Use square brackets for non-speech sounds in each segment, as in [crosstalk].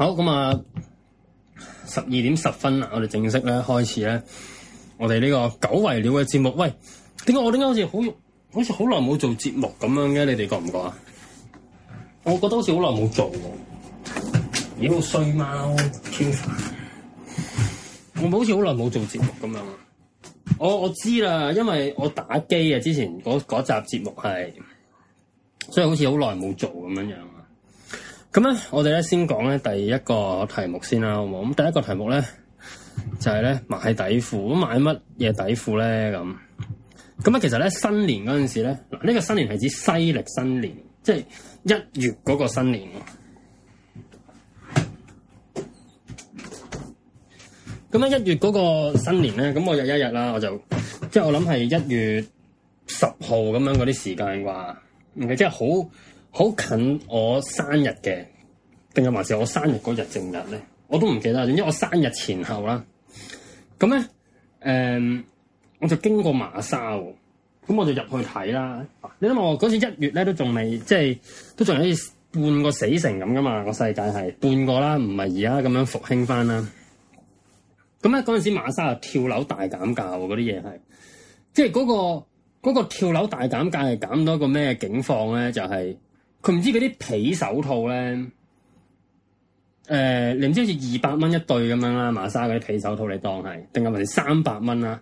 好咁啊，十二點十分啦，我哋正式咧開始咧，我哋呢個久違了嘅節目。喂，點解我點解好似好，好似好耐冇做節目咁樣嘅？你哋覺唔覺啊？我覺得好似好耐冇做喎。哎。妖衰貓，天煩！我好似好耐冇做節目咁樣。我我知啦，因為我打機啊，之前嗰集節目係，所以好似好耐冇做咁樣樣。咁咧，我哋咧先講咧第一個題目先啦，好唔好？咁第一個題目咧就係、是、咧買底褲，咁買乜嘢底褲咧？咁咁咧，其實咧新年嗰陣時咧，嗱、這、呢個新年係指西曆新年，即係一月嗰個新年。咁啊，一月嗰個新年咧，咁我日一日啦，我就即係、就是、我諗係一月十號咁樣嗰啲時間啩，唔係即係好。好近我生日嘅，定係還是我生日嗰日正日咧？我都唔記得。總之我生日前後啦，咁咧，誒、嗯，我就經過馬莎，咁我就入去睇啦、啊。你諗我嗰陣一月咧都仲未，即係都仲好似半個死城咁噶嘛？個世界係半個啦，唔係而家咁樣復興翻啦。咁咧嗰陣時馬莎又跳樓大減價嗰啲嘢係，即係嗰、嗰個、嗰個跳樓大減價係減到一個咩境況咧？就係、是。佢唔知嗰啲皮手套咧，誒、呃，你唔知好似二百蚊一對咁樣啦，瑪莎嗰啲皮手套，你當係定係咪三百蚊啦？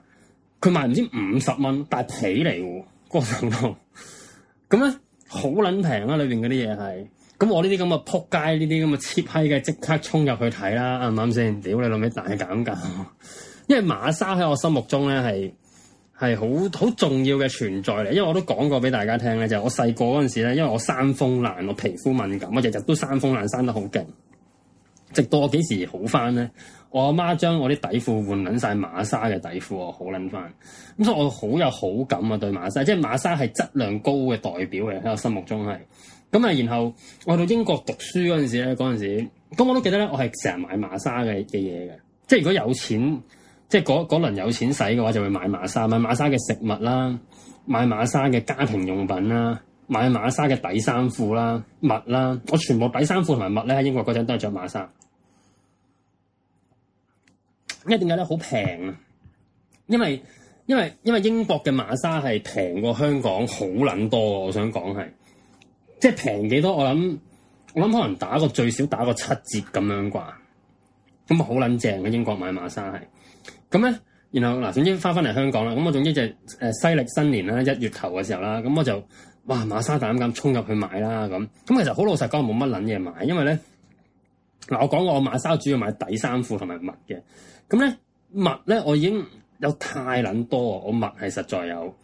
佢賣唔知五十蚊，但係皮嚟，個手套咁咧，好撚平啊！裏邊嗰啲嘢係，咁我呢啲咁嘅扑街，呢啲咁嘅切批嘅，即刻衝入去睇啦，啱唔啱先？屌你老味，大減價，因為瑪莎喺我心目中咧係。係好好重要嘅存在嚟，因為我都講過俾大家聽咧，就係我細個嗰陣時咧，因為我生風爛，我皮膚敏感，我日日都生風爛，生得好勁。直到我幾時好翻咧？我阿媽將我啲底褲換撚晒馬莎嘅底褲，我好撚翻。咁所以我好有好感啊對馬莎，即係馬莎係質量高嘅代表嘅喺我心目中係。咁啊，然後我去到英國讀書嗰陣時咧，嗰陣時咁我都記得咧，我係成日買馬莎嘅嘅嘢嘅，即係如果有錢，即係嗰嗰輪有錢使嘅話，就會買瑪莎，買瑪莎嘅食物啦，買瑪莎嘅家庭用品啦，買瑪莎嘅底衫褲啦、襪啦，我全部底衫褲同埋襪咧喺英國嗰陣都係着瑪莎，因為點解咧？好平啊。因為因為因為英國嘅瑪莎係平過香港好捻多嘅，我想講係，即係平幾多？我諗我諗可能打個最少打個七折咁樣啩，咁啊好捻正嘅英國買瑪莎係。咁咧，然後嗱，總之翻翻嚟香港啦，咁我總之就誒西曆新年啦，一月頭嘅時候啦，咁我就哇馬沙膽咁衝入去買啦咁，咁其實好老實講，冇乜撚嘢買，因為咧嗱，我講過我馬沙主要買底衫褲同埋襪嘅，咁咧襪咧我已經有太撚多啊，我襪係實在有，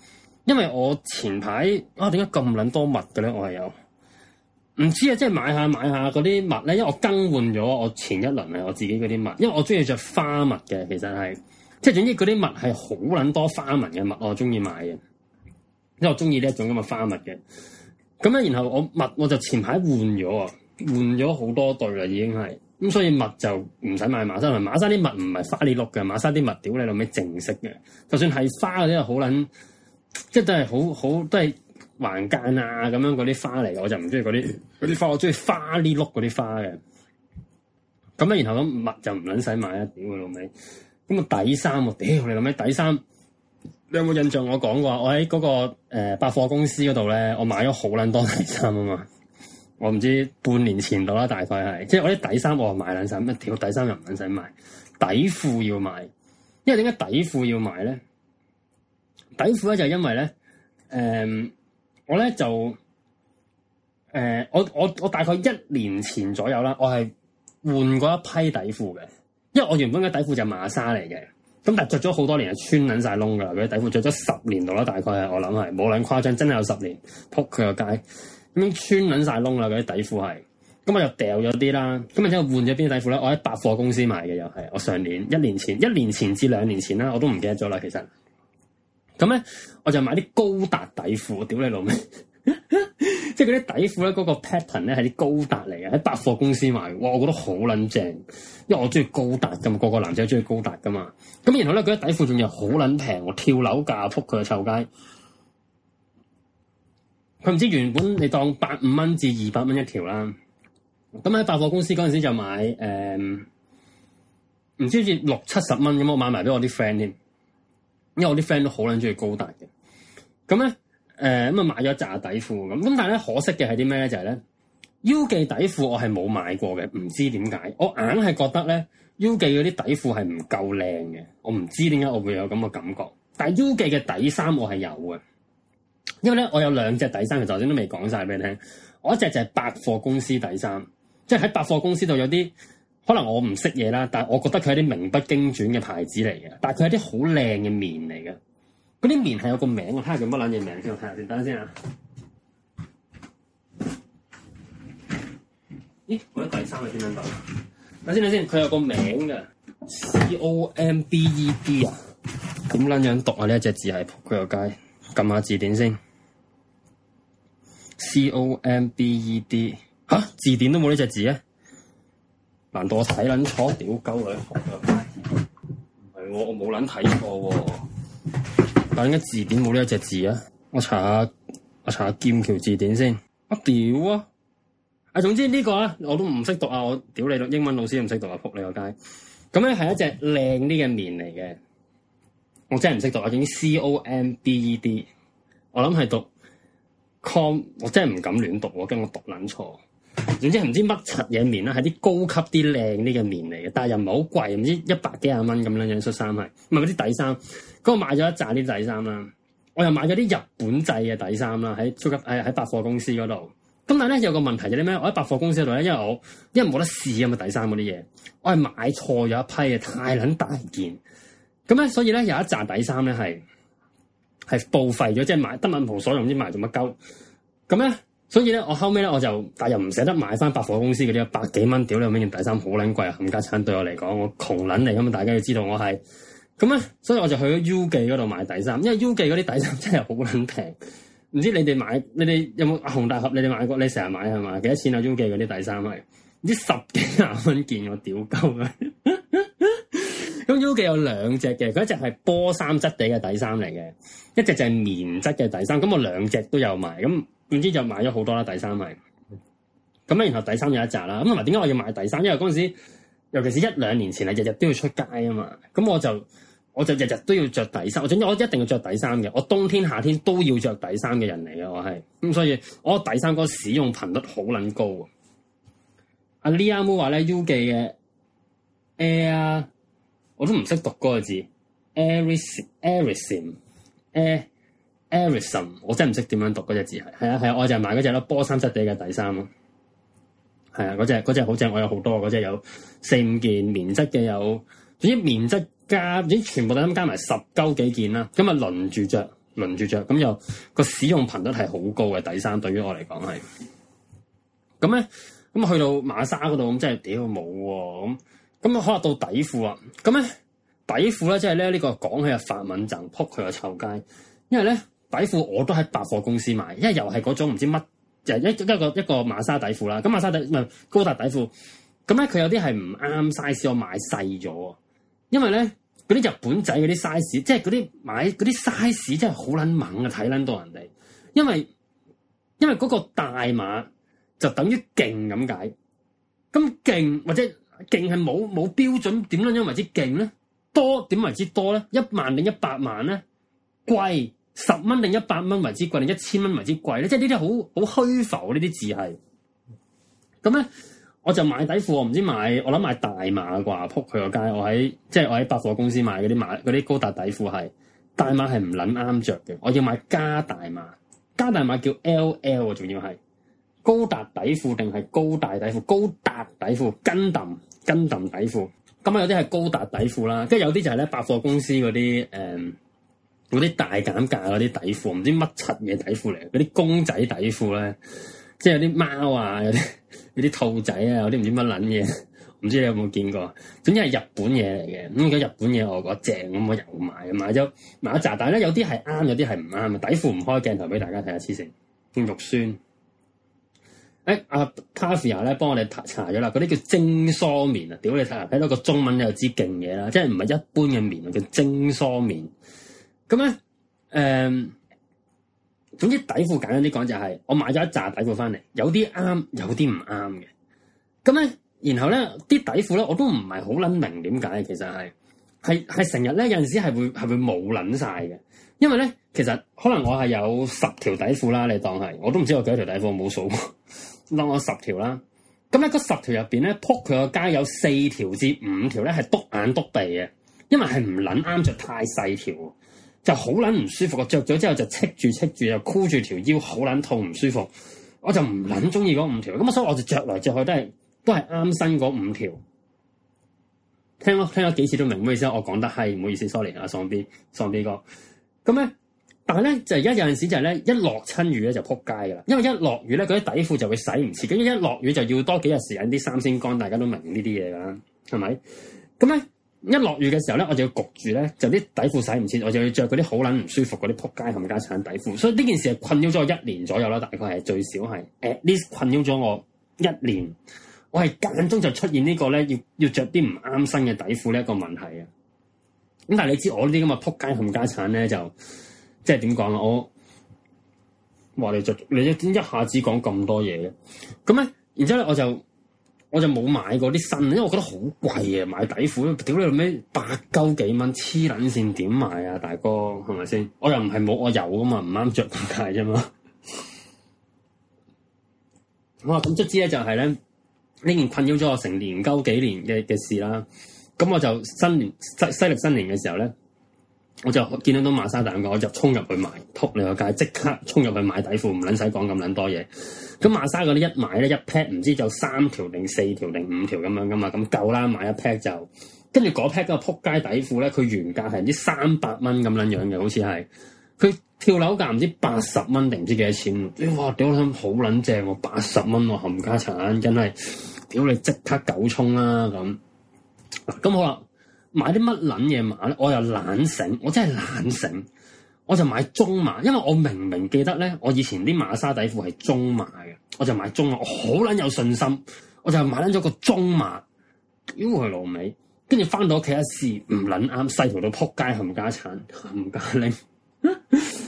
因為我前排啊點解咁撚多襪嘅咧，我係有。唔知啊，即係買下買下嗰啲襪咧，因為我更換咗我前一輪啊，我自己嗰啲襪，因為我中意着花襪嘅，其實係即係總之嗰啲襪係好捻多花紋嘅襪，我中意買嘅，因為我中意呢一種咁嘅花襪嘅。咁咧，然後我襪我就前排換咗啊，換咗好多對啦，已經係咁，所以襪就唔使買馬莎啦。馬莎啲襪唔係花哩碌嘅，馬莎啲襪屌你老味淨色嘅，就算係花嗰啲啊，好捻即係都係好好都係。橫間啊，咁樣嗰啲花嚟，我就唔中意嗰啲啲花，我中意花呢碌嗰啲花嘅。咁咧，然後咁物就唔撚使買一點噶老味，咁、嗰個底衫、欸，我屌你哋諗起底衫，你有冇印象？我講過，我喺嗰、個誒、呃、百貨公司嗰度咧，我買咗好撚多底衫啊嘛。我唔知半年前到啦，大概係，即係我啲底衫我又買撚使，乜條底衫又唔撚使買，底褲要買，因為點解底褲要買咧？底褲咧就係、是、因為咧，誒、呃。我咧就，誒、呃，我我我大概一年前左右啦，我係換過一批底褲嘅，因為我原本嘅底褲就馬莎嚟嘅，咁但係着咗好多年係，穿捻晒窿噶啦，啲底褲着咗十年度啦，大概係我諗係冇咁誇張，真係有十年，仆佢個街，咁樣穿捻晒窿啦，嗰啲底褲係，咁、嗯、我就掉咗啲啦，咁然之後換咗邊啲底褲咧？我喺百貨公司買嘅又係，我上年一年前一年前至兩年前啦，我都唔記得咗啦，其實。咁咧，我就買啲高達底褲，屌你老味， [laughs] 即係嗰啲底褲咧，嗰、嗰個 pattern 咧係啲高達嚟嘅，喺百貨公司買哇，我覺得好撚正，因為我中意高達噶嘛，個個男仔中意高達噶嘛。咁然後咧，佢啲底褲仲又好撚平，我跳樓價撲佢去臭街。佢唔知原本你當 8, 百五蚊至二百蚊一條啦，咁喺百貨公司嗰陣時就買，誒、嗯、唔知好似六七十蚊咁，我買埋俾我啲 friend 添。因為我啲 friend 都好捻中意高達嘅，咁咧，誒咁啊買咗扎底褲咁，咁但係咧可惜嘅係啲咩咧？就係咧，u 記底褲我係冇買過嘅，唔知點解，我硬係覺得咧，u 記嗰啲底褲係唔夠靚嘅，我唔知點解我會有咁嘅感覺。但係 u 記嘅底衫我係有嘅，因為咧我有兩隻底衫，其實頭先都未講晒俾你聽，我一隻就係百貨公司底衫，即係喺百貨公司度有啲。可能我唔識嘢啦，但係我覺得佢係啲名不經傳嘅牌子嚟嘅，但係佢係啲好靚嘅棉嚟嘅。嗰啲棉係有個名，我睇下叫乜捻嘢名先。我睇下先，等下先啊。咦？我啲第三個點樣讀？等先等先，佢有個名嘅，COMBED 啊？點撚樣讀啊？呢一隻字係，撲佢個街，撳下字典先。COMBED 吓、啊？字典都冇呢隻字啊！難道我睇捻錯？屌鳩女僕，唔係我，我冇捻睇錯喎。但係點解字典冇呢一隻字啊？我查下，我查下劍橋字典先。我屌啊！啊，總之個呢個啊，我都唔識讀啊！我屌你老，英文老師唔識讀啊，仆你個街。咁咧係一隻靚啲嘅棉嚟嘅。我真係唔識讀啊！總之 C O M B E D，我諗係讀 com，我真係唔敢亂讀，驚我讀捻錯。總之唔知乜柒嘢棉啦，係啲高級啲靚啲嘅棉嚟嘅，但係又唔係好貴，唔知一百幾廿蚊咁樣樣恤衫係，唔係嗰啲底衫。嗰個買咗一紮啲底衫啦，我又買咗啲日本製嘅底衫啦，喺超級喺百貨公司嗰度。咁但係咧有個問題就係咩？我喺百貨公司嗰度咧，因為我因為冇得試啊嘛，底衫嗰啲嘢，我係買錯咗一批啊，太捻大件。咁咧，所以咧有一紮底衫咧係係報廢咗，即係買得唔同所用，唔知買做乜鳩。咁咧。所以咧，我後尾咧我就，但又唔捨得買翻百貨公司嗰啲百幾蚊，屌你，兩蚊件底衫好撚貴啊！冚家鏟對我嚟講，我窮撚嚟，咁啊！大家要知道我係咁咧，所以我就去咗 U 記嗰度買底衫，因為 U 記嗰啲底衫真係好撚平。唔知你哋買，你哋有冇紅大俠？你哋買過？你成日買係嘛？幾多錢啊？U 記嗰啲底衫係唔知十幾廿蚊件，我屌鳩啊！咁 [laughs] U 記有兩隻嘅，佢一隻係波衫質地嘅底衫嚟嘅，一隻就係棉質嘅底衫。咁我兩隻都有買咁。總之就買咗好多啦，底衫係，咁咧，然後底衫有一扎啦，咁同埋點解我要買底衫？因為嗰陣時，尤其是一兩年前咧，日日都要出街啊嘛，咁我就我就日日都要着底衫，我總之我一定要着底衫嘅，我冬天夏天都要着底衫嘅人嚟嘅，我係，咁所以我底衫嗰個使用頻率好撚高啊！阿 Liya Mu 話咧 U 記嘅 Air，我都唔識讀嗰個字 Airism、Airism 誒。Eh, Arison，我真係唔識點樣讀嗰隻、那個、字係，係啊係啊，我淨係買嗰隻咯，波衫質地嘅底衫咯，係啊嗰隻嗰隻好正，我有好多嗰隻，那個、有四五件棉質嘅，質有總之棉質加總之全部底衫加埋十鳩幾件啦，咁啊輪住着輪住着，咁又、個使用頻率係好高嘅底衫，對於我嚟講係。咁咧，咁去到馬莎嗰度咁真係屌冇喎，咁咁、就是、啊可能到底褲啊，咁咧底褲咧即係咧呢個講起啊，發敏就撲佢啊臭街，因為咧。底褲我都喺百貨公司買，因為又係嗰種唔知乜，就一一個一個馬莎底褲啦。咁馬莎底唔係高達底褲，咁咧佢有啲係唔啱 size，我買細咗。因為咧嗰啲日本仔嗰啲 size，即係嗰啲買嗰啲 size 真係好捻猛啊！睇捻到人哋，因為因為嗰個大碼就等於勁咁解，咁勁或者勁係冇冇標準？點樣為之勁咧？多點為之多咧？一萬定一百萬咧？貴？十蚊定一百蚊為之貴，定一千蚊為之貴咧？即係呢啲好好虛浮呢啲字係。咁咧，我就買底褲，我唔知買我諗買大碼啩，扑佢個街，我喺即係我喺百貨公司買嗰啲碼嗰啲高達底褲係，大碼係唔撚啱着嘅，我要買加大碼，加大碼叫 L L 啊，仲要係高達底褲定係高大底褲？高達底褲，跟揼，跟揼底褲，咁啊有啲係高達底褲啦，跟有啲就係咧百貨公司嗰啲誒。嗯嗰啲大減價嗰啲底褲，唔知乜柒嘢底褲嚟？嗰啲公仔底褲咧，即係有啲貓啊，有啲有啲兔仔啊，有啲唔知乜撚嘢，唔知你有冇見過？總之係日本嘢嚟嘅。咁而家日本嘢、嗯、我覺得正，咁我又買買咗買一紮。但係咧有啲係啱，有啲係唔啱。底褲唔開鏡頭俾大家睇下，黐線咁肉酸。誒阿卡芙雅咧幫我哋查查咗啦，嗰啲叫精梳棉啊！屌你睇下，睇到個中文又知勁嘢啦，即係唔係一般嘅棉啊？叫精梳棉。咁咧，誒、嗯，總之底褲簡單啲講就係、是，我買咗一紮底褲翻嚟，有啲啱，有啲唔啱嘅。咁咧，然後咧啲底褲咧，我都唔係好捻明點解，其實係係係成日咧，有陣時係會係會冇捻晒嘅。因為咧，其實可能我係有十條底褲啦，你當係，我都唔知我幾條底褲冇數過，當我，我十條啦。咁喺嗰十條入邊咧，撲佢個街有四條至五條咧係厾眼厾鼻嘅，因為係唔捻啱着太細條，太細條。就好撚唔舒服，着咗之後就赤住赤住又箍住條腰，好撚痛唔舒服，我就唔撚中意嗰五條。咁我所以我就着嚟着去都係都係啱身嗰五條。聽咯，聽咗幾次都明咩意思，我講得係唔好意思，sorry 啊，喪 B 喪 B 哥。咁咧，但係咧就而家有陣時就係咧一落親雨咧就仆街噶啦，因為一落雨咧嗰啲底褲就會洗唔切，因為一落雨就要多幾日時間啲衫先乾，大家都明呢啲嘢噶，係咪？咁咧。一落雨嘅時候咧，我就要焗住咧，就啲底褲洗唔切，我就要着嗰啲好撚唔舒服嗰啲仆街冚家產底褲，所以呢件事係困擾咗我一年左右啦，大概係最少係 at least 困擾咗我一年，我係間中就出現個呢個咧要要著啲唔啱身嘅底褲呢一個問題啊！咁但係你知我呢啲咁嘅仆街冚家產咧，就即係點講啦？我話你做你一一下子講咁多嘢嘅，咁咧，然之後咧我就。我就冇買過啲新，因為我覺得好貴啊！買底褲，屌你老味，八鳩幾蚊，黐撚線點買啊？大哥，係咪先？我又唔係冇，我有噶嘛，唔啱着咁解啫嘛。我話咁卒之咧，就係咧呢件困擾咗我成年、鳩幾年嘅嘅事啦。咁我就新年西西歷新年嘅時候咧。我就見到到馬莎咁講，我就衝入去買，撲你個街即刻衝入去買底褲，唔撚使講咁撚多嘢。咁馬莎嗰啲一買咧一 pack 唔知就三條定四條定五條咁樣噶嘛，咁夠啦買一 pack 就，跟住嗰 pack 嗰個撲街底褲咧，佢原價係唔知三百蚊咁樣樣嘅，好似係佢跳樓價唔知八十蚊定唔知幾多錢、哎。哇！屌你、啊啊啊，好撚正喎，八十蚊喎，冚家產真係，屌你即刻九衝啦咁。嗱，咁好啦。買啲乜捻嘢碼咧？我又懶醒，我真係懶醒，我就買中碼，因為我明明記得咧，我以前啲馬沙底褲係中碼嘅，我就買中碼，我好捻有信心，我就買捻咗個中碼，因為佢老味。跟住翻到屋企一試，唔捻啱，細到到扑街，冚家鏟，冚家拎，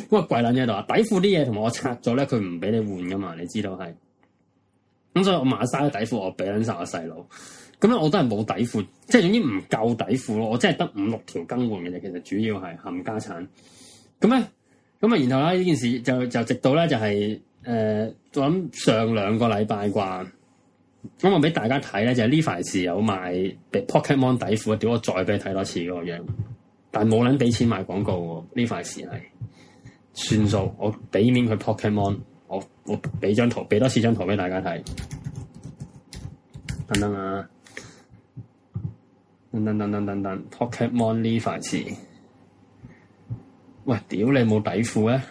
哇貴捻嘢度啊！底褲啲嘢同埋我拆咗咧，佢唔俾你換噶嘛，你知道係？咁所以我馬沙底褲我俾捻晒我細佬。咁咧我都係冇底褲，即係總之唔夠底褲咯，我真係得五六條更換嘅啫。其實主要係冚家產。咁咧，咁啊，然後咧呢件事就就直到咧就係、是、誒、呃，我諗上兩個禮拜啩，咁我俾大家睇咧就係呢塊事有賣 Pokemon、ok、底褲，屌我再俾你睇多次嗰個樣，但係冇捻俾錢買廣告喎，呢塊事係算數，我俾面佢 Pokemon，我我俾張圖俾多次張圖俾大家睇，等等啊！等、等、等、等、噔噔噔噔，托劇 mon 呢塊事，喂，屌你冇底褲啊！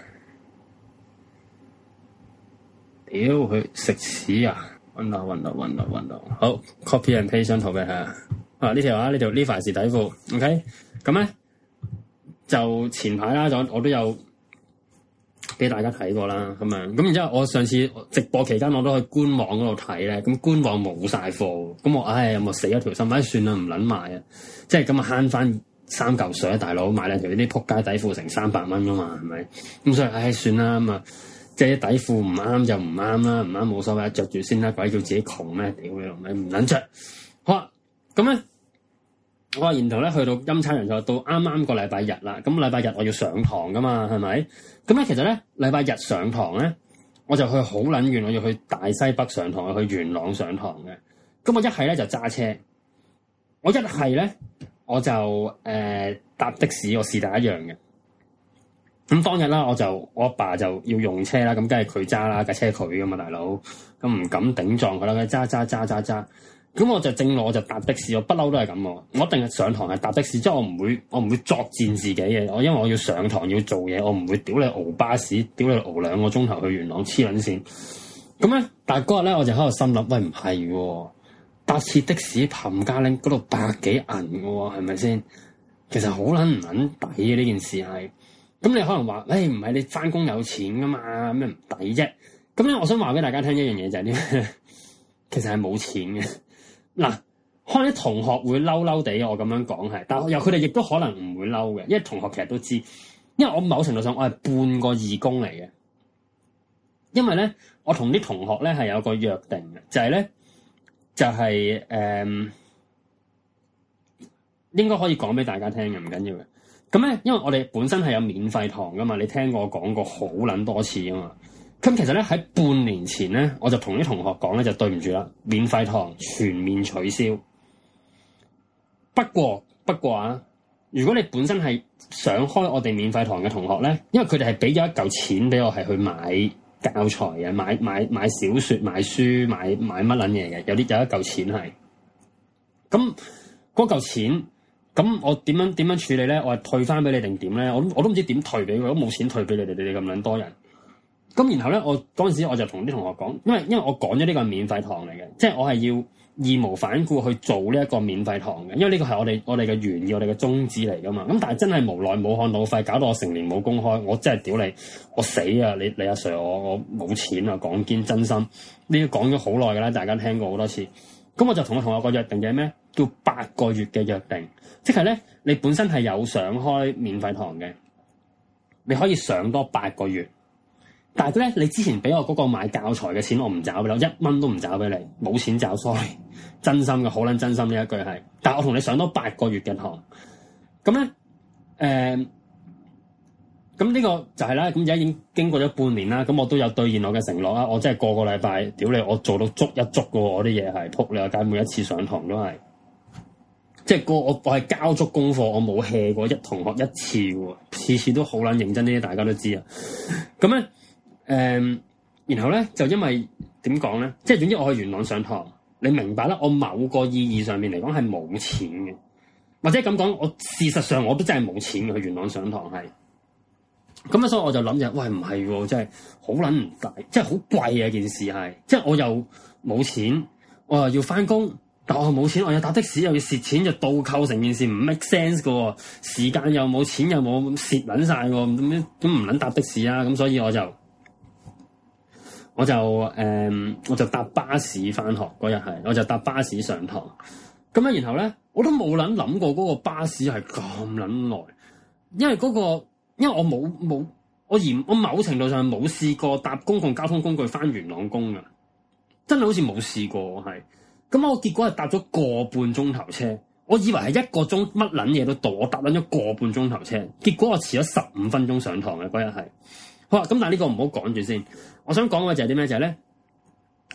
屌佢食屎啊！運動運動運動運動，好 copy and paste 張圖畀佢啊，啊呢條啊呢條呢塊事底褲，ok，咁咧就前排啦，就我都有。俾大家睇過啦，咁樣咁然之後，我上次直播期間我都去官網嗰度睇咧，咁官網冇晒貨，咁我唉、哎，我死條、哎、一條心，咪算啦，唔捻買啊！即係咁啊，慳翻三嚿水啊，大佬買兩條呢啲撲街底褲成三百蚊啊嘛，係咪？咁所以唉、哎，算啦咁啊，即係啲底褲唔啱就唔啱啦，唔啱冇所謂，着住先啦，鬼叫自己窮咩？屌你老味，唔捻着。好啊，咁咧。我話沿途咧去到陰差陽錯到啱啱個禮拜日啦，咁禮拜日我要上堂噶嘛，係咪？咁咧其實咧禮拜日上堂咧，我就去好捻遠，我要去大西北上堂啊，去元朗上堂嘅。咁我一係咧就揸車，我一係咧我就誒搭的士，我是但一樣嘅。咁當日啦，我就我阿爸就要用車啦，咁梗係佢揸啦，架車佢噶嘛，大佬咁唔敢頂撞佢啦，佢揸揸揸揸揸。咁我就正路，我就搭的士，我不嬲都係咁喎。我一定係上堂係搭的士，即係我唔會，我唔會作賤自己嘅。我因為我要上堂要做嘢，我唔會屌你熬巴士，屌你熬兩個鐘頭去元朗黐撚線。咁咧，但係嗰日咧，我就喺度心諗，喂唔係搭次的士，彭家拎嗰度百幾銀嘅，係咪先？其實好撚唔撚抵嘅呢件事係。咁你可能話，誒唔係你返工有錢㗎嘛，咩唔抵啫？咁咧，我想話俾大家聽一樣嘢就係咧，其實係冇錢嘅。嗱，可能啲同學會嬲嬲地，我咁樣講係，但由佢哋亦都可能唔會嬲嘅，因為同學其實都知，因為我某程度上我係半個義工嚟嘅，因為咧我同啲同學咧係有個約定嘅，就係咧就係誒應該可以講俾大家聽嘅，唔緊要嘅。咁咧，因為我哋本身係有免費堂噶嘛，你聽過我講過好撚多次吖嘛。咁其實咧喺半年前咧，我就同啲同學講咧，就對唔住啦，免費堂全面取消。不過不過啊，如果你本身係想開我哋免費堂嘅同學咧，因為佢哋係俾咗一嚿錢俾我係去買教材啊，買買買小說、買書、買買乜捻嘢嘅，有啲有一嚿錢係。咁嗰嚿錢，咁我點樣點樣處理咧？我係退翻俾你定點咧？我都我都唔知點退俾佢，都冇錢退俾你哋，你哋咁樣多人。咁然後咧，我嗰陣時我就同啲同學講，因為因為我講咗呢個免費堂嚟嘅，即係我係要義無反顧去做呢一個免費堂嘅，因為呢個係我哋我哋嘅原意，我哋嘅宗旨嚟噶嘛。咁但係真係無奈，武漢老廢搞到我成年冇公開，我真係屌你，我死啊！你你阿、啊、Sir，我我冇錢啊，講堅真，真心。你要講咗好耐噶啦，大家聽過好多次。咁我就同我同學個約定嘅咩，叫八個月嘅約定，即係咧你本身係有想開免費堂嘅，你可以上多八個月。但係咧，你之前俾我嗰個買教材嘅錢，我唔找俾你，一蚊都唔找俾你，冇錢找，sorry，真心嘅，好捻真心呢一句係。但係我同你上多八個月嘅堂，咁咧，誒、呃，咁呢個就係、是、啦。咁而家已經經過咗半年啦，咁我都有兌現我嘅承諾啦！我真係個個禮拜，屌你，我做到足一足嘅，我啲嘢係，扑你啊！解每一次上堂都係，即係個我我係交足功課，我冇 hea 過一同學一次，次次都好捻認真啲，大家都知啊。咁咧。誒，um, 然後咧就因為點講咧，即係總之我去元朗上堂，你明白啦。我某個意義上面嚟講係冇錢嘅，或者咁講，我事實上我都真係冇錢嘅。去元朗上堂係，咁啊，所以我就諗住，喂，唔係，真係好捻唔抵，即係好貴啊！件事係，即係我又冇錢，我又要翻工，但我冇錢，我又搭的士又要蝕錢，就倒扣成件事唔 make sense 嘅，時間又冇錢又冇蝕捻晒嘅，咁樣咁唔捻搭的士啊，咁所以我就。我就誒，我就搭巴士翻學嗰日係，我就搭巴士上堂。咁啊，然後咧，我都冇撚諗過嗰個巴士係咁撚耐，因為嗰個，因為我冇冇，我而我某程度上冇試過搭公共交通工具翻元朗公噶，真係好似冇試過。係，咁我結果係搭咗個半鐘頭車，我以為係一個鐘，乜撚嘢都到，我搭撚咗個半鐘頭車，結果我遲咗十五分鐘上堂嘅嗰日係。咁但係呢個唔好講住先，我想講嘅就係啲咩？就係、是、咧，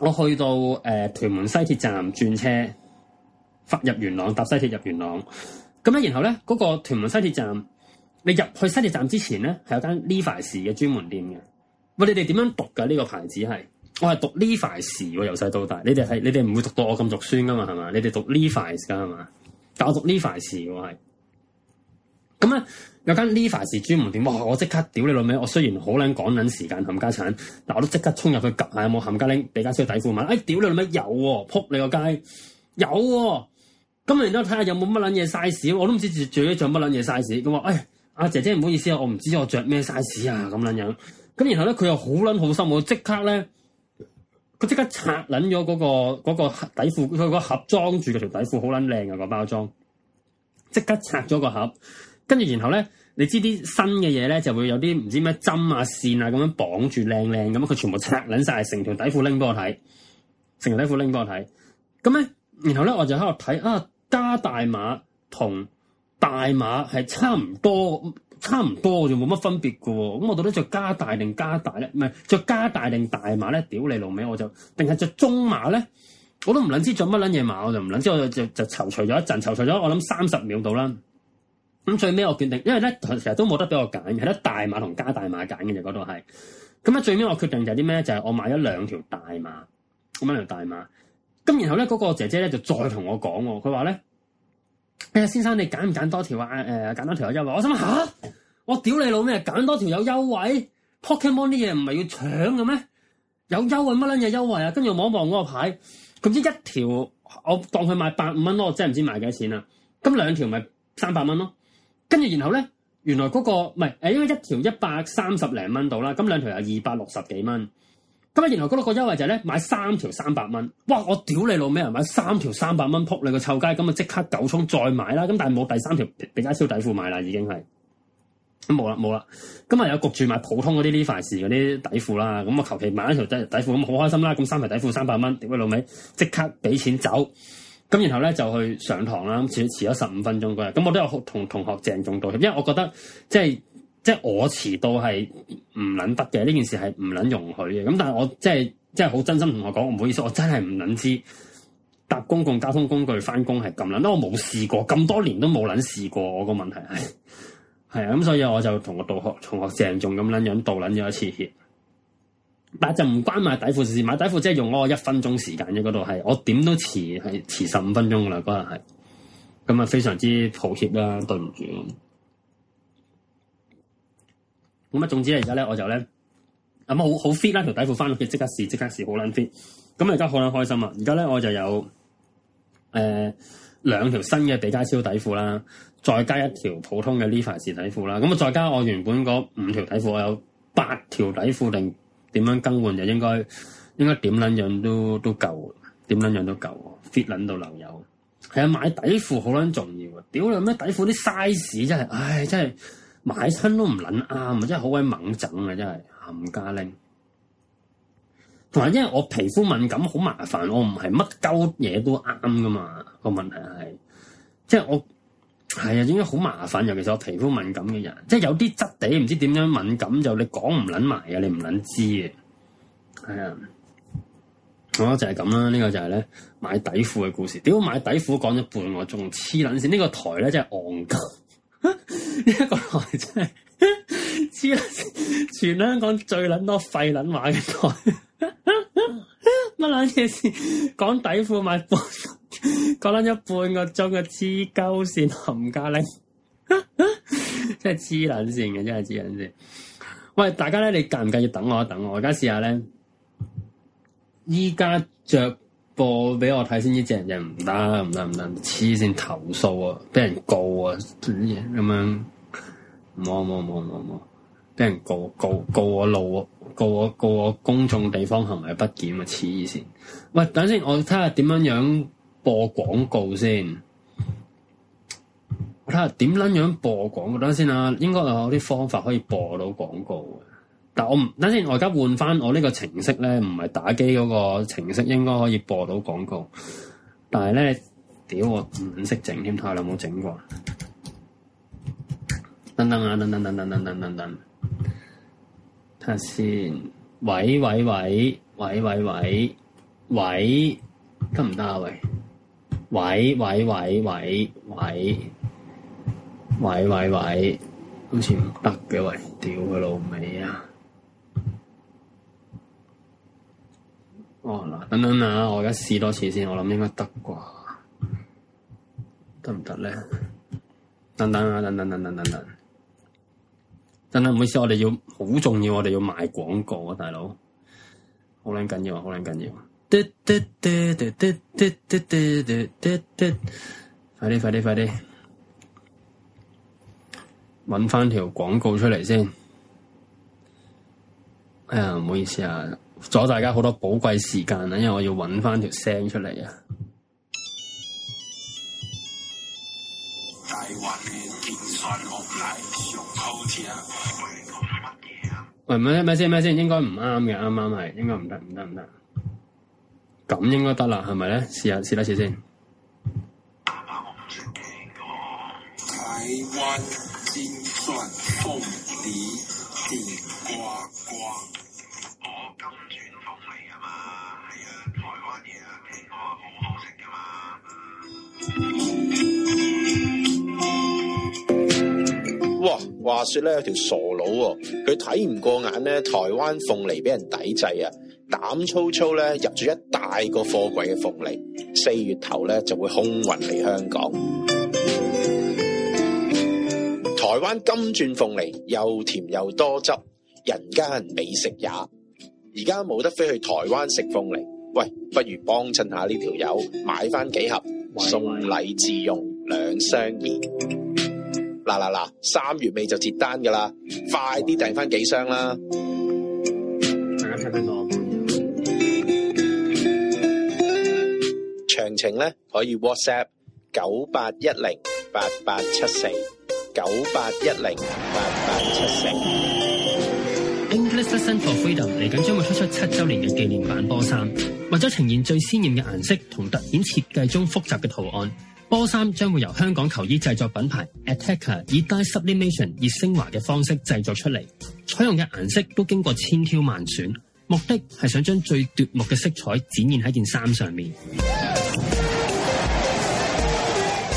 我去到誒、呃、屯門西鐵站轉車，發入元朗搭西鐵入元朗。咁咧，然後咧嗰、那個屯門西鐵站，你入去西鐵站之前咧，係有間 Levi's 嘅專門店嘅。喂，你哋點樣讀噶呢、這個牌子？係我係讀 Levi's。由細到大，你哋係你哋唔會讀到我咁讀酸噶嘛？係嘛？你哋讀 Levi's 噶係嘛？但我讀 Levi's 我係。咁啊！有間呢排是專門店，哇！我即刻屌你老味，我雖然好撚趕緊時間冚家鏟，但我都即刻衝入去 𥄫 下有冇冚家拎比家超底褲賣。哎，屌你老味有，喎，扑你個街有，喎。咁然後咧睇下有冇乜撚嘢 size，我都唔知自己咗着乜撚嘢 size。咁話哎，阿，啊、姐姐唔好意思啊，我唔知我着咩 size 啊，咁撚樣。咁然後咧佢又好撚好心，我即刻咧，佢即刻拆撚咗嗰個嗰，那個、底褲，佢個盒裝住嘅條底褲好撚靚啊個包裝。即刻拆咗個盒，跟住然後咧。你知啲新嘅嘢咧，就會有啲唔知咩針啊線啊咁樣綁住靚靚咁，佢全部拆撚晒，成條底褲拎俾我睇，成條底褲拎俾我睇。咁咧，然後咧我就喺度睇啊，加大碼同大碼係差唔多，差唔多就冇乜分別㗎、哦。咁我到底着加大定加大咧？唔係着加大定大碼咧？屌你老味！我就定係着中碼咧？我都唔撚知著乜撚嘢碼，我就唔撚知。我就就就躊躇咗一陣，躊躇咗，我諗三十秒到啦。咁最尾我決定，因為咧其實都冇得俾我揀，係得大碼同加大碼揀嘅，就嗰度係。咁咧最尾我決定就係啲咩，就係、是、我買咗兩條大碼，咁兩條大碼。咁然後咧嗰、那個姐姐咧就再同我講，佢話咧：，誒、欸，先生你揀唔揀多條啊？誒、呃，揀多條有優惠。我想下，我屌你老咩？揀多條有優惠？Pokemon 啲嘢唔係要搶嘅咩？有優惠乜撚嘢優惠啊？跟住我望一望嗰個牌，咁即一條我當佢賣百五蚊咯，真係唔知賣幾錢啦。咁兩條咪三百蚊咯。跟住然後咧，原來嗰、嗰個唔係誒，因為一條一百三十零蚊到啦，咁兩條又二百六十幾蚊。咁啊，然後嗰度個優惠就係咧，買三條三百蚊。哇！我屌你老味，買三條三百蚊撲你個臭街，咁啊即刻九沖再買啦。咁但係冇第三條俾家蕭底褲買啦，已經係咁冇啦冇啦。咁啊又焗住買普通嗰啲呢凡士嗰啲底褲啦。咁啊求其買一條底條底褲，咁好開心啦。咁三條底褲三百蚊，屌你老味。即刻俾錢走。咁然後咧就去上堂啦，遲遲咗十五分鐘嗰日，咁我都有同同學鄭重道歉，因為我覺得即係即係我遲到係唔撚得嘅，呢件事係唔撚容許嘅。咁但係我即係即係好真心同我講，唔好意思，我真係唔撚知搭公共交通工具翻工係咁撚，因為我冇試過，咁多年都冇撚試過，我個問題係係啊，咁所以我就同個同學同學鄭重咁撚樣道撚咗一次歉。但就唔關買底褲事，買底褲即係用咗我一分鐘時間喺嗰度，係我點都遲，係遲十五分鐘啦嗰日係，咁啊非常之抱歉啦，對唔住。咁啊，總之咧而家咧我就咧咁啊好好 fit 啦、啊、條底褲翻到屋企即刻試，即刻試好撚 fit，咁啊而家好撚開心啊！而家咧我就有誒兩條新嘅比加超底褲啦，再加一條普通嘅 Levi's 底褲啦，咁啊再加我原本嗰五條底褲，我有八條底褲定。點樣更換就應該應該點捻樣都都夠，點捻樣都夠 fit 捻到流油。係啊，買底褲好捻重要啊！屌你咩底褲啲 size 真係，唉，真係買親都唔捻啱！啊！真係好鬼猛整啊！真係冚家拎。同埋，因為我皮膚敏感，好麻煩，我唔係乜鳩嘢都啱噶嘛。個問題係，即係我。係啊，總之好麻煩，尤其是我皮膚敏感嘅人，即係有啲質地唔知點樣敏感，就你講唔捻埋啊，你唔捻知嘅。係啊，好就係咁啦，呢、這個就係咧買底褲嘅故事。屌買底褲講咗半個鐘，我仲黐捻線，呢、這個台咧真係戇鳩，呢 [laughs] 一個台真係黐， [laughs] 全香港最捻多廢捻話嘅台。乜卵嘢事？講 [laughs] 底褲買半，講捻咗半個鐘嘅黐鳩線冚家靚， [laughs] 真係黐卵線嘅，真係黐卵線。喂，大家咧，你介唔介意等我一等我？而家試下咧，依家着播俾我睇先，呢隻人唔得，唔得唔得，黐線投訴啊，俾人告啊，咁樣，冇冇冇冇冇。俾人告告告我路告我告我公眾地方行為不檢啊！似以前。喂，等先，我睇下點樣播廣告先。睇下點捻樣播廣告，等，等先啊！應該有啲方法可以播到廣告嘅。但我唔等先，我而家換翻我呢個程式咧，唔係打機嗰個程式，應該可以播到廣告。但係咧，屌，我唔識整添，睇下有冇整過。等等啊，等等等等等等等。睇下先，喂喂喂喂喂喂喂，得唔得啊？喂喂喂喂喂喂喂喂喂，好似唔得嘅喂，屌佢老味啊！哦，嗱，等等啊，我而家試多次先，我諗應該得啩，得唔得咧？等等啊，等等等等等等。等等真係唔好意思，我哋要好重要，我哋要賣廣告啊，大佬，好撚緊要，啊，好撚緊要，滴滴滴滴滴滴滴滴滴，快啲快啲快啲，揾翻條廣告出嚟先。哎、呃、呀，唔好意思啊，阻大家好多寶貴時間啊，因為我要揾翻條聲出嚟啊。電帥紅泥上高字啊！佢哋，喂，咪先咪先，應該唔啱嘅，啱啱係，應該唔得唔得唔得，咁應該得啦，係咪咧？試下試一試先。話說咧，有條傻佬，佢睇唔過眼咧，台灣鳳梨俾人抵制啊，膽粗粗咧，入咗一大個貨櫃嘅鳳梨，四月頭咧就會空運嚟香港。台灣金鑽鳳梨又甜又多汁，人間美食也。而家冇得飛去台灣食鳳梨，喂，不如幫襯下呢條友，買翻幾盒，喂喂，送禮自用，兩相宜。嗱嗱嗱，三月尾就截單㗎喇，快啲訂翻幾箱啦！大家睇睇我。詳 [noise] 情咧可以 WhatsApp 九八一零八八七四九八一零八八七四。74, English National Football Team 嚟緊將會推出七周年嘅紀念版波衫，為咗呈現最鮮艷嘅顏色同凸顯設計中複雜嘅圖案。波衫將會由香港球衣製作品牌 Attacker 以 dye sublimation 熱升華嘅方式製作出嚟，採用嘅顏色都經過千挑萬選，目的係想將最奪目嘅色彩展現喺件衫上面。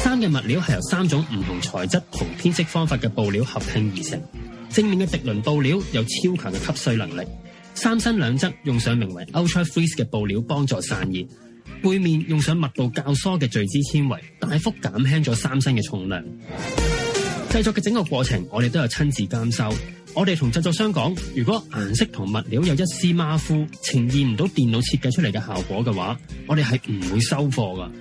衫嘅 [music] 物料係由三種唔同材質同編織方法嘅布料合拼而成，正面嘅滌綸布料有超強嘅吸水能力，衫身兩側用上名為 Ultra Freeze 嘅布料幫助散熱。背面用上密度較疏嘅聚酯纖維，大幅減輕咗三身嘅重量。製作嘅整個過程，我哋都有親自監修。我哋同製作商講，如果顏色同物料有一絲馬虎，呈現唔到電腦設計出嚟嘅效果嘅話，我哋係唔會收貨㗎。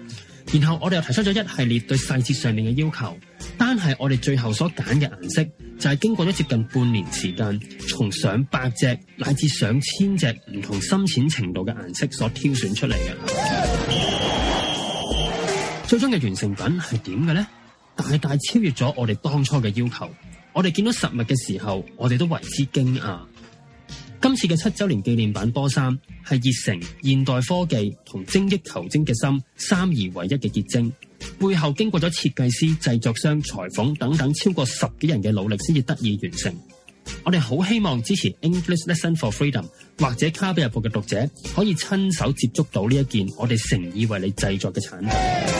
然後我哋又提出咗一系列對細節上面嘅要求，單係我哋最後所揀嘅顏色就係經過咗接近半年時間，從上百隻乃至上千隻唔同深淺程度嘅顏色所挑選出嚟嘅。 [noise] 最終嘅完成品係點嘅呢？大大超越咗我哋當初嘅要求。我哋見到實物嘅時候，我哋都為之驚訝。今次嘅七周年紀念版波衫係熱誠、現代科技同精益求精嘅心三而為一嘅結晶，背後經過咗設計師、製作商、裁縫等等超過十幾人嘅努力先至得以完成。我哋好希望支持 English Lesson for Freedom 或者卡比日報嘅讀者可以親手接觸到呢一件我哋誠意為你製作嘅產品。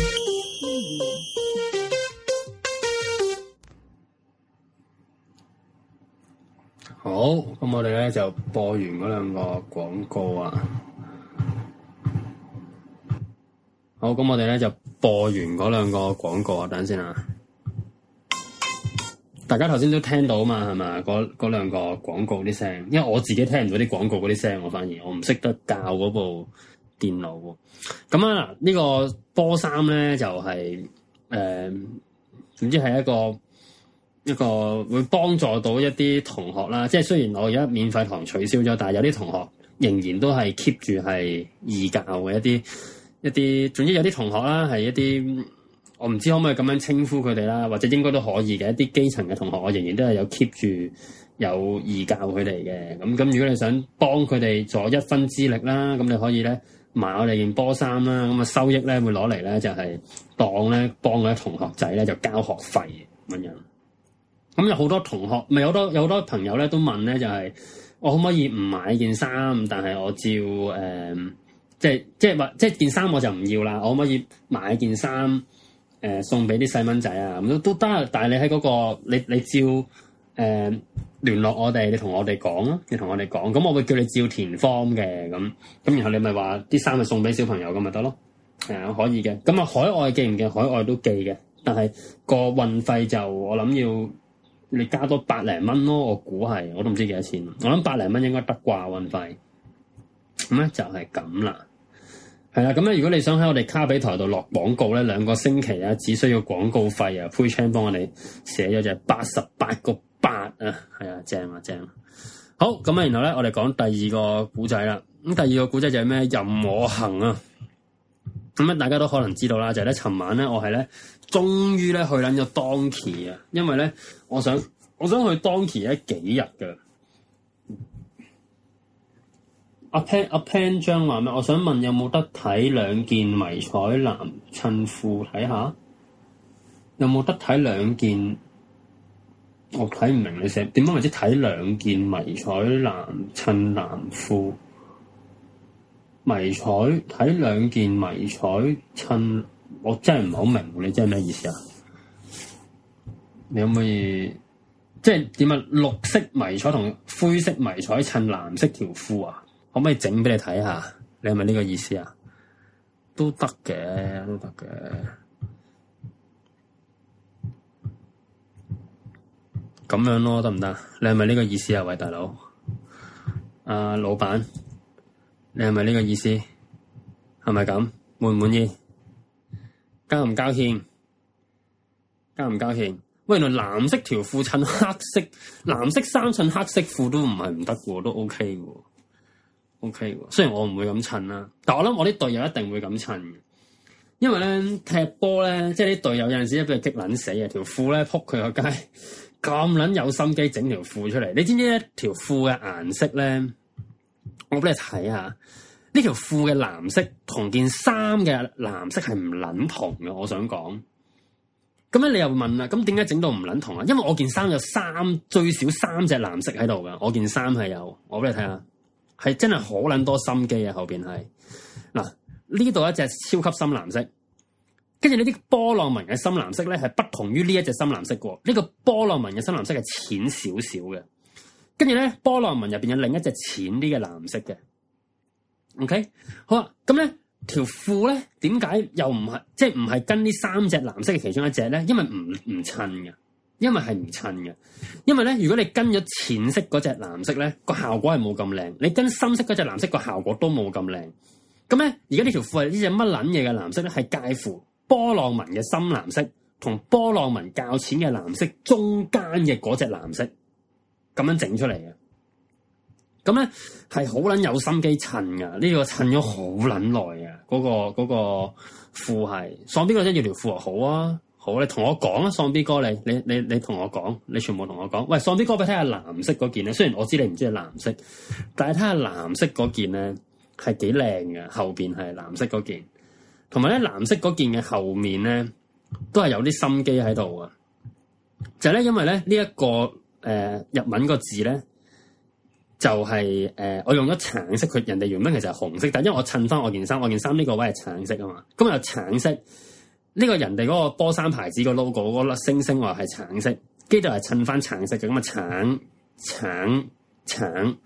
好，咁我哋咧就播完嗰兩個廣告啊。好，咁我哋咧就播完嗰兩個廣告啊。等陣先啊，大家頭先都聽到嘛，係嘛？嗰嗰兩個廣告啲聲，因為我自己聽唔到啲廣告嗰啲聲，我反而我唔識得教嗰部電腦。咁啊，呢、這個波三咧就係、是、誒、呃，總之係一個。一個會幫助到一啲同學啦，即係雖然我而家免費堂取消咗，但係有啲同學仍然都係 keep 住係義教嘅一啲一啲，總之有啲同學啦係一啲，我唔知可唔可以咁樣稱呼佢哋啦，或者應該都可以嘅一啲基層嘅同學，我仍然都係有 keep 住有義教佢哋嘅。咁咁，如果你想幫佢哋助一分之力啦，咁你可以咧買我哋件波衫啦，咁啊收益咧會攞嚟，咧就係當咧幫啲同學仔咧就交學費咁樣。咁、嗯、有好多同學，咪、嗯、有好多有好多朋友咧都問咧，就係我可唔可以唔買件衫，但係我照誒，即係即係話，即係件衫我就唔要啦。我可唔可、呃、可，可以買件衫誒、呃、送俾啲細蚊仔啊？咁都得，但係你喺嗰、個你你照誒聯、呃、絡我哋，你同我哋講啊，你同我哋講，咁我會叫你照填 form 嘅，咁咁然後你咪話啲衫咪送俾小朋友咁咪得咯，係啊、嗯，可以嘅。咁、嗯、啊，海外寄唔寄？海外都寄嘅，但係個運費就我諗要。你加多百零蚊咯，我估係，我都唔知幾多錢。我諗百零蚊應該得啩，運費。咁咧就係咁啦。係啦，咁咧如果你想喺我哋卡比台度落廣告咧，兩個星期啊，只需要廣告費啊，Pushing 幫我哋寫咗就係八十八個八啊，係啊，正啊正。好，咁啊，然後咧我哋講第二個古仔啦。咁第二個古仔就係咩？任我行啊。咁啊，大家都可能知道啦，就咧、是，尋晚咧，我係咧，終於咧去捻咗當期啊，因為咧。我想我想去當期一幾日嘅？阿 Pan 阿 Pan 將話咩？我想問有冇得睇兩件迷彩藍襯褲睇下？有冇得睇兩件？我睇唔明你寫，點解，或者睇兩件迷彩藍襯藍褲迷彩，睇兩件迷彩襯，我真係唔係好明你真係咩意思啊？你可唔可以即係點啊？綠色迷彩同灰色迷彩襯藍色條褲啊？可唔可以整畀你睇下？你係咪呢個意思啊？都得嘅，都得嘅。咁樣咯，得唔得？你係咪呢個意思啊？喂，大佬，啊，老板，你係咪呢個意思？係咪咁？滿唔滿意？交唔交錢？交唔交錢？原來藍色條褲襯黑色，藍色衫襯黑色褲都唔係唔得嘅，都 OK 嘅，OK 嘅。雖然我唔會咁襯啦，但係我諗我啲隊友一定會咁襯。因為咧踢波咧，即係啲隊友有陣時咧俾佢激撚死啊！條褲咧仆佢個街咁撚有心機整條褲出嚟。你知唔知咧條褲嘅顏色咧？我俾你睇下，呢條褲嘅藍色同件衫嘅藍色係唔撚同嘅。我想講。咁咧，你又問啦？咁點解整到唔卵同啊？因為我件衫有三最少三隻藍色喺度噶，我件衫係有，我俾你睇下，係真係好卵多心機啊！後邊係嗱，呢度有一隻超級深藍色，跟住呢啲波浪紋嘅深藍色咧，係不同於呢一隻深藍色喎。呢個波浪紋嘅深藍色係淺少少嘅，跟住咧波浪紋入邊有另一隻淺啲嘅藍色嘅。OK，好啊，咁咧。條褲咧，點解又唔係，即係唔係跟呢三隻藍色嘅其中一隻咧？因為唔唔襯嘅，因為係唔襯嘅。因為咧，如果你跟咗淺色嗰隻藍色咧，個效果係冇咁靚；你跟深色嗰隻藍色，個效果都冇咁靚。咁咧，而家呢條褲係呢隻乜捻嘢嘅藍色咧，係介乎波浪紋嘅深藍色同波浪紋較淺嘅藍色中間嘅嗰隻藍色，咁樣整出嚟嘅。咁咧係好撚有心機襯噶，呢、這個襯咗好撚耐啊！嗰、那個嗰、那個褲係喪 B 哥真要條褲又好啊？好咧，同我講啊，喪 B、啊、哥你你你你同我講，你全部同我講。喂，喪 B 哥，俾睇下藍色嗰件咧。雖然我知你唔知係藍色，但係睇下藍色嗰件咧係幾靚嘅，後邊係藍色嗰件，同埋咧藍色嗰件嘅後面咧都係有啲心機喺度啊！就係、是、咧，因為咧呢一、這個誒日、呃、文個字咧。就係、是、誒、呃，我用咗橙色，佢人哋原本其實係紅色，但因為我襯翻我件衫，我件衫呢個位係橙色啊嘛，咁有橙色，呢、這個人哋嗰個波衫牌子 logo，個 logo 嗰粒星星話係橙色，跟住就係襯翻橙色嘅，咁啊橙橙橙，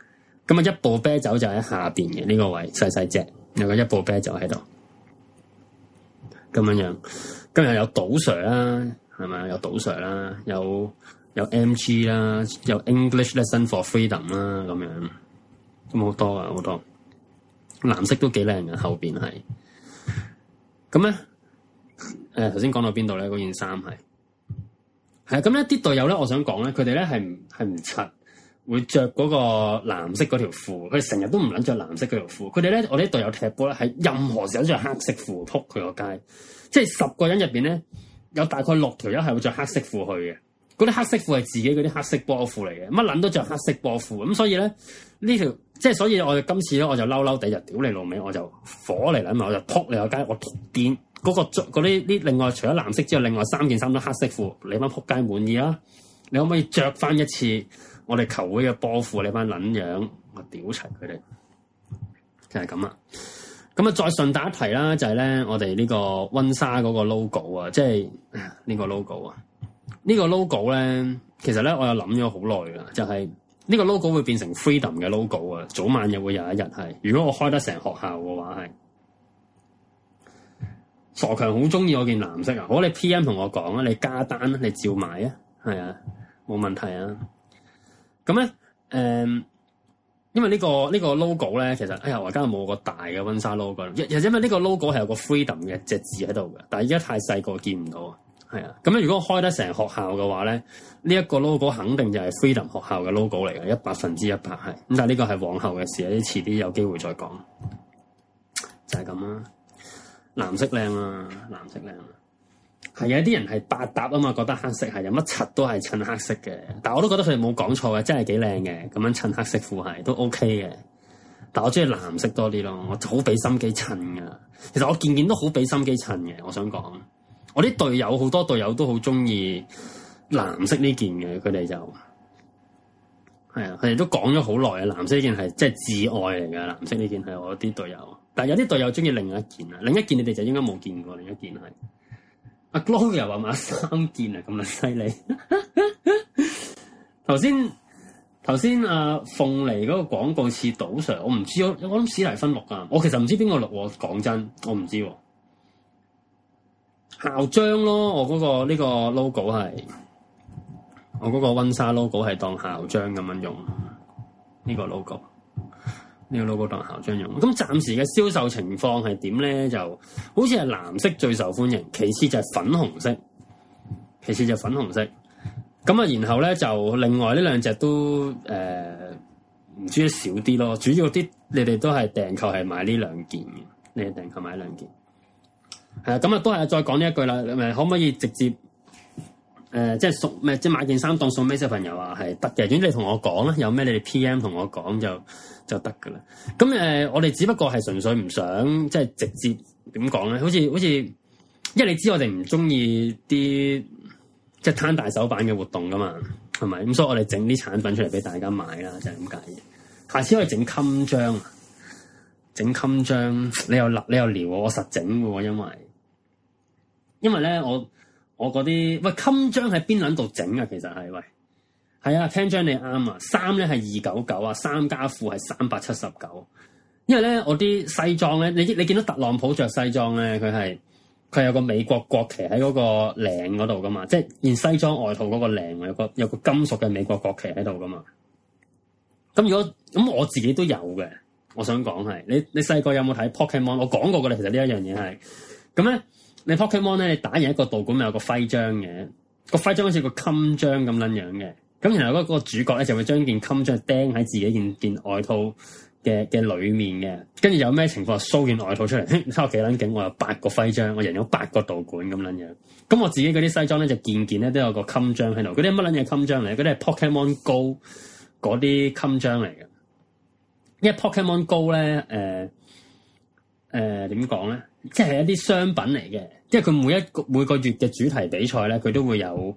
咁啊一壺啤酒就喺下邊嘅呢個位細細隻，有一個一壺啤酒喺度，咁樣樣，今日有賭 Sir 啦，係咪有賭 Sir 啦，有。有 M.G. 啦，有 English lesson for freedom 啦，咁樣咁好多啊，好多藍色都幾靚嘅，啊，後邊係咁咧。誒，頭先講到邊度咧？嗰件衫係係咁咧，啲隊友咧，我想講咧，佢哋咧係唔係唔襯會着嗰個藍色嗰條褲，佢哋成日都唔捻着藍色嗰條褲。佢哋咧，我哋啲隊友踢波咧，喺任何時候都着黑色褲，扑佢個街，即係十個人入邊咧，有大概六條友係會着黑色褲去嘅。嗰啲黑色褲係自己嗰啲黑色波褲嚟嘅，乜捻都着黑色波褲，咁所以咧呢條即係，所以我哋今次咧我就嬲嬲地就屌你老味，我就火嚟捻我就扑你個街，我癲嗰、嗰個着嗰啲啲，另外除咗藍色之外，另外三件衫都黑色褲，你班扑街滿意啦，啊，你可唔可以着翻一次我哋球會嘅波褲？你班捻樣？我屌齊佢哋就係咁啊，咁啊，再順帶一提啦，就係咧我哋呢個温莎嗰個 logo 啊，即係呢個 logo 啊。呢個 logo 咧，其實咧我又諗咗好耐㗎，就係、是、呢個 logo 會變成 Freedom 嘅 logo 啊！早晚又會有一日係，如果我開得成學校嘅話係。傻強好中意我件藍色啊！好，你 PM 同我講啊，你加單，你照買啊，係啊，冇問題啊。咁咧，誒、嗯，因為呢、這個呢、這個 logo 咧，其實哎呀，我而家冇個大嘅溫莎 logo 啦，因為呢個 logo 係有個 Freedom 嘅隻字喺度嘅，但係而家太細個見唔到啊。係啊，咁咧如果開得成學校嘅話咧，呢、這、一個 logo 肯定就係 Freedom 學校嘅 logo 嚟嘅，一百分之一百係。咁但係呢個係往後嘅事，啲遲啲有機會再講，就係咁啦。藍色靚啊，藍色靚、啊。係有啲人係百搭啊嘛，覺得黑色係，乜柒、啊、都係襯黑色嘅。但係我都覺得佢哋冇講錯嘅，真係幾靚嘅。咁樣襯黑色褲鞋都 OK 嘅。但係我中意藍色多啲咯，我好俾心機襯噶。其實我件件都好俾心機襯嘅，我想講。我啲隊友好多隊友都好中意藍色呢件嘅，佢哋就係啊，佢哋都講咗好耐啊。藍色呢件係即係摯愛嚟噶啦，藍色呢件係我啲隊友，但係有啲隊友中意另一件啊。另一件你哋就應該冇見過，另一件係阿 Gloria 話買三件 [laughs] 啊，咁啊犀利！頭先頭先阿鳳梨嗰個廣告似賭 Sir，我唔知我我諗史提芬錄啊，我其實唔知邊個錄喎，講真，我唔知喎、啊。校章咯，我嗰個呢個 logo 係，我嗰個溫莎 logo 係當校章咁樣用，呢個 logo，呢個 logo 當校章用。咁暫時嘅銷售情況係點咧？就好似係藍色最受歡迎，其次就係粉紅色，其次就粉紅色。咁啊，然後咧就另外呢兩隻都誒唔知少啲咯，主要啲你哋都係訂購係買呢兩件嘅，你係訂購買兩件。係啊，咁啊，都係再講呢一句啦。咁啊，可唔可以直接誒、呃，即係送咩？即係買件衫當送咩小朋友啊？係得嘅。總之，你同我講啦，有咩你哋 PM 同我講就就得噶啦。咁、嗯、誒、呃，我哋只不過係純粹唔想即係直接點講咧？好似好似，因為你知我哋唔中意啲即係攤大手板嘅活動噶嘛，係咪？咁所以我哋整啲產品出嚟俾大家買啦，就係咁解。下次可以整襟章，整襟章你又立你又撩我實整嘅，因為。因為咧，我我嗰啲喂襟章喺邊捻度整啊？其實係喂，係啊，聽章你啱啊。衫咧係二九九啊，三, 99, 三加褲係三百七十九。因為咧，我啲西裝咧，你你見到特朗普着西裝咧，佢係佢有個美國國旗喺嗰個領嗰度噶嘛，即係件西裝外套嗰個領有個有個金屬嘅美國國旗喺度噶嘛。咁如果咁我自己都有嘅，我想講係你你細個有冇睇 Pokemon？、Ok、我講過噶啦，其實一呢一樣嘢係咁咧。你 Pokemon、ok、咧，你打贏一個道館咪有個徽章嘅，個徽章好似個襟章咁撚樣嘅。咁然後嗰嗰個主角咧就會將件襟章釘喺自己件件外套嘅嘅裏面嘅。跟住有咩情況，show 件外套出嚟，睇我幾撚勁，我有八個徽章，我贏咗八個道館咁撚樣。咁我自己嗰啲西裝咧，就件件咧都有個襟章喺度。嗰啲乜撚嘢襟章嚟？嗰啲係 Pokemon、ok、Go 嗰啲襟章嚟嘅。因為 Pokemon、ok、Go 咧，誒、呃。誒，點講咧？即係一啲商品嚟嘅，即係佢每一個每個月嘅主題比賽咧，佢都會有誒、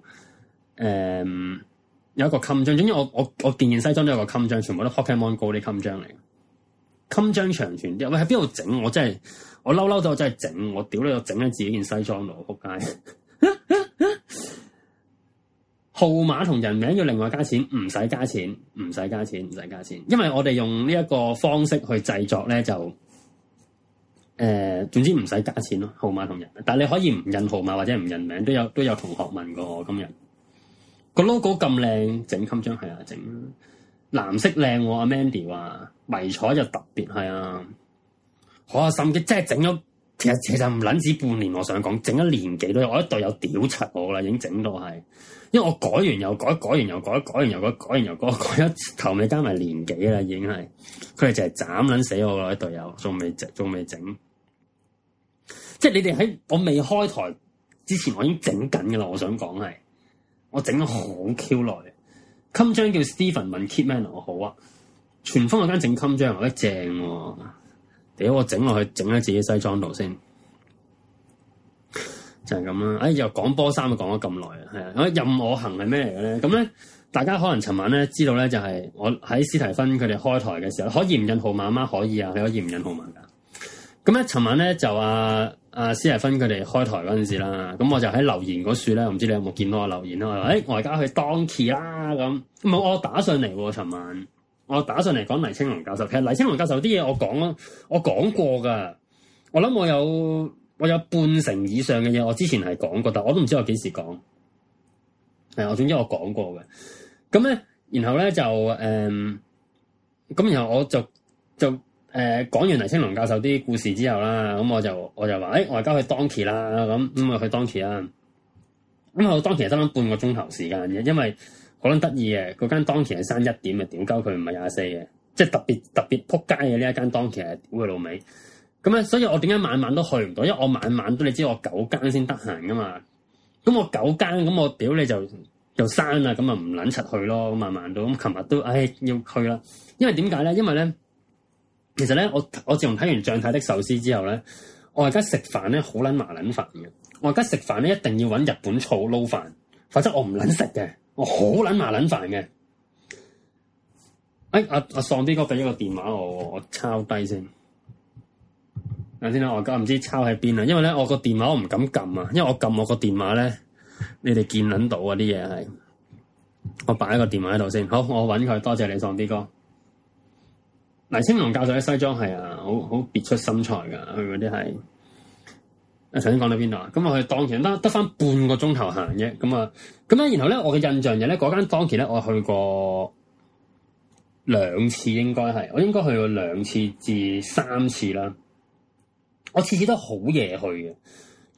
呃、有一個襟章。總之，我我我件件西裝都有個襟章，全部都 Pokemon GO 啲襟章嚟嘅。襟章長串啲，喂喺邊度整？我真係我嬲，嬲到真係整，我屌你，我整喺自己件西裝度，撲街、 [laughs] 啊啊啊！號碼同人名要另外加錢，唔使加錢，唔使加錢，唔使加，加，加錢，因為我哋用呢一個方式去製作咧就。誒、呃，總之唔使加錢咯，號碼同人，但係你可以唔印號碼或者唔印名，都有都有同學問過我今日個 logo 咁靚，整襟章係啊，整藍色靚，阿、啊、Mandy 話迷彩就特別係啊，我甚至即係整咗，其實其實唔卵止半年，我想講整一年幾都，有。我一隊友屌柒我啦，已經整到係，因為我改完又改，改完又改，改完又改，改完又改，改一頭尾加埋年幾啦，已經係，佢哋就係斬卵死我啦，啲隊友仲未仲未整。即係你哋喺我未開台之前，我已經整緊嘅啦。我想講係，我整咗好 Q 耐。襟 [music] 章叫 Stephen 問 Keep Man，我好啊。全峰嗰間整襟章，我覺得正、啊。屌，我整落去整喺自己西裝度先，就係咁啦。哎，又講波衫，又講咗咁耐啊，係啊。任我行係咩嚟嘅咧？咁咧，大家可能尋晚咧知道咧，就係、是、我喺史提芬佢哋開台嘅時候，可以唔印號碼嗎？可以啊，你可以唔印號碼噶。咁咧，尋晚咧就啊。啊，施亞芬佢哋開台嗰陣時啦，咁我就喺留言嗰處咧，唔知你有冇見到我留言咯？誒，我而家、欸、去當 key 啦，咁唔係我打上嚟，尋晚我打上嚟講黎青龍教授。其實黎青龍教授啲嘢我講，我講過噶。我諗我有我有半成以上嘅嘢，我之前係講過，但我都唔知我幾時講。誒，我總之我講過嘅。咁咧，然後咧就誒，咁、嗯、然後我就就。誒，講、呃、完黎青龍教授啲故事之後啦，咁、嗯、我就我就話，誒、欸，我嚟交佢當期啦，咁咁啊，去當期啊，咁、嗯、我當期係得翻半個鐘頭時間嘅，因為可能得意嘅，嗰間當期係閂一點啊，點交佢唔係廿四嘅，即係特別特別撲街嘅呢一間當期係屌佢老味。咁啊，所以我點解晚晚都去唔到？因為我晚晚都你知我九間先得閒噶嘛，咁我九間咁我屌你就就閂啊，咁啊唔捻出去咯，晚晚都咁，琴日都唉要去啦，因為點解咧？因為咧。其實咧，我我自從睇完《將太的壽司》之後咧，我而家食飯咧好捻麻捻煩嘅。我而家食飯咧一定要揾日本醋撈飯，否則我唔捻食嘅。我好捻麻捻煩嘅。誒、欸，阿阿喪 B 哥俾咗個電話我，我抄低先。等先啦，我而家唔知抄喺邊啊。因為咧，我個電話我唔敢撳啊，因為我撳我個電話咧，你哋見捻到啊啲嘢係。我擺一個電話喺度先。好，我揾佢。多謝你，喪 B 哥。嗱，黎青龍教授嘅西裝係啊，好好別出心裁噶，佢嗰啲係。啊，首先講到邊度啊？咁我去當期得得翻半個鐘頭行啫。咁啊，咁咧，然後咧，我嘅印象就咧，嗰間當期咧，我去過兩次，應該係，我應該去過兩次至三次啦。我次次都好夜去嘅。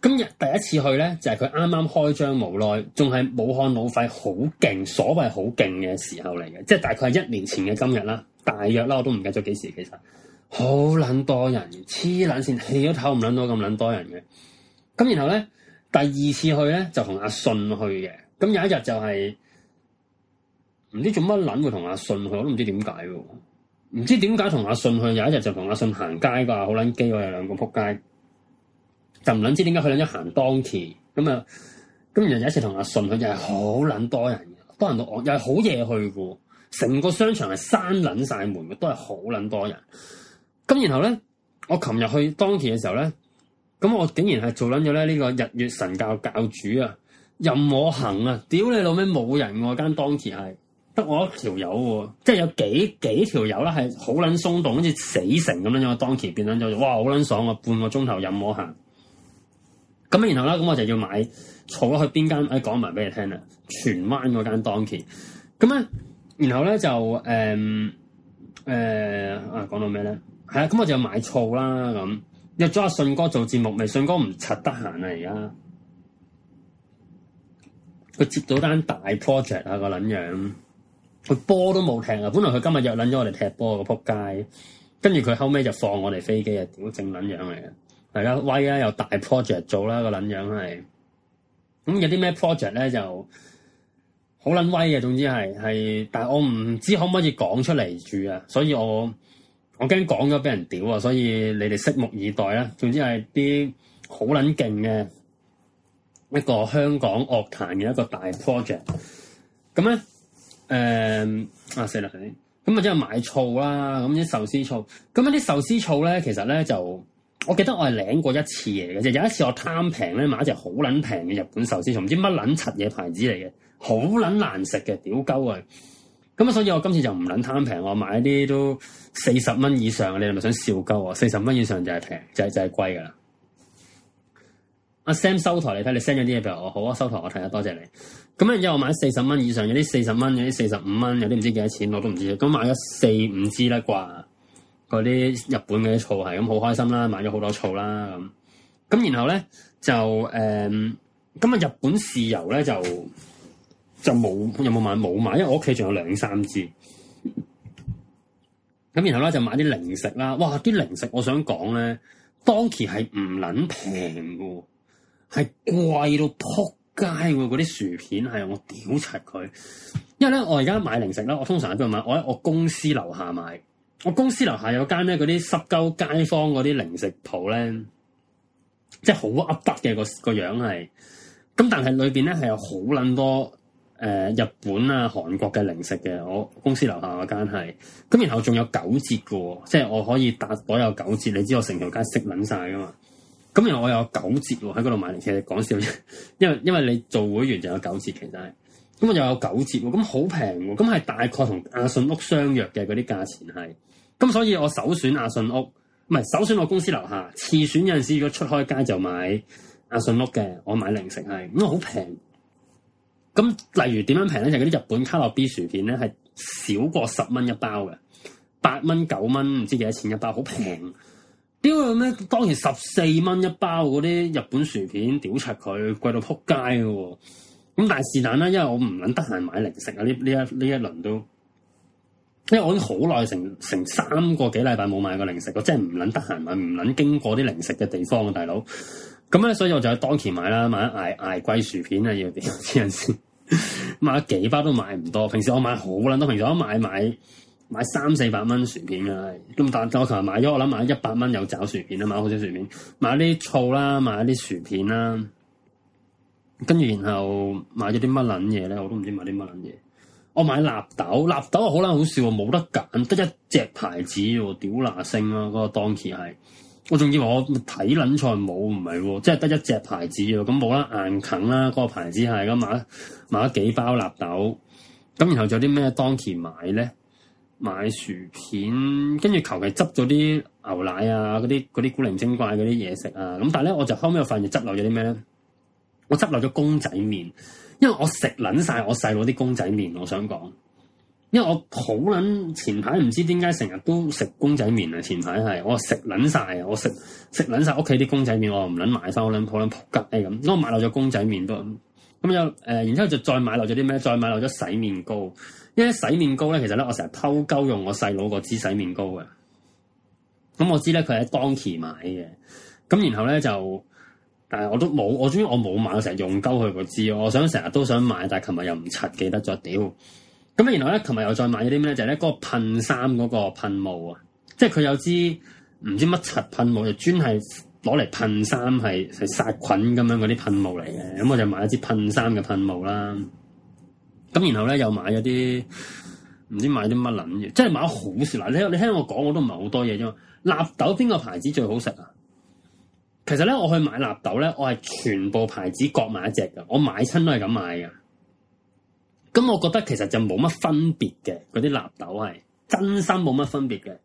今日第一次去咧，就係佢啱啱開張，無奈仲係武漢老肺好勁，所謂好勁嘅時候嚟嘅，即係大概係一年前嘅今日啦。大約啦，我都唔記得咗幾時。其實好捻多人，黐捻線起咗頭唔捻到咁捻多人嘅。咁然後咧，第二次去咧就同阿信去嘅。咁有一日就係、是、唔知做乜捻會同阿信去，我都唔知點解。唔知點解同阿信去，有一日就同阿信行街噶好捻機我有兩個仆街。就唔捻知點解佢捻一行當期咁啊？咁然後有一次同阿信去就係好捻多人，多人到我又係好夜去嘅。成個商場係閂捻晒門嘅，都係好捻多人。咁然後咧，我琴日去當期嘅時候咧，咁我竟然係做捻咗咧呢個日月神教教主啊任我行啊，屌你老味，冇人喎，間當期係得我一條友、啊，即係有幾幾，幾條友咧係好捻鬆動，好似死城咁樣樣。當期變捻咗，哇好捻爽啊！半個鐘頭任我行。咁然後咧，咁我就要買坐咗去邊間？誒講埋俾你聽啊，荃灣嗰間當期。咁咧。然後咧就誒誒啊講到咩咧？係、呃呃、啊，咁、啊、我就買醋啦。咁約咗阿信哥做節目，微信哥唔柒得閒啊！而家佢接咗單大 project 啊，個撚樣！佢波都冇停啊！本來佢今日約捻咗我哋踢波，個扑街，跟住佢後尾就放我哋飛機啊！屌正撚樣嚟嘅，大家、啊、威啊！大啊有大 project 做啦，個撚樣係。咁有啲咩 project 咧就？好撚威嘅，總之係係，但係我唔知可唔可以講出嚟住啊，所以我我驚講咗俾人屌啊，所以你哋拭目以待啦。總之係啲好撚勁嘅一個香港樂壇嘅一個大 project。咁咧，誒啊死啦！咁啊，即係買醋啦，咁啲壽司醋。咁啲壽司醋咧，其實咧就我記得我係領過一次嘢嘅，就有一次我貪平咧買一隻好撚平嘅日本壽司醋，唔知乜撚柒嘢牌子嚟嘅。好撚難食嘅，屌鳩啊！咁啊，所以我今次就唔撚貪平，我買啲都四十蚊以上。你係咪想笑鳩啊？四十蚊以上就係平，就係、是、就係貴噶啦。阿、啊、Sam 收台你睇，你 send 咗啲嘢俾我。好啊，收台我睇下，多謝你。咁啊，然之後我買四十蚊以上，有啲四十蚊，有啲四十五蚊，有啲唔知幾多錢，我都唔知。咁買咗四五支啦，啩，嗰啲日本嘅啲醋係咁好開心啦，買咗好多醋啦。咁咁然後咧就誒、嗯，今日日本豉油咧就。就冇有冇買冇買，因為我屋企仲有兩三支咁。 [laughs] 然後咧就買啲零食啦。哇！啲零食我想講咧，當時係唔捻平噶，係貴到扑街。嗰啲薯片係我屌柒佢，因為咧我而家買零食咧，我通常喺邊度買？我喺我公司樓下買。我公司樓下有間咧，嗰啲濕鳩街坊嗰啲零食鋪咧，即係好 up 得嘅個個樣係咁，但係裏邊咧係有好捻多。誒、呃、日本啊、韓國嘅零食嘅，我公司樓下嗰間係，咁然後仲有九折嘅，即係我可以搭我有九折，你知我成條街識撚晒噶嘛，咁然後我有九折喎喺嗰度買零食，講笑啫，因為因為你做會員就有九折，其實係，咁我又有九折，咁好平，咁係大概同阿信屋相約嘅嗰啲價錢係，咁所以我首選阿信屋，唔係首選我公司樓下，次選有陣時如果出開街就買阿信屋嘅，我買零食係，因為好平。咁例如點樣平咧？就嗰、是、啲日本卡樂 B 薯片咧，係少過十蚊一包嘅，八蚊九蚊唔知幾多錢一包，好平、啊。屌佢咩？當然十四蚊一包嗰啲日本薯片，屌柒佢貴到撲街嘅。咁但係是但啦，因為我唔撚得閒買零食啊！呢呢一呢一輪都，因為我已經好耐成成三個幾禮拜冇買過零食，我真係唔撚得閒買，唔撚經過啲零食嘅地方啊，大佬。咁咧，所以我就喺當期買啦，買啲艾艾桂薯片啊，要畀人先買幾包都買唔多。平時我買好撚多，平時我買買買三四百蚊薯片嘅，咁但得。我琴日買咗，我諗買一百蚊有找薯片啊嘛，買好少薯片，買啲醋啦，買啲薯片啦，跟住然後買咗啲乜撚嘢咧，我都唔知買啲乜撚嘢。我買納豆，納豆好撚好笑，冇得揀，得一隻牌子喎，屌乸星咯，嗰個當期係。我仲以為我睇捻菜冇，唔係喎，即係得一隻牌子嘅，咁冇啦，硬啃啦，嗰個牌子係，咁、啊那個、買買咗幾包納豆，咁然後仲有啲咩當期買咧？買薯片，跟住求其執咗啲牛奶啊，嗰啲啲古靈精怪嗰啲嘢食啊，咁但係咧，我就後尾我發現執漏咗啲咩咧？我執漏咗公仔麵，因為我食捻晒我細佬啲公仔麵，我想講。因為我好捻前排唔知點解成日都食公仔麵啊！前排係我食捻晒，我食食捻晒屋企啲公仔麵，我唔捻買翻，我捻抱捻扑吉咁，我買落咗公仔麵都咁。咁有誒，然之後就再買落咗啲咩？再買落咗洗面膏。因為洗面膏咧，其實咧我成日偷鳩用我細佬個支洗面膏嘅。咁我知咧佢喺當期買嘅。咁然後咧就但係，我都冇，我雖然我冇買，我成日用鳩佢個支。我想成日都想買，但係琴日又唔柒記得咗，屌！咁然後咧，琴日又再買咗啲咩咧？就係咧嗰個噴衫嗰個噴霧啊，即係佢有支唔知乜柒噴霧，就專係攞嚟噴衫，係係殺菌咁樣嗰啲噴霧嚟嘅。咁、嗯、我就買一支噴衫嘅噴霧啦。咁然後咧又買咗啲唔知買啲乜撚嘢，即係買好少嗱。你聽你聽我講，我都唔係好多嘢啫嘛。納豆邊個牌子最好食啊？其實咧，我去買納豆咧，我係全部牌子各買一隻噶，我買親都係咁買噶。咁我覺得其實就冇乜分別嘅，嗰啲納豆係真心冇乜分別嘅。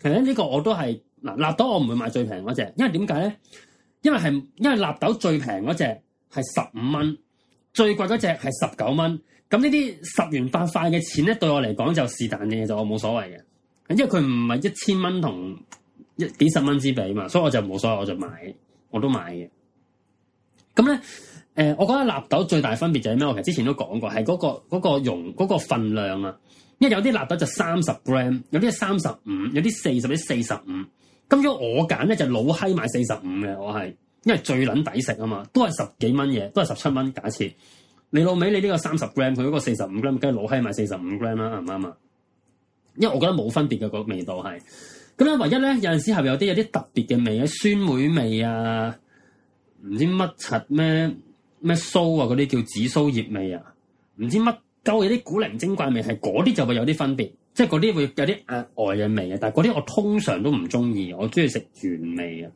其實呢個我都係嗱納豆我唔會買最平嗰隻，因為點解咧？因為係因為納豆最平嗰隻係十五蚊，最貴嗰隻係十九蚊。咁呢啲十元八塊嘅錢咧，對我嚟講就是但嘅，就我冇所謂嘅。因為佢唔係一千蚊同一幾十蚊之比嘛，所以我就冇所謂，我就買我都買嘅。咁咧。誒、呃，我覺得納豆最大分別就係咩？我其實之前都講過，係嗰、嗰個嗰、嗰個容嗰、嗰個份量啊，因為有啲納豆就三十 gram，有啲三十五，有啲四十，啲四十五。咁如果我揀咧就是、老閪買四十五嘅，我係因為最捻抵食啊嘛，都係十幾蚊嘢，都係十七蚊。假設你老味，你呢個三十 gram，佢嗰個四十五 gram，梗係老閪買四十五 gram 啦，啱唔啱啊？因為我覺得冇分別嘅、嗰個味道係。咁咧，唯一咧有陣時係咪有啲有啲特別嘅味，啊？酸梅味啊，唔知乜柒咩？咩酥啊，嗰啲叫紫蘇葉味啊，唔知乜鳩有啲古靈精怪味，係嗰啲就會有啲分別，即係嗰啲會有啲額外嘅味啊。但係嗰啲我通常都唔中意，我中意食原味啊。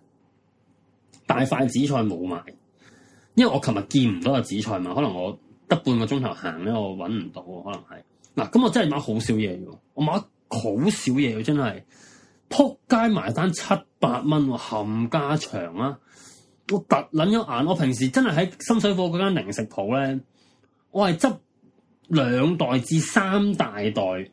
大塊紫菜冇買，因為我琴日見唔到個紫菜嘛，可能我得半個鐘頭行咧，我搵唔到，可能係嗱。咁、啊、我真係買好少嘢嘅，我買好少嘢佢真係撲街埋單七百蚊，冚家鏟啊！我突捻咗眼，我平時真係喺深水埗嗰間零食鋪咧，我係執兩袋至三大袋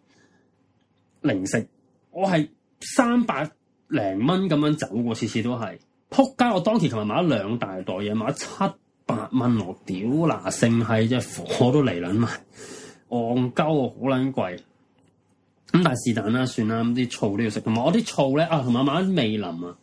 零食，我係三百零蚊咁樣走過，次次都係。撲街！我當時同埋買咗兩大袋嘢，買咗七百蚊落，屌嗱、啊，剩係即係火都嚟捻埋，戇鳩啊，好捻貴。咁但係是但啦，算啦，啲醋都要食。同埋我啲醋咧，啊同埋買啲味淋啊。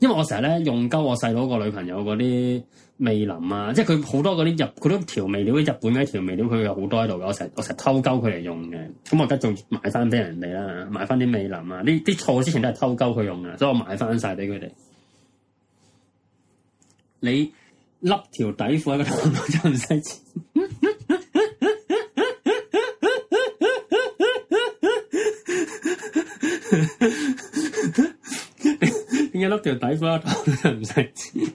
因為我成日咧用鳩我細佬個女朋友嗰啲味淋啊，即係佢好多嗰啲日，佢都調味料，日本嘅調味料佢有好多喺度嘅。我成日我成日偷鳩佢嚟用嘅，咁我而家仲買翻俾人哋啦，買翻啲味淋啊，呢啲錯之前都係偷鳩佢用嘅，所以我買翻晒俾佢哋。你笠條底褲喺個頭度就唔使錢。 [laughs] [laughs] 點解粒條底褲喺頭度唔使錢？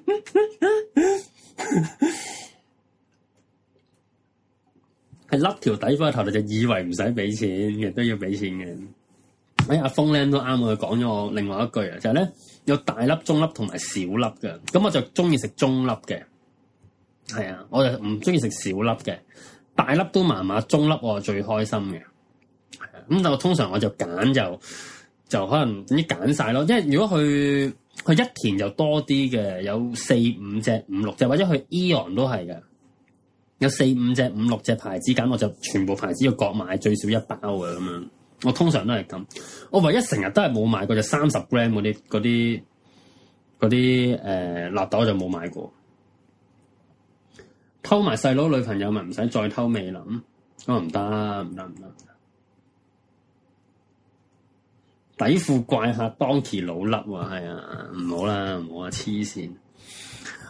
係粒條底褲喺頭度就以為唔使俾錢，亦都要俾錢嘅。喺、哎、阿峰，呢都啱，我講咗我另外一句啊，就係、是、咧有大粒、中粒同埋小粒嘅。咁我就中意食中粒嘅，係啊，我就唔中意食小粒嘅。大粒都麻麻，中粒我最開心嘅。咁、啊、但係我通常我就揀就。就可能點知揀曬咯，因為如果去去一田就多啲嘅，有四五隻、五六隻，或者去 ion、e、都係嘅，有四五隻、五六隻牌子揀，我就全部牌子要各買最少一包嘅咁樣。我通常都係咁，我唯一成日都係冇買過就三十 gram 嗰啲嗰啲嗰啲誒納豆我就冇買過。偷埋細佬女朋友咪唔使再偷味啦，咁可能唔得唔得唔得。底褲怪客當期老笠啊，係啊，唔好啦，唔好啊，黐線。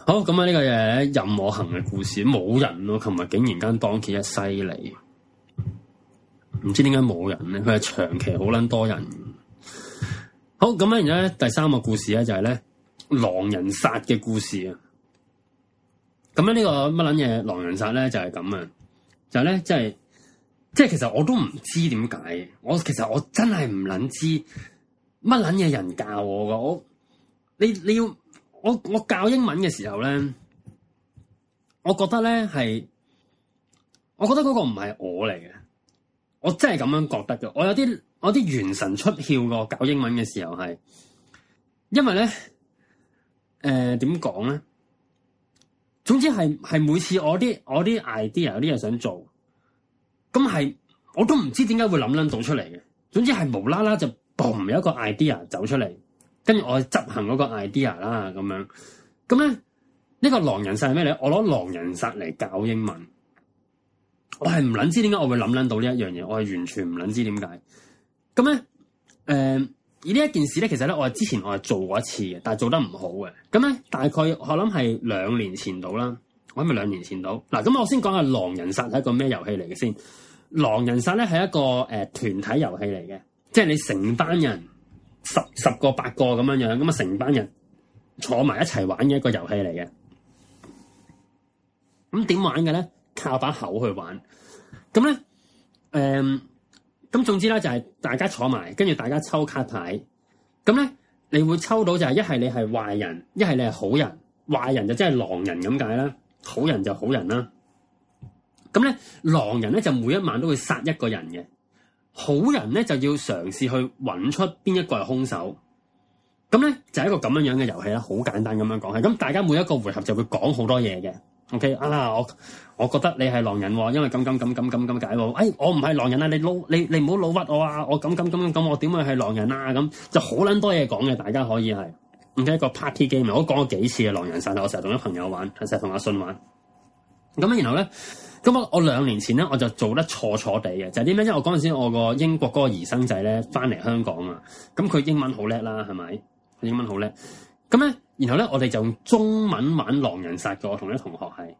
好咁啊，個呢個嘢，任我行嘅故事冇人咯，啊，琴日竟然間當期一犀利，唔知點解冇人咧，佢係長期好捻多人。好咁啊，然之後咧第三個故事咧就係、是、咧狼人殺嘅故事啊。咁樣呢個乜捻嘢狼人殺咧就係咁啊，就係咧即係。就是即係其實我都唔知點解，我其實我真係唔捻知乜捻嘢人教我噶。我你你要我我教英文嘅時候咧，我覺得咧係，我覺得個唔係我嚟嘅，我真係咁樣覺得嘅，我有啲我啲元神出竅個教英文嘅時候係，因為咧，誒點講咧？總之係係每次我啲我啲 idea 有啲嘢想，想做。咁係，我都唔知點解會諗捻到出嚟嘅。總之係無啦啦就，嘣有一個 idea 走出嚟，跟住我執行嗰個 idea 啦，咁樣。咁咧呢、呢個狼人殺係咩咧？我攞狼人殺嚟教英文，我係唔捻知點解我會諗捻到呢一樣嘢，我係完全唔捻知點解。咁咧，誒、呃，以呢一件事咧，其實咧我之前我係做過一次嘅，但係做得唔好嘅。咁咧，大概我諗係兩年前到啦。我係咪兩年前到嗱，咁我先講下狼《狼人殺》係一個咩遊戲嚟嘅先，呃《狼人殺》咧係一個誒團體遊戲嚟嘅，即係你成班人十十個八個咁樣樣，咁啊成班人坐埋一齊玩嘅一個遊戲嚟嘅。咁點玩嘅咧？靠把口去玩。咁咧誒，咁、呃、總之咧就係、是、大家坐埋，跟住大家抽卡牌。咁咧，你會抽到就係一係你係壞人，一係你係好人。壞人就即係狼人咁解啦。好人就好人啦，咁咧狼人咧就每一晚都會殺一個人嘅，好人咧就要嘗試去揾出邊一個係兇手。咁咧就係一個咁樣樣嘅遊戲啦，好簡單咁樣講係。咁大家每一個回合就會講好多嘢嘅。O K，啊我我覺得你係狼人喎，因為咁咁咁咁咁咁解喎。哎，我唔係狼人啊，你老你你唔好老屈我啊！我咁咁咁咁咁，我點會係狼人啊？咁就好捻多嘢講嘅，大家可以係。嘅一個 party game，我都講過幾次嘅狼人殺，我成日同啲朋友玩，成日同阿信玩。咁然後咧，咁我我兩年前咧，我就做得錯錯地嘅，就係點咧？因為我嗰陣時我個英國嗰個兒生仔咧翻嚟香港啊，咁佢英文好叻啦，係咪？英文好叻，咁咧，然後咧，我哋就用中文玩狼人殺嘅，我同啲同學係，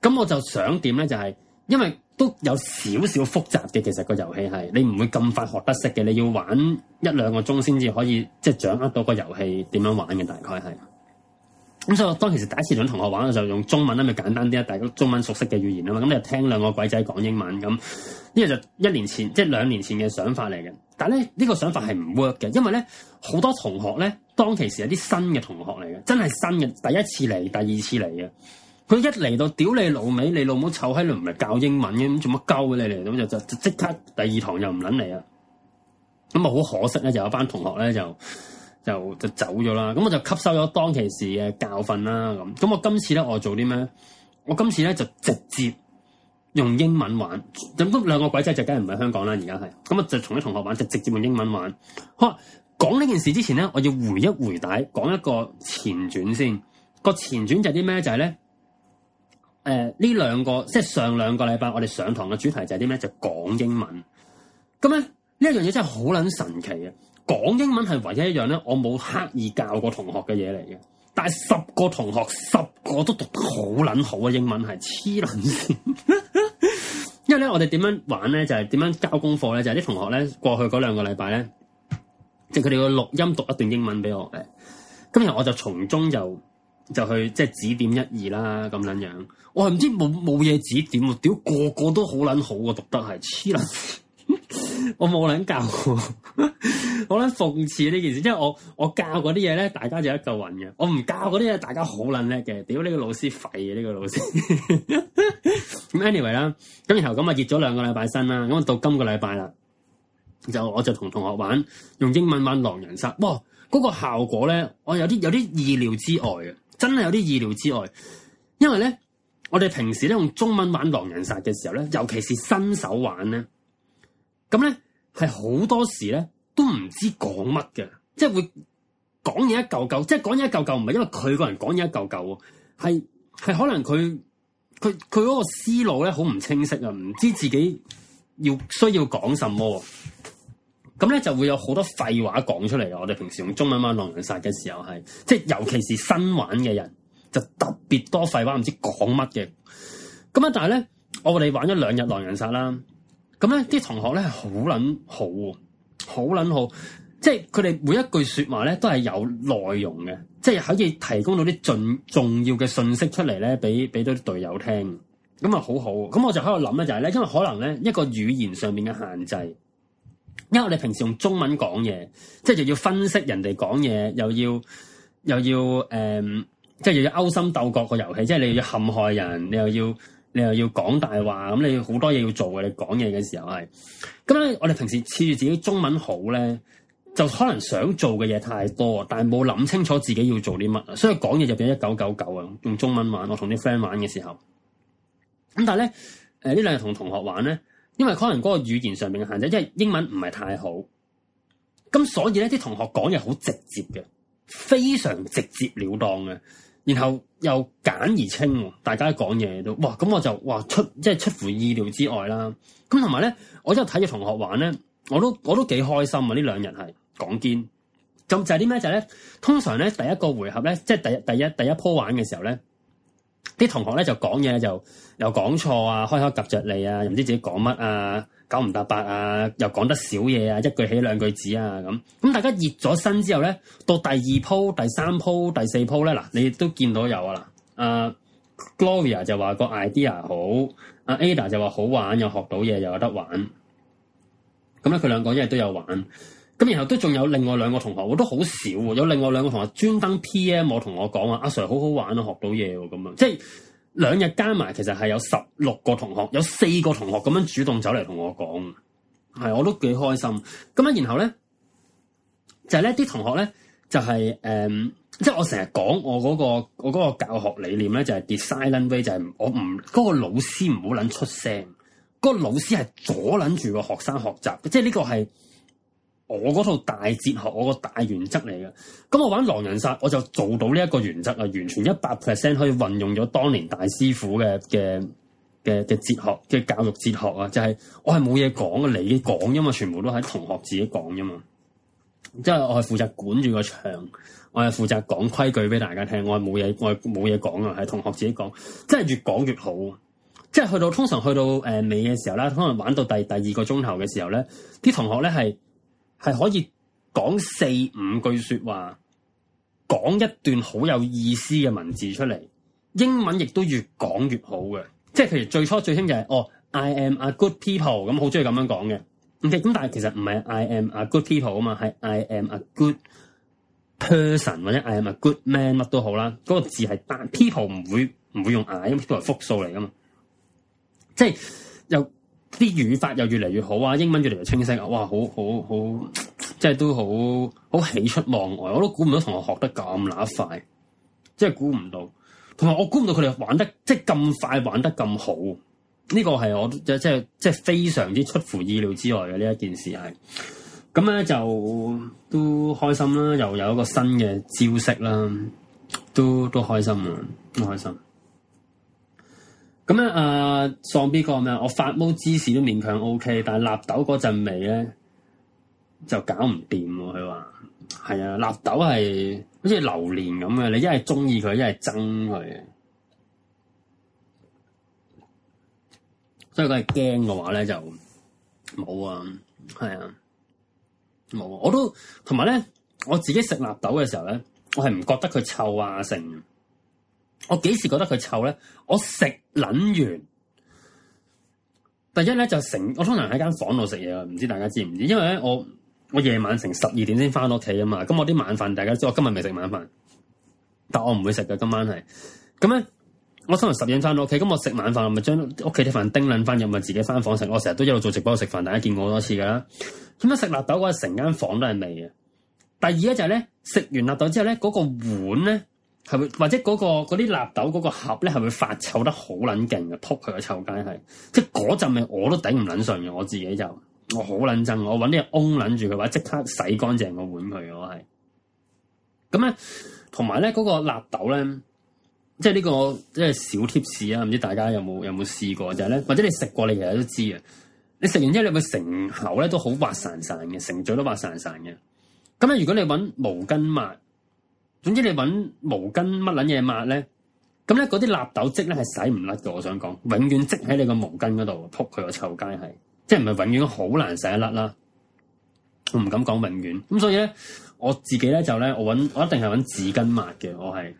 咁我就想點咧？就係。因為都有少少複雜嘅，其實個遊戲係你唔會咁快學得識嘅，你要玩一兩個鐘先至可以即係掌握到個遊戲點樣玩嘅，大概係。咁所以我當其時第一次同同學玩嘅時候，用中文啊咪簡單啲啊，大家中文熟悉嘅語言啊嘛，咁、嗯、你就聽兩個鬼仔講英文咁。呢、嗯，這個就一年前即係、就是、兩年前嘅想法嚟嘅，但係咧呢、這個想法係唔 work 嘅，因為咧好多同學咧當其時有啲新嘅同學嚟嘅，真係新嘅，第一次嚟，第二次嚟嘅。佢一嚟到屌你老味，你老母臭閪佬唔係教英文嘅，做乜鳩嘅你嚟咁就就即刻第二堂又唔撚嚟啊！咁啊好可惜咧，就有班同學咧就就就，就，就，就，就走咗啦。咁我就吸收咗當其時嘅教訓啦。咁咁我今次咧我做啲咩？我今次咧就直接用英文玩。咁兩個鬼仔就梗係唔喺香港啦，而家係咁啊，我就同啲同學玩就直接用英文玩。好！講呢件事之前咧，我要回一回帶，講一個前傳先。個前傳就係啲咩？就係、是、咧。誒，呢、呃、兩個即係上兩個禮拜，我哋上堂嘅主題就係啲咩？就是、講英文。咁咧呢一樣嘢真係好撚神奇啊！講英文係唯一一樣咧，我冇刻意教過同學嘅嘢嚟嘅。但係十個同學，十個都讀得很很好撚好嘅英文，係黐撚線。因為咧，我哋點樣玩咧？就係、是、點樣交功課咧？就係、是、啲同學咧，過去嗰兩個禮拜咧，即係佢哋要錄音讀一段英文俾我。誒、哎，今日我就從中就。就去即係指點一二啦，咁樣樣，我係唔知冇冇嘢指點啊！屌，個個都好捻好啊，讀得係黐捻， [laughs] 我冇捻教，好捻諷刺呢件事，即係我我教嗰啲嘢咧，大家就一嚿雲嘅；我唔教嗰啲嘢，大家好捻叻嘅。屌、這、呢個老師廢嘅，呢、這個老師。咁 [laughs] anyway 啦，咁然後咁啊，熱咗兩個禮拜身啦，咁到今個禮拜啦，就我就同同學玩用英文玩狼人殺，哇！嗰、那個效果咧，我有啲有啲意料之外嘅。真係有啲意料之外，因為咧，我哋平時咧用中文玩狼人殺嘅時候咧，尤其是新手玩咧，咁咧係好多時咧都唔知講乜嘅，即係會講嘢一嚿嚿，即係講嘢一嚿嚿，唔係因為佢個人講嘢一嚿嚿喎，係係可能佢佢佢嗰個思路咧好唔清晰啊，唔知自己要需要講什麼。咁咧就會有好多廢話講出嚟嘅。我哋平時用中文玩狼人殺嘅時候，係即係尤其是新玩嘅人，就特別多廢話，唔知講乜嘅。咁啊，但係咧，我哋玩咗兩日狼人殺啦，咁咧啲同學咧係好撚好，好撚好，即係佢哋每一句説話咧都係有內容嘅，即係可以提供到啲盡重要嘅信息出嚟咧，俾俾到啲隊友聽。咁啊，好好。咁我就喺度諗咧，就係咧，因為可能咧一個語言上面嘅限制。因為我哋平時用中文講嘢，即係又要分析人哋講嘢，又要又要誒、呃，即係又要勾心鬥角個遊戲，即係你又要陷害人，你又要你又要講大話，咁你好多嘢要做嘅。你講嘢嘅時候係咁咧，我哋平時黐住自己中文好咧，就可能想做嘅嘢太多，但係冇諗清楚自己要做啲乜，所以講嘢就變一九九九啊。用中文玩，我同啲 friend 玩嘅時候，咁但係咧，誒呢兩日同同學玩咧。因為可能嗰個語言上面嘅限制，因為英文唔係太好，咁所以咧，啲同學講嘢好直接嘅，非常直接了當嘅，然後又簡而清，大家講嘢都，哇，咁我就哇出即係出乎意料之外啦。咁同埋咧，我即係睇住同學玩咧，我都我都幾開心啊！兩就就就是、呢兩日係講堅，咁就係啲咩就係咧？通常咧，第一個回合咧，即係第一第一第一波玩嘅時候咧。啲同學咧就講嘢就又講錯啊，開口夾着你啊，又唔知自己講乜啊，九唔搭八啊，又講得少嘢啊，一句起兩句止啊咁。咁大家熱咗身之後咧，到第二鋪、第三鋪、第四鋪咧，嗱，你都見到有啊啦。阿 Gloria 就話個 idea 好，阿、啊、Ada 就話好玩又學到嘢又有得玩。咁咧，佢兩個一日都有玩。咁然後都仲有另外兩個同學，我都好少有另外兩個同學專登 P.M. 我同我講話，阿、啊、Sir 好好玩啊，學到嘢喎咁啊！即係兩日加埋，其實係有十六個同學，有四個同學咁樣主動走嚟同我講，係我都幾開心。咁啊然後咧就咧、是、啲同學咧就係、是、誒、呃，即係我成日講我嗰、那個我個教學理念咧就係、是、the silent way，就係我唔嗰、那個老師唔好捻出聲，那個老師係阻捻住個學生學習，即係呢個係。我嗰套大哲學，我個大原則嚟嘅。咁我玩狼人殺，我就做到呢一個原則啊！完全一百 percent 可以運用咗當年大師傅嘅嘅嘅嘅哲學嘅教育哲學啊！就係我係冇嘢講啊，你講啫嘛，全部都係同學自己講啫嘛。即係我係負責管住個場，我係負責講規矩俾大家聽。我係冇嘢，我冇嘢講啊，係同學自己講。即係越講越好。即係去到通常去到誒尾嘅時候啦，可能玩到第第二個鐘頭嘅時候咧，啲同學咧係。係可以講四五句說話，講一段好有意思嘅文字出嚟。英文亦都越講越好嘅，即係譬如最初最興就係、是、哦、oh,，I am a good people 咁、嗯，好中意咁樣講嘅。咁、嗯、但係其實唔係 I am a good people 啊嘛，係 I am a good person 或者 I am a good man 乜都好啦。嗰、那個字係單 people 唔會唔會用 I，因為 people 係複數嚟噶嘛，即係又。啲語法又越嚟越好啊，英文越嚟越清晰啊，哇，好好好，即係都好好喜出望外，我都估唔到同學學得咁乸快，即係估唔到，同埋我估唔到佢哋玩得即係咁快，玩得咁好，呢個係我即係即係即係非常之出乎意料之外嘅呢一件事係，咁咧就都開心啦，又有一個新嘅招式啦，都都開心啊，都開心。咁啊！啊，喪 B 哥咩？我發毛芝士都勉強 OK，但係納豆嗰陣味咧就搞唔掂喎。佢話：係啊，納豆係好似榴蓮咁嘅，你一係中意佢，一係憎佢，所以佢係驚嘅話咧就冇啊，係啊，冇啊！我都同埋咧，我自己食納豆嘅時候咧，我係唔覺得佢臭啊成。我幾時覺得佢臭咧？我食捻完，第一咧就成，我通常喺間房度食嘢啊！唔知大家知唔知？因為咧我我夜晚成十二點先翻到屋企啊嘛，咁我啲晚飯大家知道我今日未食晚飯，但我唔會食嘅。今晚係咁咧，我通常十點翻到屋企，咁我食晚飯，咪將屋企啲飯叮捻翻入，咪自己翻房食。我成日都一路做直播食飯，大家見過好多次噶啦。咁樣食納豆嗰陣，成間房都係味嘅。第二咧就係咧，食完納豆之後咧，嗰個碗咧，係會或者嗰個啲納豆嗰個盒咧，係會發臭得好卵勁嘅，扑佢個臭街係，即係嗰陣味我都頂唔卵順嘅，我自己就我好卵憎，我搵啲嘢嗡捻住佢話，即刻洗乾淨個碗佢我係。咁咧，同埋咧嗰個納豆咧，即係呢個即係小 tips 啊，唔知大家有冇有冇試過就係咧，或者你食過你其實都知嘅，你食完之後你會成喉咧都好滑潺潺嘅，成嘴都滑潺潺嘅。咁咧，如果你搵毛巾抹。總之你揾毛巾乜撚嘢抹咧，咁咧嗰啲納豆漬咧係洗唔甩嘅。我想講，永遠漬喺你個毛巾嗰度，扑佢個臭街係，即係唔係永遠好難洗甩啦。我唔敢講永遠。咁所以咧，我自己咧就咧，我揾我一定係揾紙巾抹嘅。我係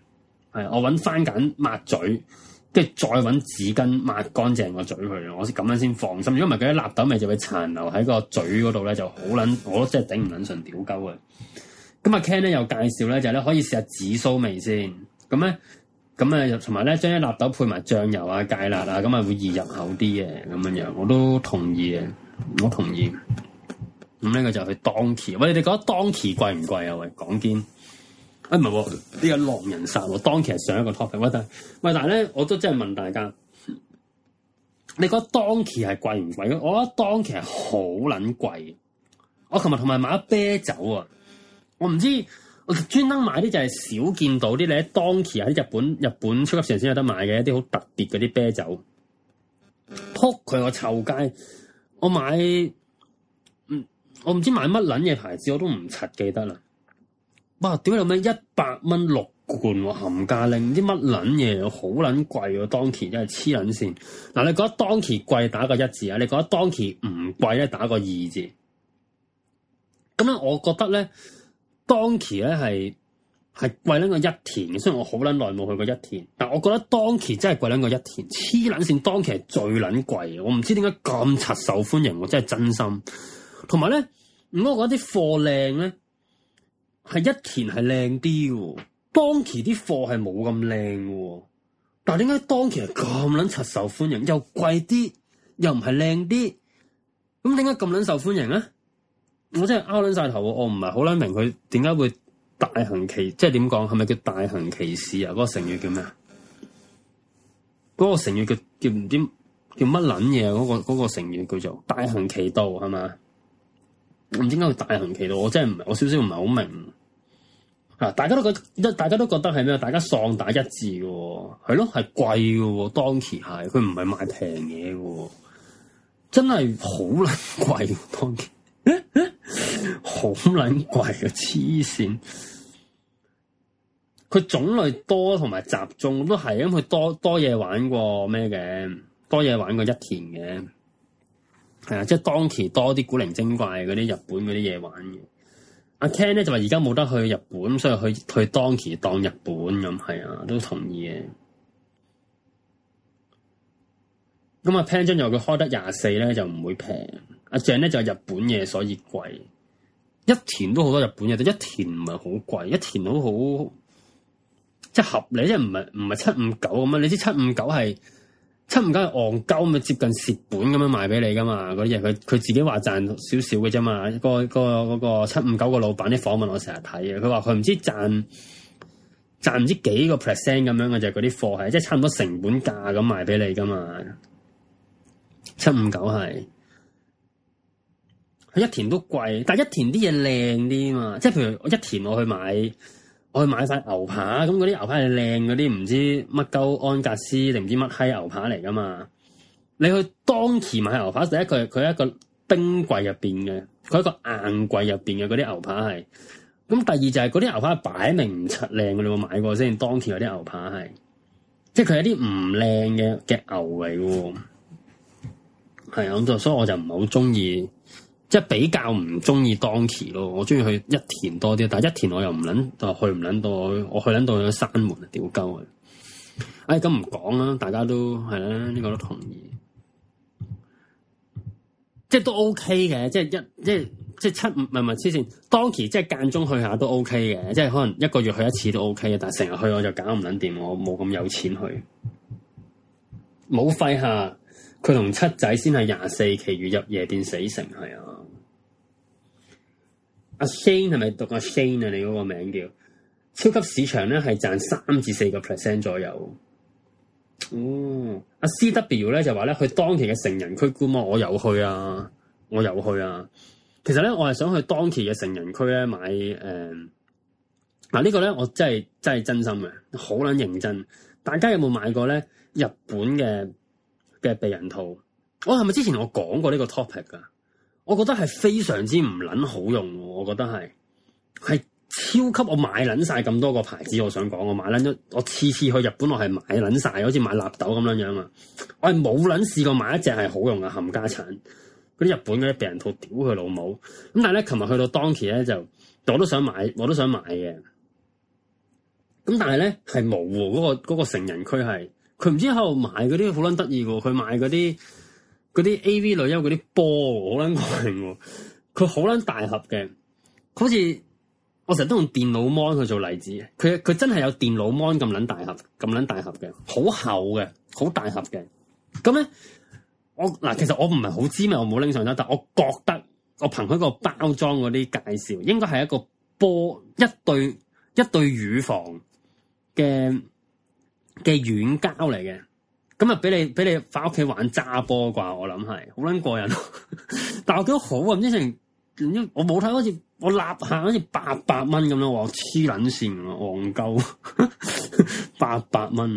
係我揾番鹼抹嘴，跟住再揾紙巾抹乾淨個嘴去。咯。我咁樣先放心。如果唔係嗰啲納豆味就會殘留喺個嘴嗰度咧，就好撚，我都真係頂唔撚順屌鳩嘅。咁啊，Ken 咧又介紹咧，就咧、是、可以試下紫蘇味先。咁咧，咁啊，同埋咧，將啲納豆配埋醬油啊、芥辣啊，咁啊會易入口啲嘅。咁樣樣我都同意嘅，我同意。咁呢個就去當期。喂，你哋覺得當期貴唔貴啊？喂，講堅，哎、啊唔係，呢個狼人殺喎、啊。當期係上一個 topic。喂，但係，喂，但係咧，我都真係問大家，你覺得當期係貴唔貴？我覺得當期係好撚貴。我琴日同埋買啤酒啊。我唔知，我專登買啲就係少見到啲，你喺當期喺日本日本超級市場有得買嘅一啲好特別嗰啲啤酒，撲佢個臭街！我買，我唔知買乜卵嘢牌子，我都唔柒記得啦。哇！點解有咩一百蚊六罐含價令？啲乜卵嘢，好卵貴喎！當期真係黐卵線。嗱，你覺得當期貴打個一字啊？你覺得當期唔貴咧打個二字？咁咧，我覺得咧。當期咧，係係貴撚過一田，雖然我好撚耐冇去過一田，但我覺得當期真係貴撚過一田，黐撚線，當期係最撚貴嘅，我唔知點解咁柒受歡迎，我真係真心。同埋咧，如果我覺得貨好得啲貨靚咧，係一田係靚啲嘅，當期啲貨係冇咁靚嘅，但係點解當期係咁撚柒受歡迎，又貴啲，又唔係靚啲，咁點解咁撚受歡迎啊？我真係拗卵晒頭，我唔係好卵明佢點解會大行其，即係點講，係咪叫大行其事啊？嗰個成語叫咩啊？嗰個成語叫叫唔知叫乜卵嘢？嗰個嗰個成語叫做大行其道係嘛？唔知解會大行其道，我真係我少少唔係好明。啊！大家都覺，大家都覺得係咩？大家喪打一致嘅，係咯，係貴嘅，當期係佢唔係賣平嘢嘅，真係好卵貴，當期。 [laughs] 好撚怪嘅黐線，佢種類多同埋集中都係，因為佢多多嘢玩過咩嘅，多嘢玩過一天嘅，係啊，即係當期多啲古靈精怪嗰啲日本嗰啲嘢玩嘅。阿、啊、Ken 咧就話而家冇得去日本，所以去去當期當日本咁係啊，都同意嘅。咁啊，Pan 樽又佢開得廿四咧，就唔會平。阿鄭咧就係日本嘢，所以貴。一田都好多日本嘢，但一田唔係好貴，一田都好即係合理，即係唔係唔係七五九咁啊？9，你知七五九係七五九係戇鳩，咪接近蝕本咁樣賣俾你噶嘛？嗰啲嘢佢佢自己話賺少少嘅啫嘛。個個嗰個七五九個老闆啲訪問我成日睇嘅，佢話佢唔知賺賺唔知幾個 percent 咁樣嘅就係嗰啲貨係即係差唔多成本價咁賣俾你噶嘛。七五九係。佢一田都貴，但一田啲嘢靚啲嘛，即係譬如我一田我去買，我去買塊牛扒，咁嗰啲牛扒係靚嗰啲，唔知乜鳩安格斯定唔知乜閪牛扒嚟噶嘛？你去當期買牛扒，第一佢佢一個冰櫃入邊嘅，佢一個硬櫃入邊嘅嗰啲牛扒係，咁第二就係嗰啲牛扒擺明唔出靚嘅，你有冇買過先？當期有啲牛扒係，即係佢有啲唔靚嘅嘅牛嚟嘅，係啊，就，所以我就唔係好中意。即係比較唔中意 Donki 咯，我中意去一田多啲，但係一田我又唔捻，去唔捻到，我去捻到佢閂門啊，屌鳩啊！唉，咁唔講啦，大家都係啦，呢、這個都同意，即係都 OK 嘅，即係一即係即係七唔係唔係黐線，Donki 即係間中去下都 OK 嘅，即係可能一個月去一次都 OK 嘅，但係成日去我就搞唔捻掂，我冇咁有,有錢去，冇費下。佢同七仔先係廿四期入夜店死城係啊。阿 Shane 係咪讀阿 Shane 啊？你嗰個名叫超級市場咧，係賺三至四個 percent 左右。哦，阿 CW 咧就話咧，佢當期嘅成人區觀摩，我有去啊，我有去啊。其實咧，我係想去當期嘅成人區咧買誒，嗱、嗯啊這個、呢個咧，我真係真係真心嘅，好撚認真。大家有冇買過咧？日本嘅嘅避孕套，我係咪之前我講過呢個 topic 噶？我覺得係非常之唔捻好用，我覺得係係超級，我買捻晒咁多個牌子，我想講我買捻咗，我次次去日本我係買捻晒，好似買納豆咁樣樣啊！我係冇捻試過買一隻係好用嘅冚家鏟，嗰啲日本嗰啲避孕套屌佢老母！咁但係咧，琴日去到當期咧，就我都想買，我都想買嘅。咁但係咧係冇嗰個嗰個成人區係，佢唔知喺度買嗰啲好捻得意嘅，佢買嗰啲。嗰啲 A.V. 女優嗰啲波好撚怪喎，佢好撚大盒嘅，好似我成日都用電腦芒去做例子，佢佢真係有電腦芒咁撚大盒，咁撚大盒嘅，好厚嘅，好大盒嘅，咁咧，我嗱其實我唔係好知，因為我冇拎上手，但係我覺得我憑佢個包裝嗰啲介紹，應該係一個波一對一對乳房嘅嘅軟膠嚟嘅。咁啊！俾你俾你翻屋企玩揸波啩，我諗係好撚過癮。但我覺得好啊，唔之成，我冇睇，好似我立下好似八百蚊咁樣，我黐撚線，憨鳩八百蚊。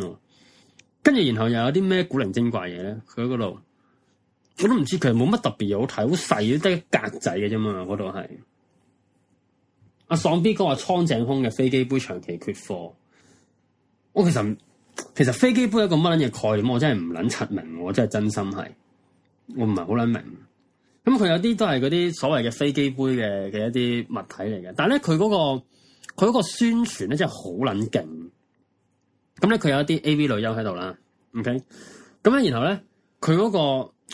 跟住然後又有啲咩古靈精怪嘢咧？佢喺嗰度我都唔知佢冇乜特別好睇，好細都得一格仔嘅啫嘛。嗰度係阿爽 B 哥話蒼井空嘅飛機杯長期缺貨。我其實。其實飛機杯一個乜捻嘢概念，我真係唔捻出名。我真係真心係，我唔係好捻明。咁佢有啲都係嗰啲所謂嘅飛機杯嘅嘅一啲物體嚟嘅，但係咧佢嗰個佢嗰個宣傳咧真係好捻勁。咁咧佢有一啲 AV 女優喺度啦，OK，咁咧然後咧佢嗰個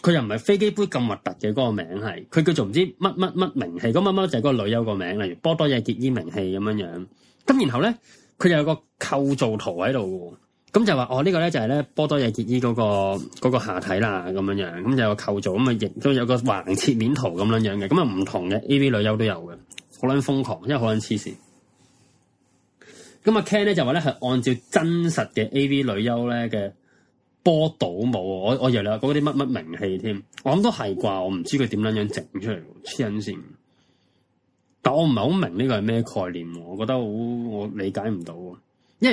佢又唔係飛機杯咁核突嘅嗰個名係，佢叫做唔知乜乜乜名氣，嗰乜乜就係個女優個名，例如波多野結衣名氣咁樣樣。咁然後咧佢又有個構造圖喺度。咁就話我呢個咧就係咧波多野結衣嗰個下體啦，咁樣樣，咁就有個構造，咁啊亦都有個橫切面圖咁樣樣嘅，咁啊唔同嘅 A.V. 女優都有嘅，好撚瘋狂，因為好撚黐線。咁啊 Ken 咧就話咧係按照真實嘅 A.V. 女優咧嘅波倒舞。我我又嚟講啲乜乜名氣添，我諗都係啩，我唔知佢點撚樣整出嚟，黐撚線。但我唔係好明呢個係咩概念，我覺得好我，我理解唔到。一，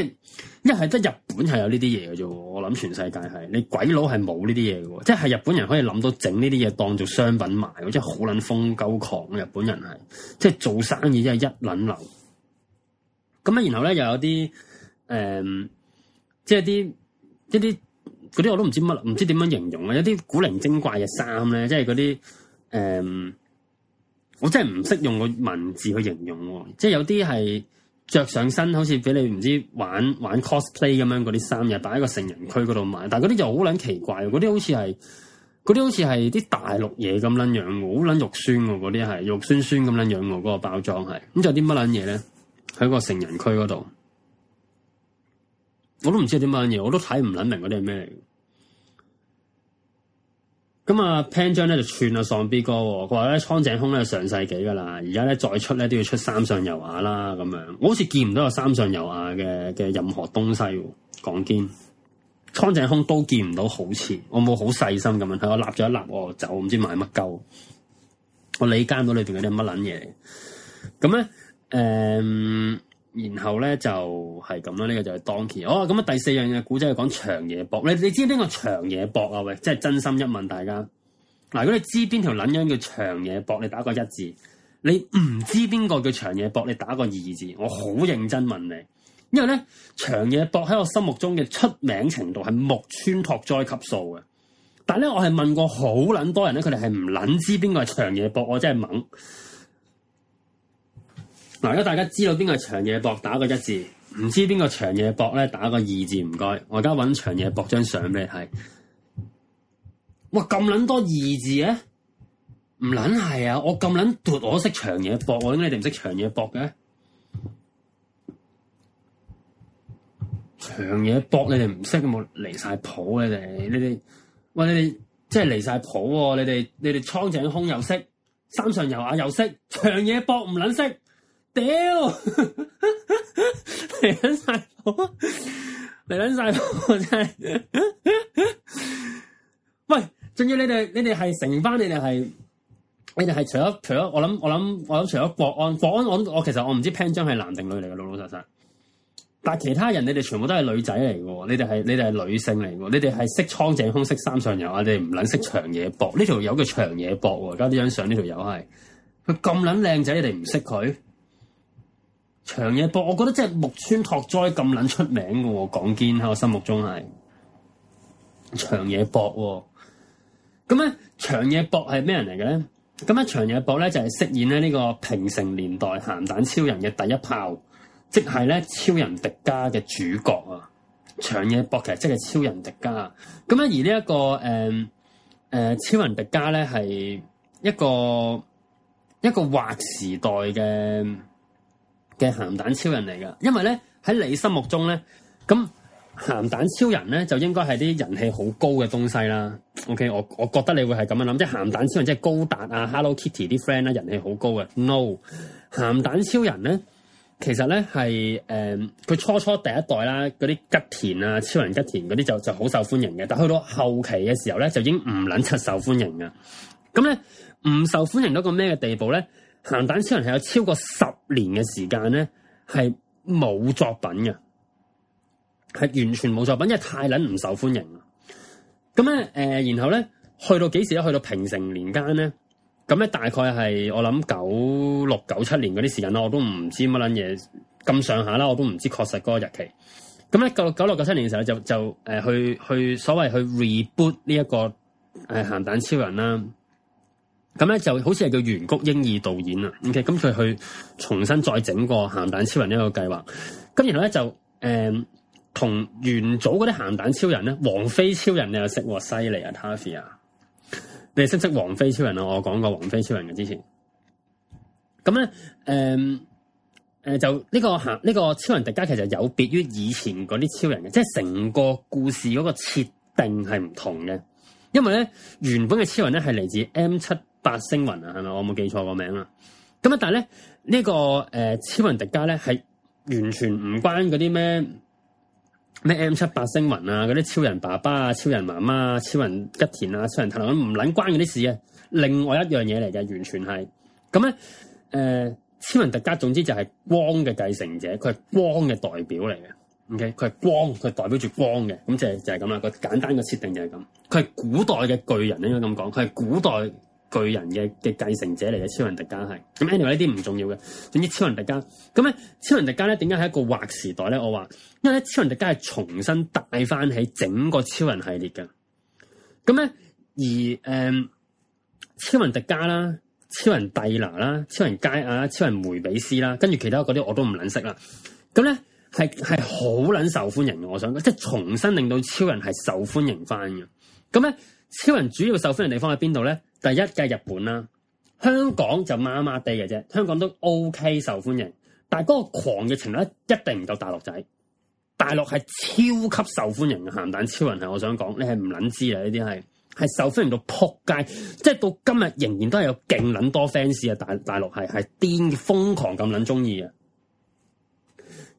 因為係即係日本係有呢啲嘢嘅啫，我諗全世界係，你鬼佬係冇呢啲嘢嘅，即係日本人可以諗到整呢啲嘢當做商品賣，即係好捻瘋鳩狂日本人係，即係做生意真係一捻流。咁啊，然後咧又有啲，誒、呃，即係啲一啲嗰啲我都唔知乜，唔知點樣形容啊！有啲古靈精怪嘅衫咧，即係嗰啲，誒、呃，我真係唔識用個文字去形容，即係有啲係。着上身好似俾你唔知玩玩 cosplay 咁樣嗰啲衫，又擺喺個成人區嗰度賣，但係嗰啲就好撚奇怪，嗰啲好似係，嗰啲好似係啲大陸嘢咁捻樣，好捻肉酸㗎，嗰啲係肉酸酸咁捻樣㗎，嗰、嗰個包裝係，咁仲有啲乜捻嘢咧？喺個成人區嗰度，我都唔知係啲乜嘢，我都睇唔捻明嗰啲係咩嚟。咁啊，潘章咧就串啊喪 B 哥，哦，佢話咧蒼井空咧上世紀噶啦，而家咧再出咧都要出三上悠亞啦咁樣。我好似見唔到個三上悠亞嘅嘅任何東西，哦，講堅蒼井空都見唔到好，好似我冇好細心咁樣睇，我立咗一立我走，唔知買乜鳩，我理監到裏邊嗰啲乜撚嘢嚟？咁咧誒。嗯然後咧就係咁啦，呢、這個就係 Donkey。哦，咁、嗯、啊第四樣嘢，古仔係講長野博。你你知邊個長野博啊？喂，即係真心一問大家。嗱，如果你知邊條撚樣叫長野博，你打個一字；你唔知邊個叫長野博，你打個二字。我好認真問你，因為咧長野博喺我心目中嘅出名程度係木村拓哉級數嘅。但係咧，我係問過好撚多人咧，佢哋係唔撚知邊個係長野博，我真係懵。嗱，而家大家知道邊個係長野博打個一字，唔知邊個長野博咧，打個二字，唔該。我而家揾長野博張相俾你睇。哇，咁撚多二字啊！唔撚係啊，我咁撚奪我都識長野博，我點解，你哋唔識長野博嘅？長野博你哋唔識，冇離晒譜嘅，你你，喂，你哋即係離晒譜喎！你哋，啊、你哋蒼井空又識，三上悠亞又識，長野博唔撚識。屌，嚟卵晒我，嚟卵晒我真係，喂，仲要你哋，你哋係成班，你哋係，你哋係除咗除咗，我諗我諗我諗除咗博安，博安我我其實我唔知潘章係男定女嚟嘅老老實實，但係其他人你哋全部都係女仔嚟嘅，你哋係你哋係女性嚟嘅，你哋係識蒼井空，識三上悠，你哋唔捻識長野博呢條友叫長野博，而家啲張相呢條友係，佢咁卵靚仔，你哋唔識佢？長野博，我覺得即係木村拓哉咁撚出名嘅，講堅喺我心目中係長野博。咁咧，長野博係咩人嚟嘅咧？咁咧，長野博咧就係、是、飾演咧呢個平成年代鹹蛋超人嘅第一炮，即係咧超人迪加嘅主角啊！長野博其實即係超人迪加。咁咧，而呢、這、一個誒誒、呃呃、超人迪加咧係一個一個劃時代嘅。嘅咸蛋超人嚟噶，因為咧喺你心目中咧，咁咸蛋超人咧就應該係啲人氣好高嘅東西啦。OK，我我覺得你會係咁樣諗，即係咸蛋超人，即係高達啊、Hello Kitty 啲 friend 啦，人氣好高嘅。No，咸蛋超人咧，其實咧係誒，佢、呃、初初第一代啦，嗰啲吉田啊，超人吉田嗰啲就就好受歡迎嘅。但去到後期嘅時候咧，就已經唔捻出受歡迎嘅。咁咧唔受歡迎到個咩嘅地步咧？鹹蛋超人係有超過十年嘅時間咧，係冇作品嘅，係完全冇作品，因為太撚唔受歡迎啦。咁咧，誒、呃，然後咧，去到幾時咧？去到平成年間咧，咁咧大概係我諗九六九七年嗰啲時間啦，我都唔知乜撚嘢，咁上下啦，我都唔知確實嗰個日期。咁咧，九六九六九七年嘅時候就就誒、呃、去去所謂去 reboot 呢、這、一個誒咸、呃、蛋超人啦。咁咧就好似係叫圓谷英二導演啦，OK，咁佢去重新再整個咸蛋超人呢個計劃，咁然後咧就誒，從、嗯、元祖嗰啲咸蛋超人咧，王菲超人你又識喎，犀利啊，Taffy 啊，你識唔識王菲超人啊？我講過王菲超人嘅之前，咁咧誒誒就呢、這個咸呢、啊這個超人迪迦其實有別於以前嗰啲超人嘅，即係成個故事嗰個設定係唔同嘅，因為咧原本嘅超人咧係嚟自 M 七。八星雲啊，係咪我冇記錯個名啊。咁啊，但係咧呢、這個誒、呃、超人迪加咧係完全唔關嗰啲咩咩 M 七八星雲啊，嗰啲超人爸爸啊、超人媽媽、超人吉田啊、超人塔咁唔卵關嗰啲事啊。另外一樣嘢嚟嘅，完全係咁咧。誒、呃，超人迪加，總之就係光嘅繼承者，佢係光嘅代表嚟嘅。OK，佢係光，佢代表住光嘅。咁就是、就係咁啦，個簡單嘅設定就係咁。佢係古代嘅巨人，應該咁講，佢係古代。巨人嘅嘅繼承者嚟嘅超人迪加係，咁 anyway 呢啲唔重要嘅，總之超人迪加，咁咧超人迪加咧點解係一個劃時代咧？我話因為咧超人迪加係重新帶翻起整個超人系列嘅，咁咧而誒超人迪加啦、超人蒂拿啦、超人佳啊、超人梅比斯啦，跟住其他嗰啲我都唔捻識啦，咁咧係係好捻受歡迎嘅，我想即係重新令到超人係受歡迎翻嘅，咁咧超人主要受歡迎地方喺邊度咧？第一嘅日本啦，香港就麻麻地嘅啫，香港都 OK 受歡迎，但係嗰個狂熱程度一定唔夠大陸仔。大陸係超級受歡迎嘅鹹蛋超人係，我想講你係唔撚知啊！呢啲係係受歡迎到撲街，即係到今日仍然都係有勁撚多 fans 啊！大大陸係係癲瘋狂咁撚中意啊！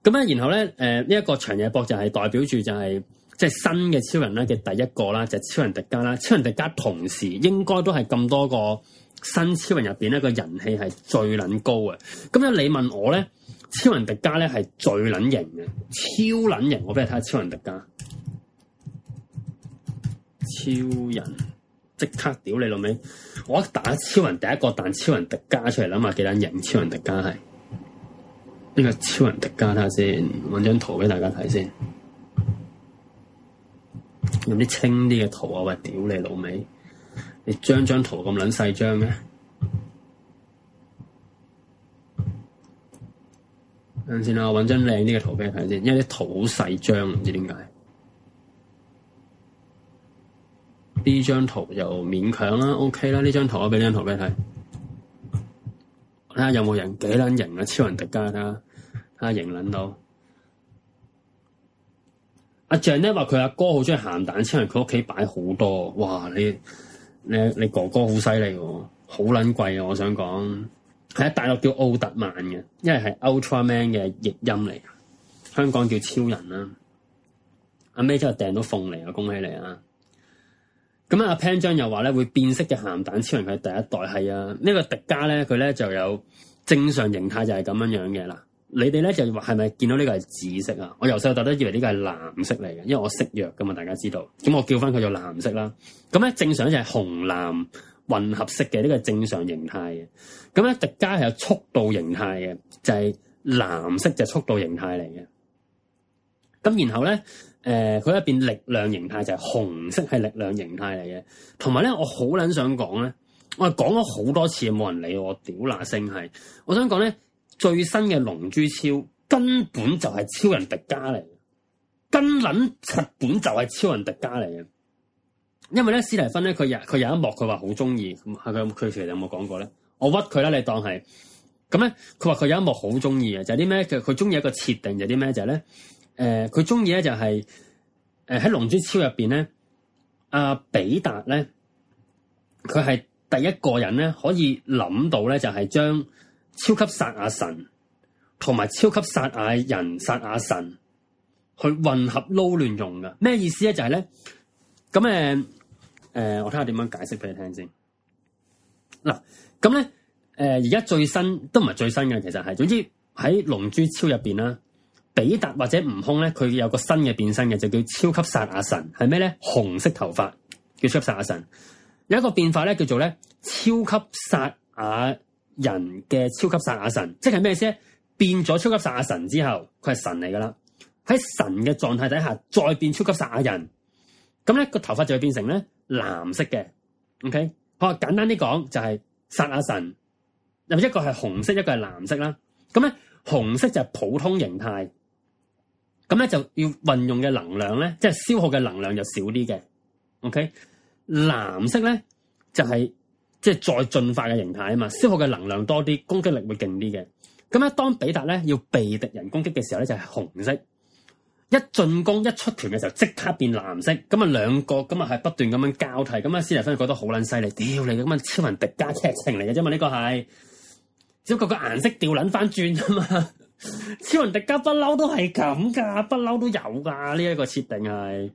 咁啊，然後咧誒呢一、呃這個長野博就係代表住就係、是。即係新嘅超人咧嘅第一個啦，就係超人迪迦啦。超人迪迦同時應該都係咁多個新超人入邊咧個人氣係最撚高嘅。咁樣你問我咧，超人迪迦咧係最撚型嘅，超撚型。我俾你睇下超人迪迦，超人即刻屌你老味！我打超人第一個，但超人迪迦出嚟諗下幾撚型？超人迪迦係呢個超人迪迦，睇下先，搵張圖俾大家睇先。用啲清啲嘅圖啊！喂，屌你老味！你張張圖咁撚細張咩？等陣先啦，我揾張靚啲嘅圖畀你睇先，因為啲圖好細張，唔知點解。呢張圖就勉強啦，OK 啦。呢張圖我畀呢張圖俾你睇，睇下有冇人幾撚型啊？超人迪迦，睇下，型撚到～阿鄭咧話佢阿哥好中意咸蛋超人，佢屋企擺好多，哇！你你你哥哥好犀利喎，好撚貴啊！我想講，喺大陸叫奧特曼嘅，因為係 Ultra Man 嘅譯音嚟，香港叫超人啦，啊。阿 May 真係訂到鳳梨啊，恭喜你啊！咁啊，阿 Pan 張又話咧會變色嘅咸蛋超人佢係第一代，係啊，呢、這個迪迦咧佢咧就有正常形態就係咁樣樣嘅啦。你哋咧就話係咪見到呢個係紫色啊？我由細到大都以為呢個係藍色嚟嘅，因為我色弱噶嘛，大家知道。咁我叫翻佢做藍色啦。咁咧正常就係紅藍混合色嘅，呢個係正常形態嘅。咁咧迪加係有速度形態嘅，就係、是、藍色就速度形態嚟嘅。咁然後咧，誒佢一變力量形態就係紅色係力量形態嚟嘅。同埋咧，我好撚想講咧，我係講咗好多次冇人理我，我屌乸聲係。我想講咧。最新嘅《龍珠超》根本就係超人迪迦嚟，根捻劇本就係超人迪迦嚟嘅。因為咧，斯蒂芬咧，佢有佢有一幕，佢話好中意。咁係佢佢其實有冇講過咧？我屈佢啦，你當係咁咧。佢話佢有一幕好中意嘅，就係啲咩？佢佢中意一個設定就係啲咩？就係、是、咧，誒、呃，佢中意咧就係、是，誒、呃、喺《龍珠超》面呢入邊咧，阿比達咧，佢係第一個人咧可以諗到咧，就係、是、將。超級殺亞神，同埋超級殺亞人，殺亞神去混合撈亂用嘅咩意思咧？就係咧咁誒誒，我睇下點樣解釋俾你聽先。嗱、啊，咁咧誒，呃、而家最新都唔係最新嘅，其實係，總之喺《龍珠超》入邊啦，比達或者悟空咧，佢有個新嘅變身嘅，就叫超級殺亞神，係咩咧？紅色頭髮叫超級殺亞神，有一個變化咧，叫做咧超級殺亞。人嘅超級殺亞神，即係咩意思咧？變咗超級殺亞神之後，佢係神嚟噶啦。喺神嘅狀態底下，再變超級殺亞人，咁咧個頭髮就會變成咧藍色嘅。OK，好，簡單啲講就係，是，殺亞神，又一個係紅色，一個係藍色啦。咁咧紅色就係普通形態，咁咧就要運用嘅能量咧，即，就，係，是、消耗嘅能量就少啲嘅。OK，藍色咧就係，是。即係再進化嘅形態啊嘛，消耗嘅能量多啲，攻擊力會勁啲嘅。咁啊，當比達咧要避敵人攻擊嘅時候咧，就係、是、紅色；一進攻、一出拳嘅時候，即刻變藍色。咁啊，兩個咁啊係不斷咁樣交替。咁啊，斯萊夫覺得好捻犀利，屌你咁樣超人迪加劇情嚟嘅啫嘛，呢個係，只不過個顏色調捻翻轉啊嘛。超人迪加不嬲都係咁噶，不嬲都有噶呢一個設定係。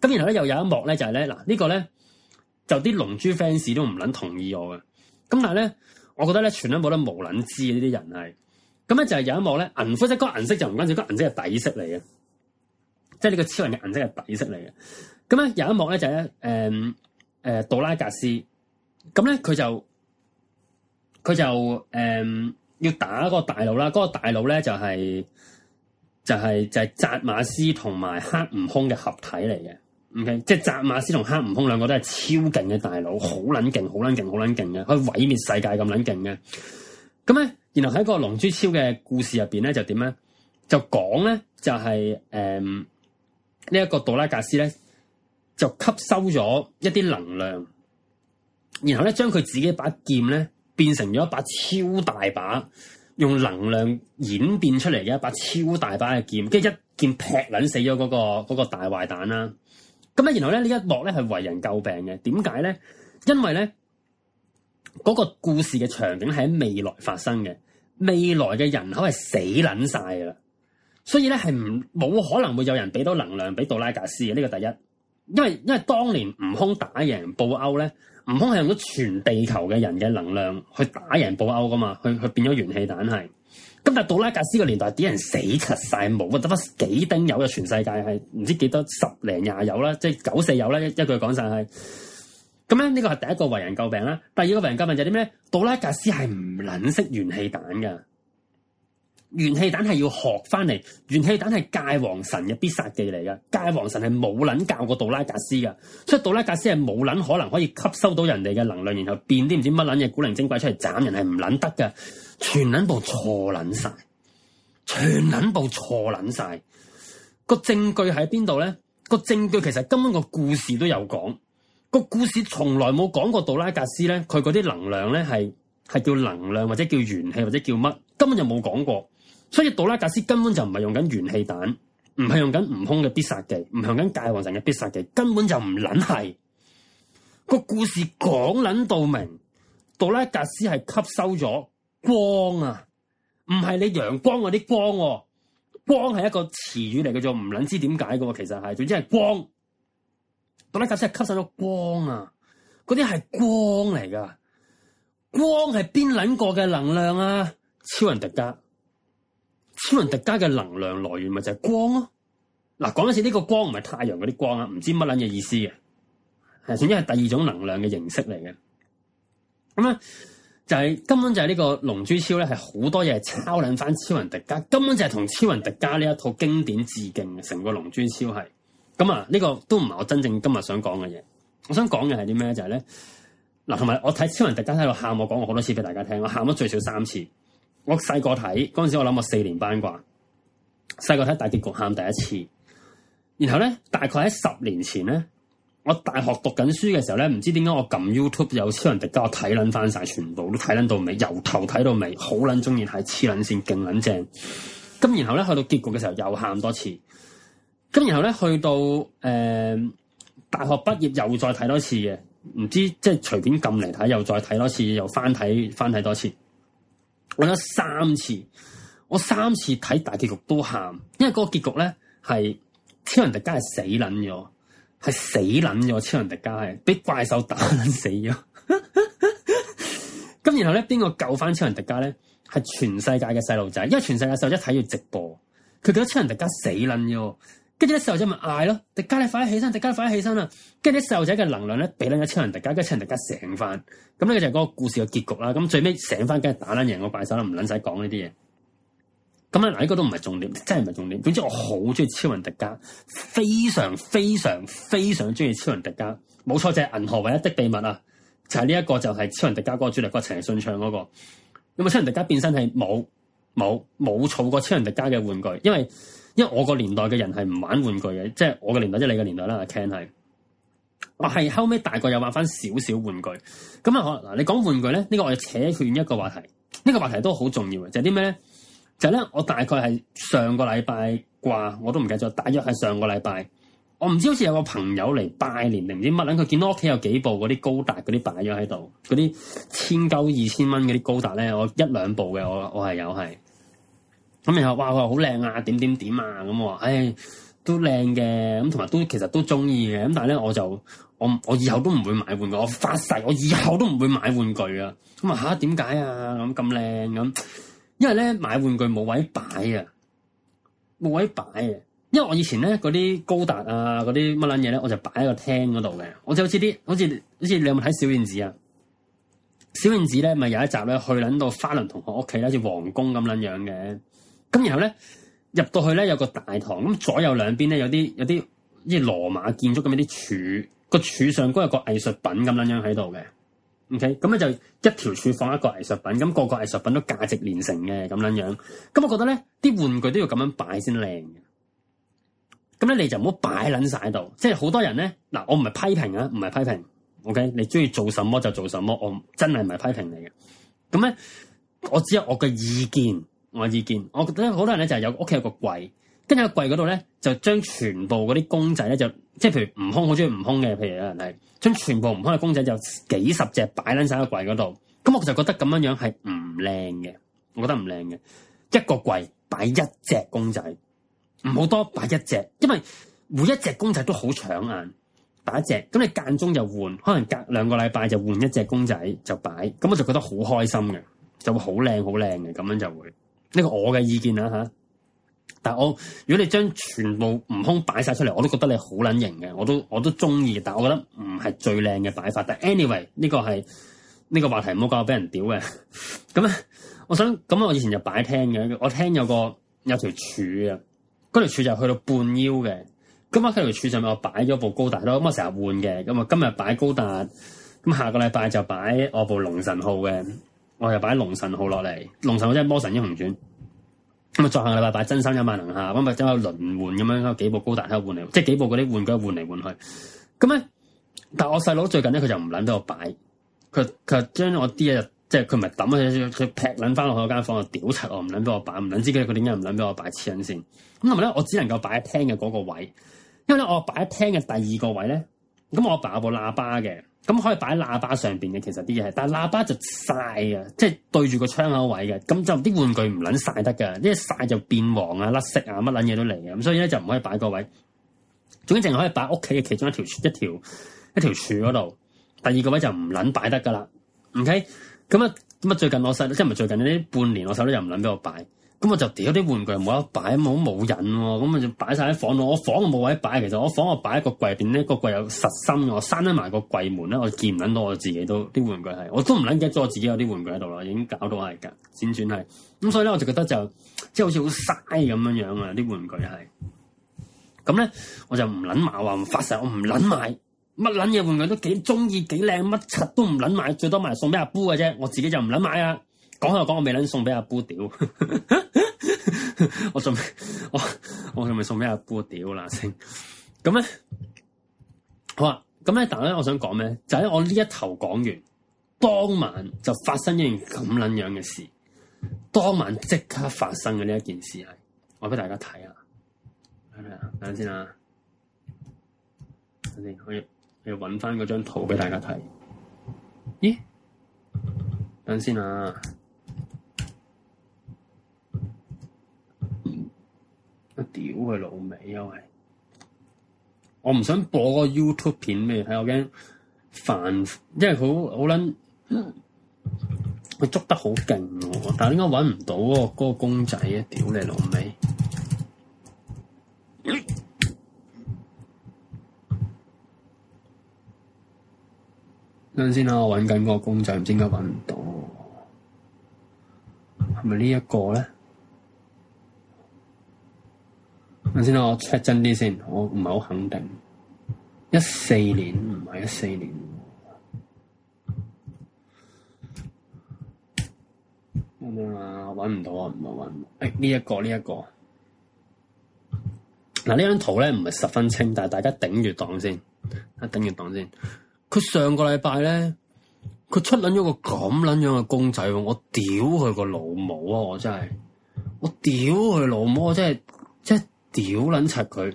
咁然後咧又有一幕咧就係咧嗱呢個咧。就啲龍珠 fans 都唔捻同意我嘅，咁但係咧，我覺得咧全都冇得冇捻知呢啲人係，咁咧就係有一幕咧銀灰色嗰銀色就唔關事，嗰個銀色係底色嚟嘅，即係呢個超人嘅銀色係底色嚟嘅，咁咧有一幕咧就係誒誒杜拉格斯，咁咧佢就佢就誒要打個大佬啦，嗰個大佬咧就係就係就係扎馬斯同埋黑悟空嘅合體嚟嘅。o 即係扎馬斯同黑悟空兩個都係超勁嘅大佬，好撚勁，好撚勁，好撚勁嘅，可以毀滅世界咁撚勁嘅。咁咧，然後喺個龍珠超嘅故事入邊咧，就點咧？就講咧，就係誒呢一個杜拉格斯咧，就吸收咗一啲能量，然後咧將佢自己把劍咧變成咗一把超大把，用能量演變出嚟嘅一把超大把嘅劍，跟住一劍劈撚死咗嗰、嗰個、嗰個大壞蛋啦。咁咧，然後咧呢一幕咧係為人詬病嘅，點解咧？因為咧嗰、那個故事嘅場景係喺未來發生嘅，未來嘅人口係死捻晒噶啦，所以咧係唔冇可能會有人俾到能量俾杜拉格斯嘅呢、這個第一，因為因為當年悟空打贏布歐咧，悟空係用咗全地球嘅人嘅能量去打贏布歐噶嘛，去去變咗元氣彈係。今日杜拉格斯個年代啲人死柒晒冇啊，得翻幾丁有嘅，全世界係唔知幾多十零廿有啦，即係九四有啦，一一句講晒係咁咧。呢個係第一個為人詬病啦。第二個為人詬病就係點咧？杜拉格斯係唔捻識元氣彈㗎，元氣彈係要學翻嚟。元氣彈係界王神嘅必殺技嚟噶，界王神係冇捻教過杜拉格斯噶。所以杜拉格斯係冇捻可能可以吸收到人哋嘅能量，然後變啲唔知乜捻嘢古靈精怪出嚟斬人係唔捻得噶。全捻部錯捻晒，全捻部錯捻晒。個證據喺邊度咧？個證據其實根本個故事都有講，個故事從來冇講過杜拉格斯咧，佢嗰啲能量咧係係叫能量或者叫元氣或者叫乜，根本就冇講過。所以杜拉格斯根本就唔係用緊元氣彈，唔係用緊悟空嘅必殺技，唔係用緊界王神嘅必殺技，根本就唔捻係。個故事講捻到明，杜拉格斯係吸收咗。光啊，唔係你陽光嗰啲光、啊，光係一個詞語嚟嘅，就唔捻知點解嘅，其實係，總之係光。多拉格斯係吸收咗光啊，嗰啲係光嚟噶，光係邊捻個嘅能量啊？超人迪迦，超人迪迦嘅能量來源咪就係光咯。嗱，講緊是呢個光唔係太陽嗰啲光啊，唔知乜捻嘅意思嘅，係，總之係第二種能量嘅形式嚟嘅，咁啊。就係、是、根本就係呢個龍珠超咧，係好多嘢係抄撚翻超人迪迦，根本就係同超人迪迦呢一套經典致敬嘅，成個龍珠超係。咁啊，呢、這個都唔係我真正今日想講嘅嘢。我想講嘅係啲咩？就係咧嗱，同埋我睇超人迪迦喺度喊，我講過好多次俾大家聽，我喊咗最少三次。我細個睇嗰陣時，時我諗我四年班啩，細個睇大結局喊第一次，然後咧大概喺十年前咧。我大學讀緊書嘅時候咧，唔知點解我撳 YouTube 有超人迪迦，我睇捻翻晒全部，都睇捻到尾，由頭睇到尾，好捻中意睇，黐捻線勁捻正。咁然後咧去到結局嘅時候又喊多次。咁然後咧去到誒、呃、大學畢業又再睇多次嘅，唔知即係隨便撳嚟睇又再睇多次，又翻睇翻睇多次。我睇咗三次，我三次睇大結局都喊，因為嗰個結局咧係超人迪迦係死捻咗。係死捻咗超人迪迦，係俾怪獸打捻死咗。咁 [laughs] 然後咧，邊個救翻超人迪迦咧？係全世界嘅細路仔，因為全世界細路仔睇住直播，佢見到超人迪迦死捻咗。跟住啲細路仔咪嗌咯，迪迦你快啲起身，迪迦你快啲起身啦、啊。跟住啲細路仔嘅能量咧，俾捻咗超人迪迦，跟住超人迪迦醒翻。咁咧就係嗰個故事嘅結局啦。咁最尾醒翻，梗係打捻贏個怪獸啦，唔捻使講呢啲嘢。咁啊，嗱，呢個都唔係重點，真係唔係重點。總之我好中意超人迪迦，非常非常非常中意超人迪迦，冇錯就係《銀河唯一的秘密》啊，就係呢一個就係超人迪迦嗰個主力個長野博嗰個。咁啊，超人迪迦變身係冇冇冇儲過超人迪迦嘅玩具，因為因為我個年代嘅人係唔玩玩具嘅，即係我嘅年代即係你嘅年代啦，阿 Ken 係，我係後尾大個又玩翻少少玩具。咁啊，可能嗱，你講玩具咧，呢個我哋扯遠一個話題，呢個話題都好重要嘅，就係啲咩咧？就係咧，我大概係上個禮拜啩，我都唔記得咗，大約係上個禮拜。我唔知好似有個朋友嚟拜年定唔知乜捻，佢見到屋企有幾部嗰啲高達嗰啲擺咗喺度，嗰啲千九二千蚊嗰啲高達咧，我一兩部嘅，我我係有係。咁然後，哇，好靚啊，點點點啊，咁話，唉、哎，都靚嘅，咁同埋都其實都中意嘅，咁但係咧，我就我我以後都唔會買玩具，我發誓，我以後都唔會買玩具啊。咁啊，吓，點解啊？咁咁靚咁。因為咧，買玩具冇位擺啊，冇位擺啊！因為我以前咧，嗰啲高達啊嗰啲乜撚嘢咧，我就擺喺個廳嗰度嘅。我就好似啲好似好似你有冇睇小燕子啊？小燕子咧咪有一集咧去捻到花輪同學屋企好似皇宮咁撚樣嘅。咁然後咧，入到去咧，有個大堂，咁左右兩邊咧有啲有啲好似羅馬建築咁樣啲柱，個柱上都有個藝術品咁撚樣喺度嘅。咁咧、okay? 就一條柱放一個藝術品，咁、那個個藝術品都價值連城嘅咁樣樣，咁我覺得咧，啲玩具都要咁樣擺先靚嘅。咁咧你就唔好擺捻晒喺度，即係好多人咧，嗱，我唔係批評啊，唔係批評，O K，你中意做什麼就做什麼，我真係唔係批評你嘅。咁咧，我只有我嘅意見，我意見，我覺得好多人咧就係、是、有屋企有個櫃。跟住個櫃嗰度咧，就將全部嗰啲公仔咧，就即係譬如悟空，好中意悟空嘅。譬如有人係將全部悟空嘅公仔，就幾十隻擺撚晒喺櫃嗰度。咁我就覺得咁樣樣係唔靚嘅，我覺得唔靚嘅。一個櫃擺一隻公仔，唔好多擺一隻，因為每一隻公仔都好搶眼，擺一隻。咁你間中就換，可能隔兩個禮拜就換一隻公仔就擺。咁我就覺得好開心嘅，就會好靚好靚嘅咁樣就會。呢個我嘅意見啦嚇。但係我，如果你將全部悟空擺晒出嚟，我都覺得你好撚型嘅，我都我都中意，但係我覺得唔係最靚嘅擺法。但 anyway 呢個係呢個話題，唔好教俾人屌嘅。咁咧，我想咁我以前就擺廳嘅，我廳有個有條柱啊，嗰條柱就去到半腰嘅。咁啊，嗰條柱上面我擺咗部高達咯，咁我成日換嘅。咁啊，今日擺高達，咁下個禮拜就擺我部龍神號嘅，我就擺龍神號落嚟。龍神號即係魔神英雄傳。咁啊，再下禮拜擺真心有萬能俠，咁咪整個輪換咁樣，幾部高達喺度換嚟，即係幾部嗰啲玩具換嚟換去。咁咧，但係我細佬最近咧，佢就唔捻俾我擺，佢佢將我啲嘢，即係佢咪係抌咗，佢劈捻翻，落去間房，又屌柒我擺，唔捻俾我擺，唔捻知佢佢點解唔捻俾我擺黐先。咁同咪咧，我只能夠擺喺廳嘅嗰個位，因為咧我擺喺廳嘅第二個位咧，咁我擺部喇叭嘅。咁可以擺喺喇叭上邊嘅，其實啲嘢係，但係喇叭就曬嘅，即係對住個窗口位嘅，咁就啲玩具唔撚曬得㗎，一係曬就變黃啊、甩色啊、乜撚嘢都嚟嘅，咁所以咧就唔可以擺個位。總之淨係可以擺屋企嘅其中一條一條一條柱嗰度。第二個位就唔撚擺得噶啦。OK，咁啊咁啊，最近我細佬即係唔係最近呢？半年我細佬咧又唔撚俾我擺。咁我就掉咗啲玩具冇得擺，冇冇癮喎。咁咪、啊、就擺晒喺房度，我房又冇位擺。其實我房我擺喺個櫃入邊咧，個櫃有實心嘅，我閂得埋個櫃門咧，我見唔捻到我自己都啲玩具係，我都唔捻記得咗我自己有啲玩具喺度啦，已經搞到係噶，先算係。咁所以咧，我就覺得就即係好似好嘥咁樣樣啊，啲玩具係。咁咧，我就唔捻買話唔發誓，我唔捻買乜捻嘢玩具都幾中意，幾靚乜柒都唔捻買，最多買送俾阿姑嘅啫，我自己就唔捻買啊。講下講，我未捻送俾阿姑屌， [laughs] 我仲我我仲未送俾阿姑屌啦，先咁咧，好啊，咁咧但咧，我想講咩？就喺、是、我呢一頭講完，當晚就發生一件咁捻樣嘅事。當晚即刻發生嘅呢一件事係，我俾大家睇下，睇下等陣先啊，等先去去搵翻嗰張圖俾大家睇，咦、欸？等，等先啊！啊！屌佢老味，因為我唔想播個 YouTube 片咩？睇我驚煩，因為好好捻，佢、嗯、捉得好勁，但係點解搵唔到嗰、嗰個公仔啊？屌你老味、嗯，等陣先啦，我搵緊個公仔，唔知點解搵唔到，係咪呢一個咧？.先我 check 真啲先，我唔係好肯定。一四年，唔係一四年，咁啊，搵唔到啊，唔係搵唔到。誒，呢一個，呢一個。嗱，呢張圖咧唔係十分清，但係大家頂住檔先，啊，頂住檔先。佢上個禮拜咧，佢出捻咗個咁捻樣嘅公仔喎，我屌佢個老母啊！我真係，我屌佢老母！我真係，真係。屌撚柒佢，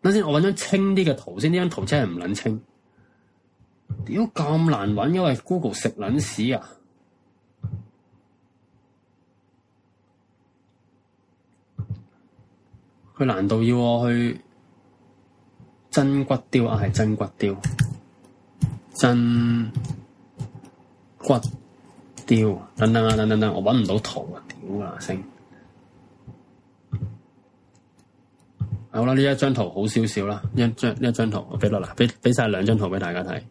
等先我揾張清啲嘅圖先，呢張圖真係唔撚清。屌咁難揾，因為 Google 食撚屎啊！佢難道要我去真骨雕啊？係真骨雕，真骨雕，等等啊，等等，等等，我揾唔到圖啊！屌啊，星。好啦，呢一張圖好少少啦，一張呢一張圖，俾落啦，俾俾晒兩張圖俾大家睇。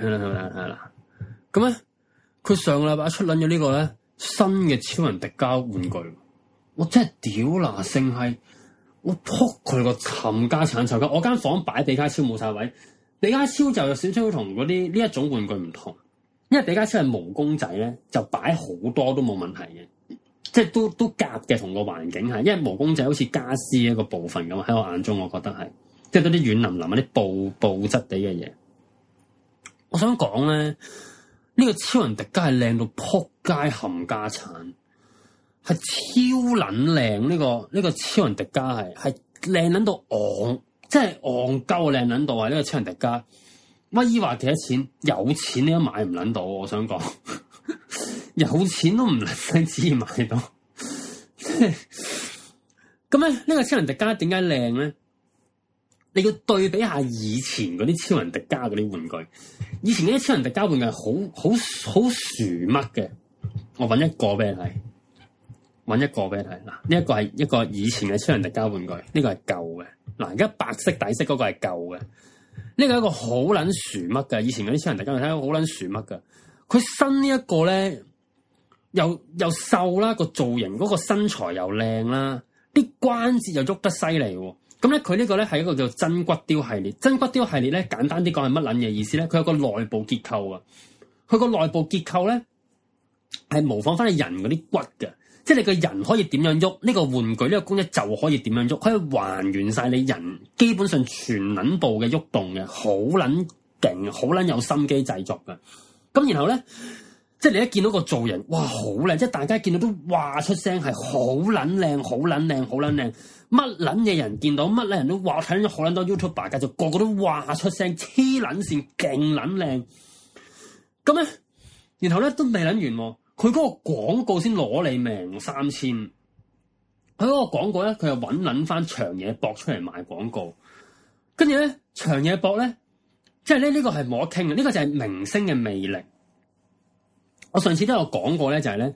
係啦，係啦，咁咧，佢上個禮拜出捻咗呢個咧新嘅超人迪迦玩具，我真係屌啦，剩係我撲佢個冚家鏟臭膠，我間房擺比卡超冇晒位，比卡超就有少少同嗰啲呢一種玩具唔同，因為比卡超係毛公仔咧，就擺好多都冇問題嘅。即係都都夾嘅，同個環境係，因為毛公仔好似家私一個部分咁喺我眼中，我覺得係，即係嗰啲軟腍腍、啲布布質地嘅嘢。我想講咧，呢、呢個超人迪加係靚到撲街冚家鏟，係超撚靚！呢個呢個超人迪加係係靚捻到昂，即係昂鳩靚捻到啊！呢個超人迪加乜嘢話幾多錢？有錢你都買唔捻到，我想講。有 [laughs] 錢都唔能使自己買到。咁咧，呢個超人迪加點解靚咧？你要對比下以前嗰啲超人迪加嗰啲玩具，以前啲超人迪加玩具係好好好薯乜嘅。我揾一個俾你睇，揾一個俾你睇嗱，呢、這、一個係一個以前嘅超人迪加玩具，呢、這個係舊嘅嗱，而家白色底色嗰個係舊嘅，呢、這個係一個好撚薯乜嘅，以前嗰啲超人迪加睇好撚薯乜嘅。佢新呢一個咧，又又瘦啦，個造型嗰個身材又靚啦，啲關節又喐得犀利喎。咁咧，佢呢個咧係一個叫真骨雕系列。真骨雕系列咧，簡單啲講係乜捻嘢意思咧？佢有個內部結構啊，佢個內部結構咧係模仿翻你人嗰啲骨嘅，即係你個人可以點樣喐，呢個玩具呢個公仔就可以點樣喐，可以還原晒你人基本上全捻部嘅喐動嘅，好捻勁，好捻有心機製作嘅。咁然後咧，即係你一見到個造型，哇，好靚！即係大家見到都哇出聲，係好卵靚，好卵靚，好卵靚，乜卵嘅人見到乜靚人都哇，睇到好多 YouTuber 嘅，就個個都哇出聲，黐卵線，勁卵靚。咁咧，然後咧都未諗完，佢嗰個廣告先攞你命三千。佢嗰個廣告咧，佢又搵卵翻長野博出嚟賣廣告，跟住咧長野博咧。即係呢？呢、這個係冇得傾嘅，呢、這個就係明星嘅魅力。我上次都有講過咧，就係、是、咧，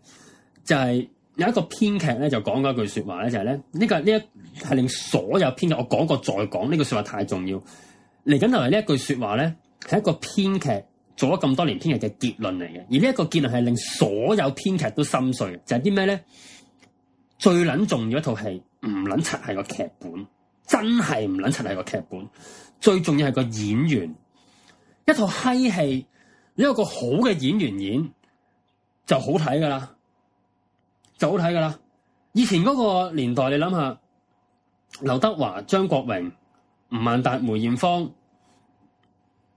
就係、是、有一個編劇咧，就講過一句說話咧，就係、是、咧，呢、這個呢一係令所有編劇我講過再講呢句、這個、說話太重要。嚟緊係咪呢一句說話咧？係一個編劇做咗咁多年編劇嘅結論嚟嘅，而呢一個結論係令所有編劇都心碎。就係啲咩咧？最捻重要一套係唔捻柒係個劇本，真係唔捻柒係個劇本。最重要係個演員。一套嬉戲，有一個好嘅演員演就好睇噶啦，就好睇噶啦。以前嗰個年代，你諗下劉德華、張國榮、吳孟達、梅艷芳，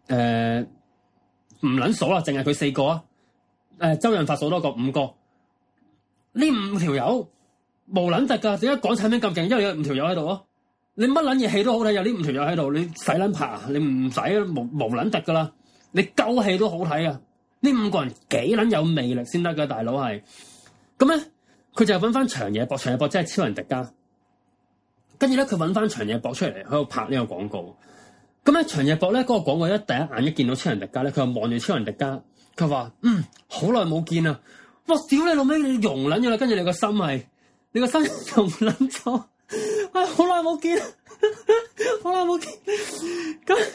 誒唔捻數啦，淨係佢四個啊。誒、呃、周潤發數多個五個，呢五條友冇捻突噶，點解港產片咁勁？因為有五條友喺度啊。你乜捻嘢戲都好睇，有呢五條友喺度，你使捻拍啊？你唔使無無捻敵噶啦！你夠戲都好睇啊！呢五個人幾捻有魅力先得噶，大佬係咁咧。佢就係揾翻長野博，長野博真係超人迪迦。跟住咧，佢揾翻長野博出嚟喺度拍呢個廣告。咁咧，長野博咧嗰個廣告一第一眼一見到超人迪迦咧，佢就望住超人迪迦，佢話：嗯，好耐冇見啊！我屌你老味，你容捻咗啦！跟住你個心係，你個心，你心容捻咗。 [laughs] 啊！好耐冇見，好耐冇見。咁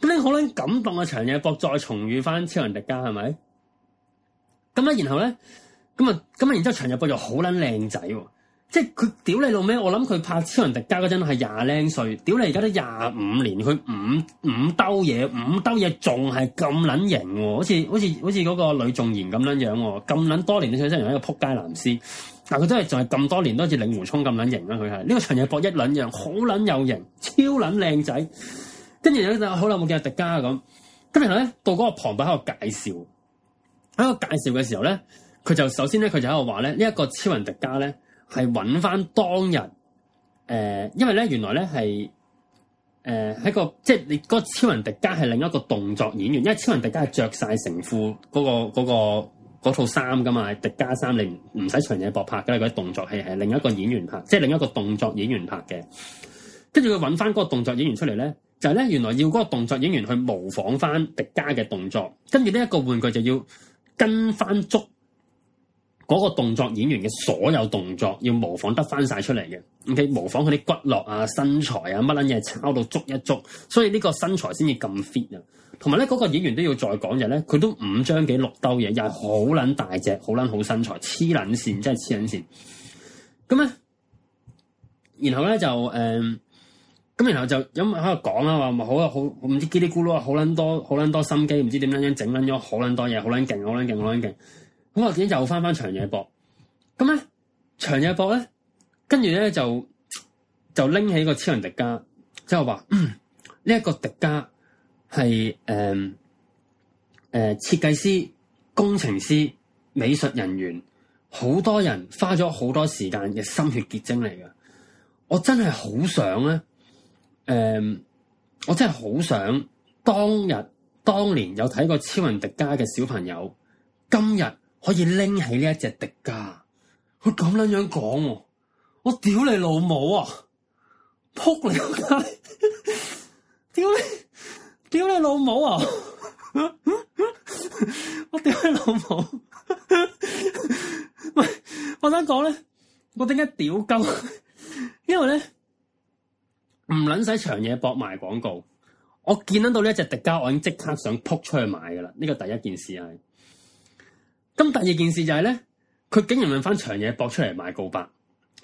咁，你好捻感動嘅長野博再重遇翻超人迪迦係咪？咁咧，然後咧，咁啊，咁啊，然之後長野博就好捻靚仔，即係佢屌你老咩？我諗佢拍超人迪迦嗰陣係廿零歲，屌你而家都廿五年，佢五五兜嘢，五兜嘢仲係咁捻型，啊、好似好似好似嗰個呂頌賢咁樣樣，咁、啊、捻、啊、多年都想真係一個撲街男師。嗱，佢都係仲係咁多年都似《令狐沖》咁撚型啦，佢係呢個長野博一撚樣，好撚又型，超撚靚仔。跟住有好耐冇見阿迪迦咁，咁然後咧到嗰個旁白喺度介紹，喺度介紹嘅時候咧，佢就首先咧佢就喺度話咧呢一、這個超人迪迦咧係揾翻當日誒、呃，因為咧原來咧係誒喺個即係你、嗰個超人迪迦係另一個動作演員，因為超人迪迦係着晒成褲嗰個個。嗰個嗰個嗰套衫噶嘛，迪迦衫你唔使長野博拍嘅，嗰啲動作戲係另一個演員拍，即係另一個動作演員拍嘅。跟住佢揾翻嗰個動作演員出嚟咧，就係、是、咧原來要嗰個動作演員去模仿翻迪迦嘅動作，跟住呢一個玩具就要跟翻捉嗰個動作演員嘅所有動作，要模仿得翻晒出嚟嘅。O、嗯、K，模仿佢啲骨骼啊、身材啊乜撚嘢，抄到捉一捉。所以呢個身材先至咁 fit 啊！同埋咧，嗰個演員都要再講嘢咧，佢都五張幾六兜嘢，又係好撚大隻，好撚好身材，黐撚線，真係黐撚線。咁咧，然後咧就誒，咁、呃、然後就咁喺度講啦，話咪好啊，好唔知嘰里咕嚕啊，好撚多，好撚多心機，唔知點樣樣整撚咗，好撚多嘢，好撚勁，好撚勁，好撚勁。咁或者又翻翻長野博，咁咧長野博咧，跟住咧就就拎起個超人迪，迪加，之後話呢一個迪，迪，迪加。係誒誒，設計、呃呃、師、工程師、美術人員，好多人花咗好多時間嘅心血結晶嚟噶、呃。我真係好想咧，誒，我真係好想當日當年有睇過《超人迪迦》嘅小朋友，今日可以拎起呢一隻迪迦，佢咁樣樣講、啊，我屌你老母啊，扑你， [laughs] 你！屌你！屌你老母啊！ [laughs] 我屌你老母、啊，喂！ [laughs] 我想講咧，我點解屌鳩？ [laughs] 因為咧唔撚使長野博賣廣告，我見得到呢一隻迪迦，我已經即刻想撲出去買噶啦。呢個第一件事係。咁第二件事就係、是、咧，佢竟然問翻長野博出嚟賣告白。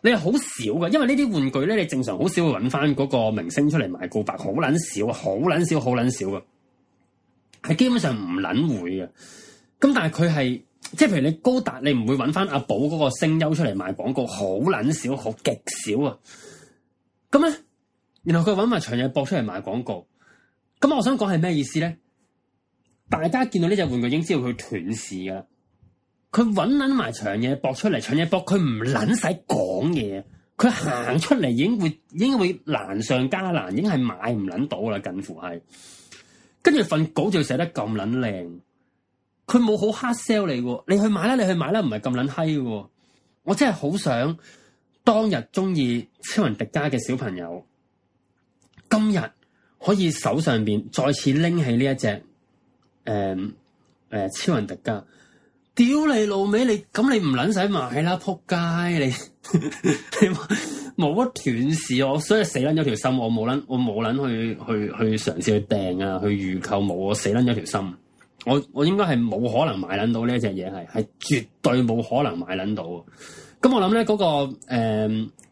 你係好少噶，因為呢啲玩具咧，你正常好少會揾翻嗰個明星出嚟賣告白，好撚少，啊！好撚少，好撚少噶，係基本上唔撚會嘅。咁但係佢係，即係譬如你高達，你唔會揾翻阿寶嗰個聲優出嚟賣廣告，好撚少，好極少啊。咁、嗯、咧，然後佢揾埋長野博出嚟賣廣告。咁、嗯、我想講係咩意思咧？大家見到呢隻玩具，已經知道佢斷市噶啦。佢揾撚埋長野博出嚟，長野博佢唔撚使講嘢，佢行出嚟，已經會已經會難上加難，已經係買唔撚到啦，近乎係。跟住份稿就寫得咁撚靚，佢冇好 hard sell 你，你去買啦，你去買啦，唔係咁撚閪。我真係好想當日中意超人迪加嘅小朋友，今日可以手上邊再次拎起呢一隻誒誒、嗯嗯、超人迪加。屌你老味，你咁 [laughs] 你唔捻使買啦，撲街你！你冇乜斷事我，所以死捻咗條心，我冇捻，我冇捻去去去嘗試去掟啊，去預購冇，我死捻咗條心，我我應該係冇可能買捻到呢一隻嘢，係係絕對冇可能買捻到。咁我諗咧，嗰、嗰個誒、呃、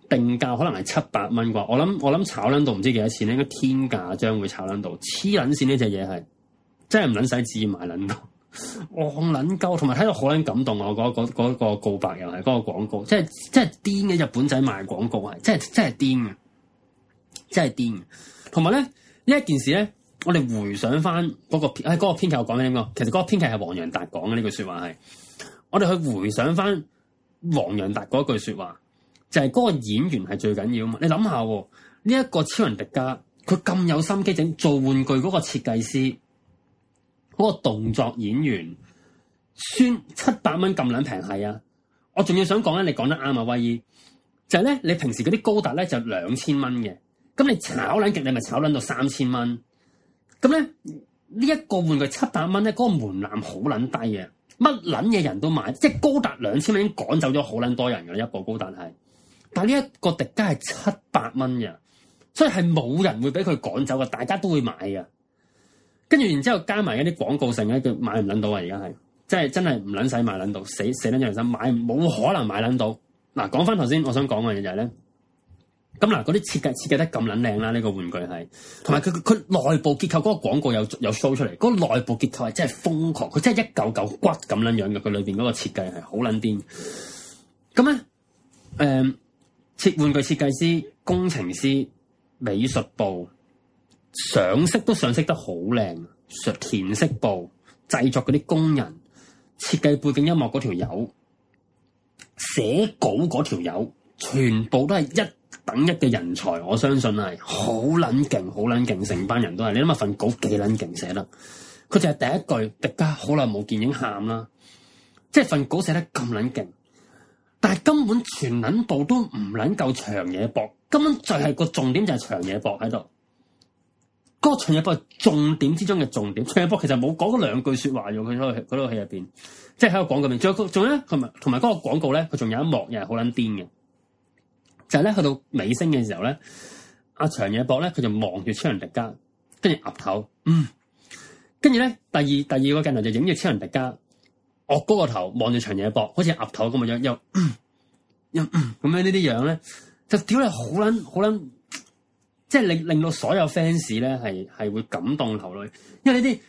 定價可能係七百蚊啩，我諗我諗炒捻到唔知幾多錢，應該天價將會炒捻到，黐捻線呢隻嘢係真係唔捻使自己買捻到。我好捻鳩，同埋睇到好捻感動啊！嗰嗰嗰個告白又係嗰個廣告，即係即係癲嘅日本仔賣廣告係，即係即係癲嘅，即係癲嘅。同埋咧呢一件事咧，我哋回想翻嗰個誒嗰個編劇，我講緊點個？其實嗰個編劇係黃洋達講嘅呢句說話係。我哋去回想翻黃洋達嗰句說話，就係嗰個演員係最緊要嘛。你諗下呢一個超人迪迦，佢咁有心機整做玩具嗰個設計師。嗰個動作演員，算七百蚊咁撚平係啊！我仲要想講咧，你講得啱啊，威爾。就係咧，你平時嗰啲高達咧就兩千蚊嘅，咁你炒撚極，你咪炒撚到三千蚊。咁咧呢一個玩具七百蚊咧，嗰個門檻好撚低嘅，乜撚嘅人都買。即係高達兩千蚊已經趕走咗好撚多人嘅一部高達係，但係呢一個迪迦係七百蚊嘅，所以係冇人會俾佢趕走嘅，大家都會買嘅。跟住，然之後加埋一啲廣告性咧，佢買唔捻到啊！而家係，即係真係唔捻使買捻到，死死捻樣想，買冇可能買捻到。嗱、啊，講翻頭先，我想講嘅嘢就係、是、咧，咁嗱，嗰啲設計設計得咁捻靚啦，呢、這個玩具係，同埋佢佢內部結構嗰個廣告有有 show 出嚟，嗰、那個內部結構係真係瘋狂，佢真係一嚿嚿骨咁捻樣嘅，佢裏邊嗰個設計係好捻癲。咁咧，誒，設、嗯、玩具設計師、工程師、美術部。上色都上色得好靚，填色簿製作嗰啲工人、設計背景音樂嗰條友、寫稿嗰條友，全部都係一等一嘅人才。我相信係好撚勁，好撚勁，成班人都係。你諗下份稿幾撚勁寫得？佢就係第一句，迪迦好耐冇見影，喊啦，即係份稿寫得咁撚勁，但係根本全撚部都唔撚夠長野博，根本就係個重點就係長野博喺度。嗰個長野博係重點之中嘅重點，長野博其實冇講嗰兩句說話用佢，喺佢喺個戲入邊，即係喺個廣告入邊仲有，仲有咧，同埋同埋嗰個廣告咧，仲有一幕又係好捻癲嘅，就係咧去到尾聲嘅時候咧，阿、啊、長野博咧佢就望住超人迪迦，跟住岌頭，嗯，跟住咧第二第二個鏡頭就影住超人迪迦，臥高個頭望住長野博，好似岌頭咁嘅樣，又又咁、嗯嗯嗯、樣，樣呢啲樣咧，就屌你好捻好捻。即係令令到所有 fans 咧係係會感動流淚，因為呢啲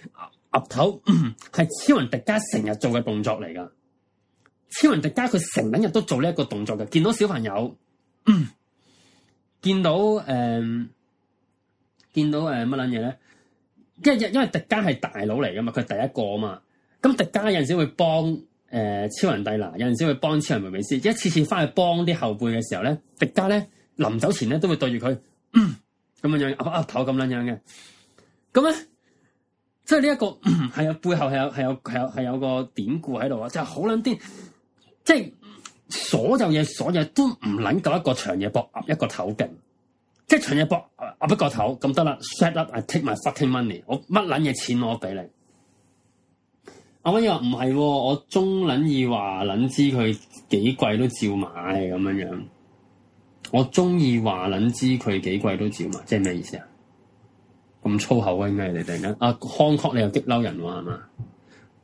岌頭係、嗯、超人迪迦成日做嘅動作嚟噶。超人迪迦佢成日都做呢一個動作嘅，見到小朋友，見到誒，見到誒乜捻嘢咧？因為因為迪迦係大佬嚟噶嘛，佢係第一個嘛，咁、嗯、迪迦有陣時會幫誒、呃、超人帝娜，有陣時會幫超人明梅斯，一次次翻去幫啲後輩嘅時候咧，迪迦咧臨走前咧都會對住佢。嗯咁樣、啊、樣岌岌頭咁樣樣嘅，咁、就、咧、是這個，即係呢一個係啊背後係有係有係有係有個典故喺度啊，就係好捻啲，即、就、係、是、所有嘢所有，所有，所有都唔捻夠一個長野博岌一個頭勁，即係長野博岌一個頭咁得啦。Shut up，take i take my fucking money，我乜捻嘢錢我俾你。阿、啊、威又唔係、啊，我中捻意話捻知佢幾貴都照買咁樣樣。我中意話捻知佢幾貴都照買，即係咩意思啊？咁粗口威咩？你突然間阿康確你又激嬲人話係嘛？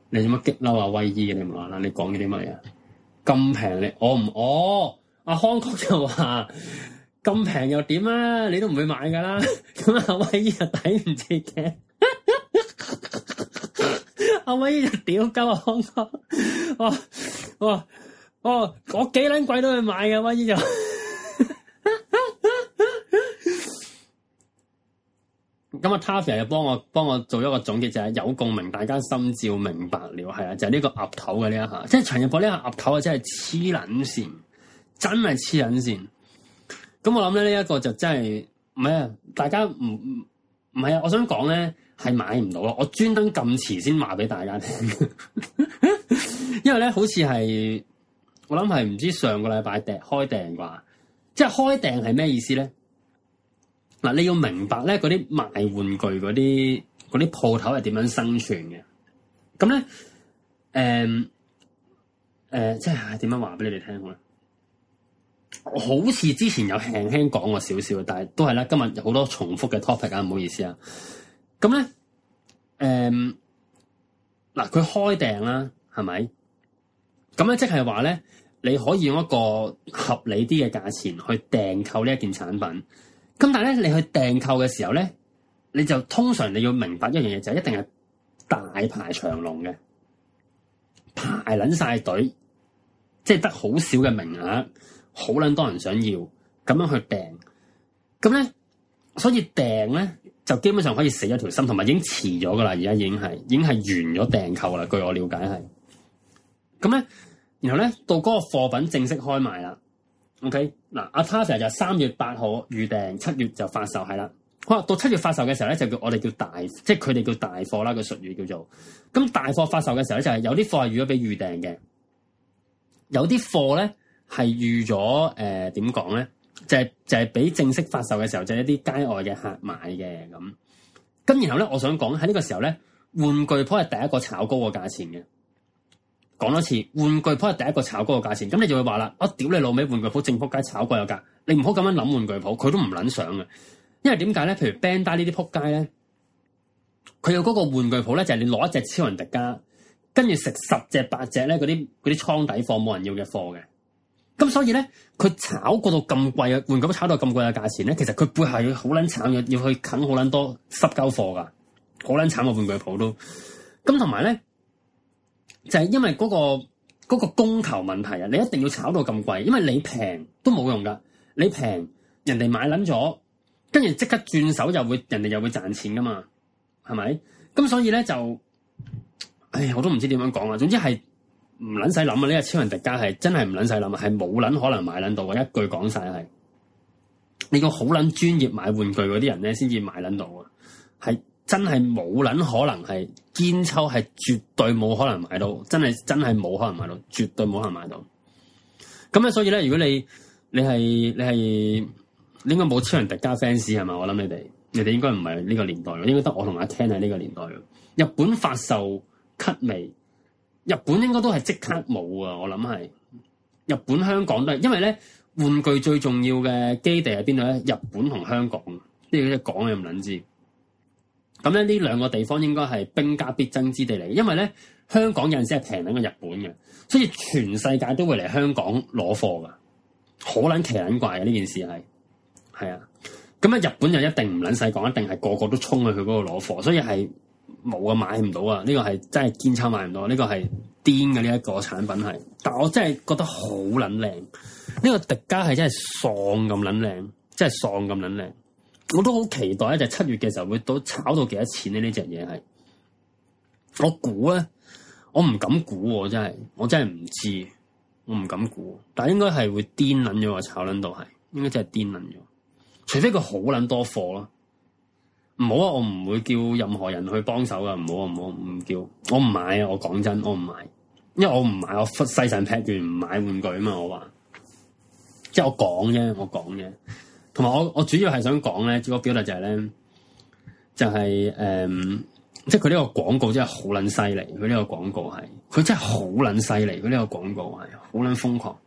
你做乜激嬲阿威衣嘅？你唔話啦？你講啲乜嘢？咁平你我唔我？阿康確又話咁平又點啊？你都唔會買噶啦？咁阿、啊、威衣又抵唔住嘅？阿威衣就屌鳩阿康確，哇哇哦！我幾捻貴都去買㗎、啊、威衣就。 [laughs] 咁啊，Tavie 又幫我幫我做一個總結就係、是、有共鳴，大家心照明白了，係啊，就係、是、呢個鴨頭嘅呢一下，即係長野博呢下鴨頭啊，真係黐撚線，真係黐撚線。咁、嗯、我諗咧呢一、這個就真係唔係啊，大家唔唔唔係啊，我想講咧係買唔到咯，我專登咁遲先話俾大家聽， [laughs] 因為咧好似係我諗係唔知上個禮拜訂開訂啩。即係開訂係咩意思咧？嗱，你要明白咧，嗰啲賣玩具嗰啲嗰啲鋪頭係點樣生存嘅？咁咧，誒、嗯，誒、呃，即係點樣話俾你哋聽好咧？好似之前有輕輕講過少少，但係都係啦。今日有好多重複嘅 topic 啊，唔好意思啊。咁咧，誒、嗯，嗱，佢開訂啦，係咪？咁咧，即係話咧。你可以用一個合理啲嘅價錢去訂購呢一件產品，咁但係咧，你去訂購嘅時候咧，你就通常你要明白一樣嘢就係一定係大排長龍嘅，排捻晒隊，即係得好少嘅名額，好捻多人想要，咁樣去訂，咁咧，所以訂咧就基本上可以死咗條心，同埋已經遲咗噶啦，而家已經係已經係完咗訂購啦，據我了解係，咁咧。然後咧，到嗰個貨品正式開賣啦，OK 嗱、啊，阿 t a s 就三月八號預訂，七月就發售係啦。哇，到七月發售嘅時候咧，就叫我哋叫大，即係佢哋叫大貨啦個術語叫做。咁大貨發售嘅時候咧，就係、是、有啲貨係預咗俾預訂嘅，有啲貨咧係預咗誒，點講咧？就係、是、就係、是、俾正式發售嘅時候，就係、是、一啲街外嘅客買嘅咁。咁然後咧，我想講喺呢個時候咧，玩具鋪係第一個炒高個價錢嘅。講多次玩具鋪係第一個炒高個價錢，咁你就會話啦：我、啊、屌你老味，玩具鋪正仆街炒貴有價，你唔好咁樣諗玩具鋪，佢都唔撚想嘅。因為點解咧？譬如 Bandai 呢啲仆街咧，佢有嗰個玩具鋪咧，就係、是、你攞一隻超人迪迦，跟住食十隻八隻咧，嗰啲嗰啲倉底貨冇人要嘅貨嘅。咁所以咧，佢炒過到咁貴啊，玩具鋪炒到咁貴嘅價錢咧，其實佢背後要好撚慘嘅，要去啃好撚多濕鳩貨噶，好撚慘嘅玩具鋪都。咁同埋咧。就係因為嗰個嗰個供求問題啊，你一定要炒到咁貴，因為你平都冇用噶，你平人哋買捻咗，跟住即刻轉手又會人哋又會賺錢噶嘛，係咪？咁所以咧就，唉，我都唔知點樣講啊，總之係唔捻使諗啊，呢個超人迪加係真係唔捻使諗啊，係冇捻可能買捻到啊，一句講晒係，你個好捻專業買玩具嗰啲人咧先至買捻到啊，係。真係冇捻可能係堅抽，係絕對冇可能買到，真係真係冇可能買到，絕對冇可能買到。咁咧，所以咧，如果你你係你係，你應該冇超人迪迦 fans 係咪？我諗你哋，你哋應該唔係呢個年代，應該得我同阿 Ken 喺呢個年代。日本發售吸味，日本應該都係即刻冇啊！我諗係日本、香港都係，因為咧玩具最重要嘅基地喺邊度咧？日本同香港，呢啲講又唔捻知。咁咧，呢兩個地方應該係兵家必爭之地嚟。因為咧，香港有陣時係平緊過日本嘅，所以全世界都會嚟香港攞貨噶，好撚奇撚怪啊，呢件事係，係啊。咁啊，日本就一定唔撚使講，一定係個個都衝去佢嗰度攞貨，所以係冇啊，買唔到啊。呢個係真係堅撐買唔到，呢個係癲嘅呢一個產品係。但我真係覺得好撚靚，呢個迪加係真係喪咁撚靚，真係喪咁撚靚。我都好期待咧，就七月嘅時候會到炒到幾多錢咧？呢隻嘢係，我估咧，我唔敢估，真係，我真係唔知，我唔敢估，但係應該係會癲捻咗啊！炒捻到係，應該真係癲捻咗，除非佢好捻多貨咯。唔好啊，我唔會叫任何人去幫手噶，唔好啊唔好唔叫，我唔買啊！我講真，我唔買，因為我唔買，我世神劈住唔買玩具啊嘛，我話，即係我講啫，我講啫。同埋我我主要係想講咧，主要表達就係咧，就係、是、誒、嗯，即係佢呢個廣告真係好撚犀利，佢呢個廣告係，佢真係好撚犀利，佢呢個廣告係好撚瘋狂。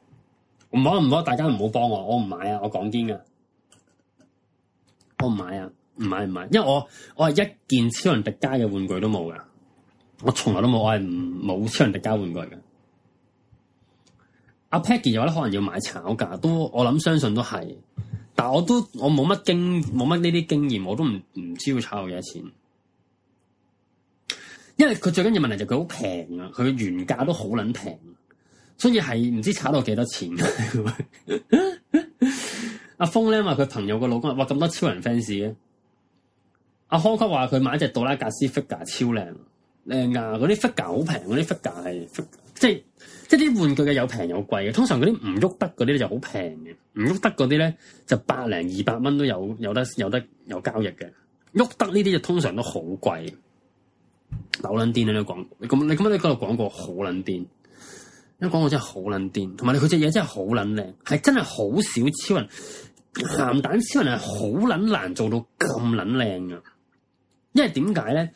唔好唔好，大家唔好幫我，我唔買啊，我講堅噶，我唔買啊，唔買唔買，因為我我係一件超人迪加嘅玩具都冇噶，我從來都冇，我係冇超人迪加玩具噶。阿 Peggy 嘅話可能要買炒價，都我諗相信都係。但我都我冇乜經冇乜呢啲經驗，我都唔唔知會炒到幾多錢，因為佢最緊要問題就佢好平啊，佢原價都好撚平，所以係唔知炒到幾多錢。 [laughs] [laughs] [laughs] 阿峰咧話佢朋友個老公話咁多超人 fans 嘅、 [laughs] 啊，阿康哥話佢買一隻杜拉格斯 figure 超靚，靚噶，嗰啲 figure 好平，嗰啲 figure 係。即係即係啲玩具嘅有平有貴嘅，通常嗰啲唔喐得嗰啲咧就好平嘅，唔喐得嗰啲咧就百零二百蚊都有有得有得有交易嘅，喐得呢啲就通常都好貴，扭捻癲喺度講，你咁你咁樣喺嗰度講過好捻癲，因為講過真係好捻癲，同埋佢隻嘢真係好捻靚，係真係好少超人鹹蛋超人係好捻難做到咁捻靚嘅，因為點解咧？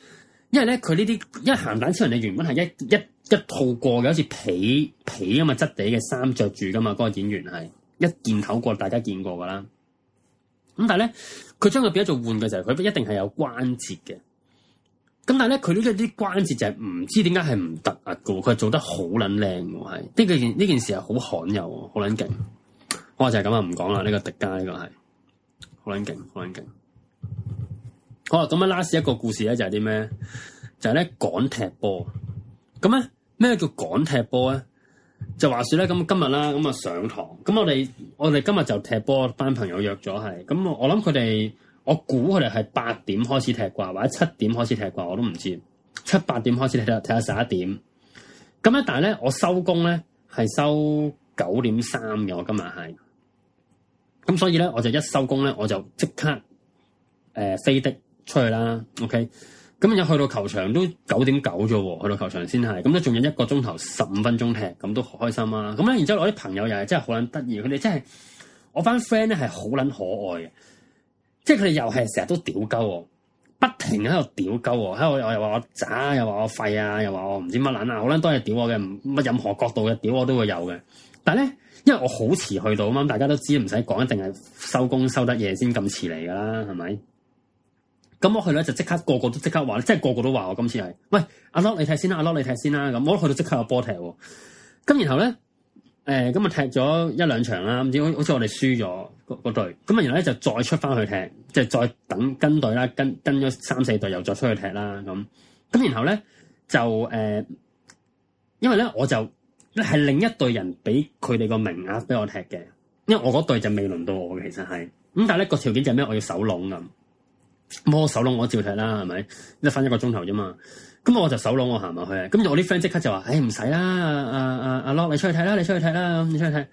因為咧佢呢啲，因為鹹蛋超人你原本係一一。一一一套過嘅，好似被，被啊嘛，質地嘅衫着住噶嘛，嗰個演員係一件頭過，大家見過噶啦。咁但係咧，佢將佢變一做換嘅時候，佢一定係有關節嘅。咁但係咧，佢呢個啲關節就係唔知點解係唔突啊！噶，佢係做得好捻靚嘅，係呢件呢件事係好罕有，好捻勁。我就係咁啊，唔講啦，呢個迪迦呢個係好捻勁，好捻勁。好，咁啊，last 一個故事咧就係啲咩？就係咧趕踢波，咁咧。咩叫趕踢波咧？就話說咧，咁今日啦，咁啊上堂，咁我哋我哋今日就踢波，班朋友約咗係，咁我我諗佢哋，我估佢哋係八點開始踢啩，或者七點開始踢啩，我都唔知，七八點開始踢踢到十一點。咁啊，但係咧，我收工咧係收九點三嘅，我今日係。咁所以咧，我就一收工咧，我就即刻誒、呃、飛的出去啦，OK。咁又去到球場都九點九咋，去到球場先係，咁都仲有一個鐘頭十五分鐘踢，咁都好開心啊！咁咧，然之後我啲朋友又係真係好捻得意，佢哋真係我班 friend 咧係好捻可愛嘅，即係佢哋又係成日都屌鳩，不停喺度屌鳩，喺度又又話我渣，又話我廢啊，又話我唔知乜捻啊，好捻多嘢屌我嘅，乜任何角度嘅屌我都會有嘅。但係咧，因為我好遲去到嘛，咁樣大家都知，唔使講，一定係收工收得夜先咁遲嚟㗎啦，係咪？咁我去咧就即刻個個都即刻話即係個個都話我今次係，喂阿 l o 你踢先，啊、你踢先啦，阿 l o 你踢先啦，咁我去到即刻有波踢，咁然後咧，誒咁啊踢咗一兩場啦，唔知好似我哋輸咗嗰嗰隊，咁啊然後咧就再出翻去踢，即係再等跟隊啦，跟跟咗三四隊又再出去踢啦，咁咁然後咧就誒、呃，因為咧我就係另一隊人俾佢哋個名額俾我踢嘅，因為我嗰隊就未輪到我嘅，其實係，咁但係咧個條件就係咩，我要手籠咁。摸守窿我照踢啦，係咪？即係翻一個鐘頭啫嘛。咁我就守窿我行埋去。咁然後我啲 friend 即刻就話：，誒唔使啦，阿阿阿樂你出去踢啦，你出去踢啦，你出去踢。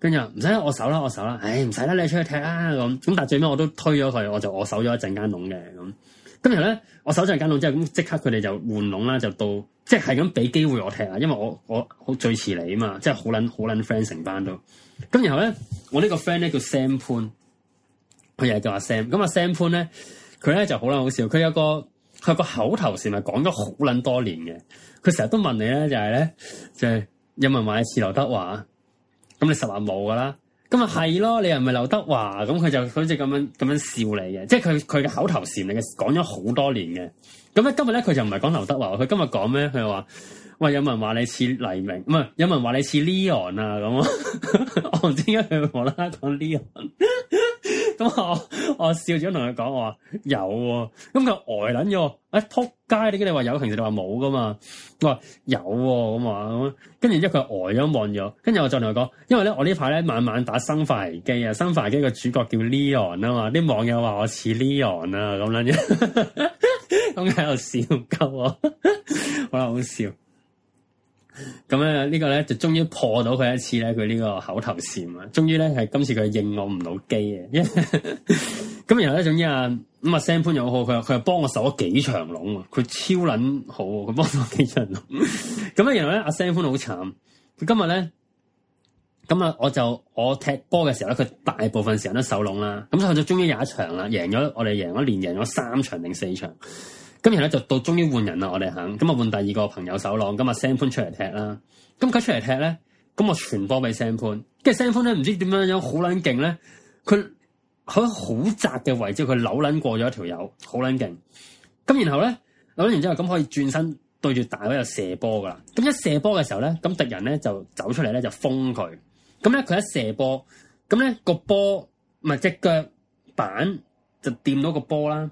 跟住唔使啦，我守啦，我守啦。誒唔使啦，你出去踢啦。咁咁但係最尾我都推咗佢，我就我守咗一陣間窿嘅。咁，咁然後咧我守咗一陣間窿之後，咁即刻佢哋就換窿啦，就到即係咁俾機會我踢啊。因為我我好最遲嚟啊嘛，即係好捻好捻 friend 成班都。咁然後咧我個呢個 friend 咧叫 Sam 潘，佢又係叫阿 Sam。咁阿 Sam 潘咧。佢咧就好捻好笑，佢有個佢有個口頭禪係講咗好捻多年嘅，佢成日都問你咧，就係、是、咧，就係、是、有冇話一次劉德華？咁你實話冇噶啦，咁咪係咯，你又唔係劉德華，咁佢就好似咁樣咁樣笑你嘅，即係佢佢嘅口頭禪，嚟嘅講咗好多年嘅，咁咧今日咧佢就唔係講劉德華，佢今日講咩？佢就話。喂，有人話你似黎明，唔係有人話你似 Leon 啊？咁我唔知點解佢冇啦講 Leon，咁我我笑住同佢講，我話有喎啊，咁佢呆撚咗。欸，哎，撲街！點解你話有，平時你話冇噶嘛？我話，有咁啊，咁，跟住之後佢呆咗望咗，跟住我再同佢講，因為咧我呢排咧晚晚打生化危機啊，生化危機個主角叫 Leon 啊嘛，啲網友話我似 Leon 啊，咁樣，咁喺度笑鳩我，好啦，好笑。咁啊，呢個呢個咧就終於破到佢一次咧，佢呢個口頭禪啊，終於咧係今次佢認我唔到機嘅。咁 [laughs] 然後咧，總之啊，咁阿 Sam 潘又好，佢佢又幫我守咗幾場籠，佢超撚好，佢幫我幾場籠。咁 [laughs] 咧，然後咧阿 Sam 潘好慘，佢今日咧，咁啊，我就我踢波嘅時候咧，佢大部分時間都守籠啦。咁後就終於有一場啦，贏咗我哋，贏咗連贏咗三場定四場。咁然後咧就到終於換人啦，我哋行，咁啊換第二個朋友手浪。咁啊 Sam 潘出嚟踢啦。咁佢出嚟踢咧，咁我傳波俾 Sam 潘。跟住 Sam 潘 a 咧唔知點樣樣好撚勁咧，佢喺好窄嘅位置佢扭撚過咗一條友，好撚勁。咁然後咧，扭撚完之後咁可以轉身對住大威又射波噶啦。咁一射波嘅時候咧，咁敵人咧就走出嚟咧就封佢。咁咧佢一射波，咁、那、咧個波唔係隻腳板就掂到個波啦。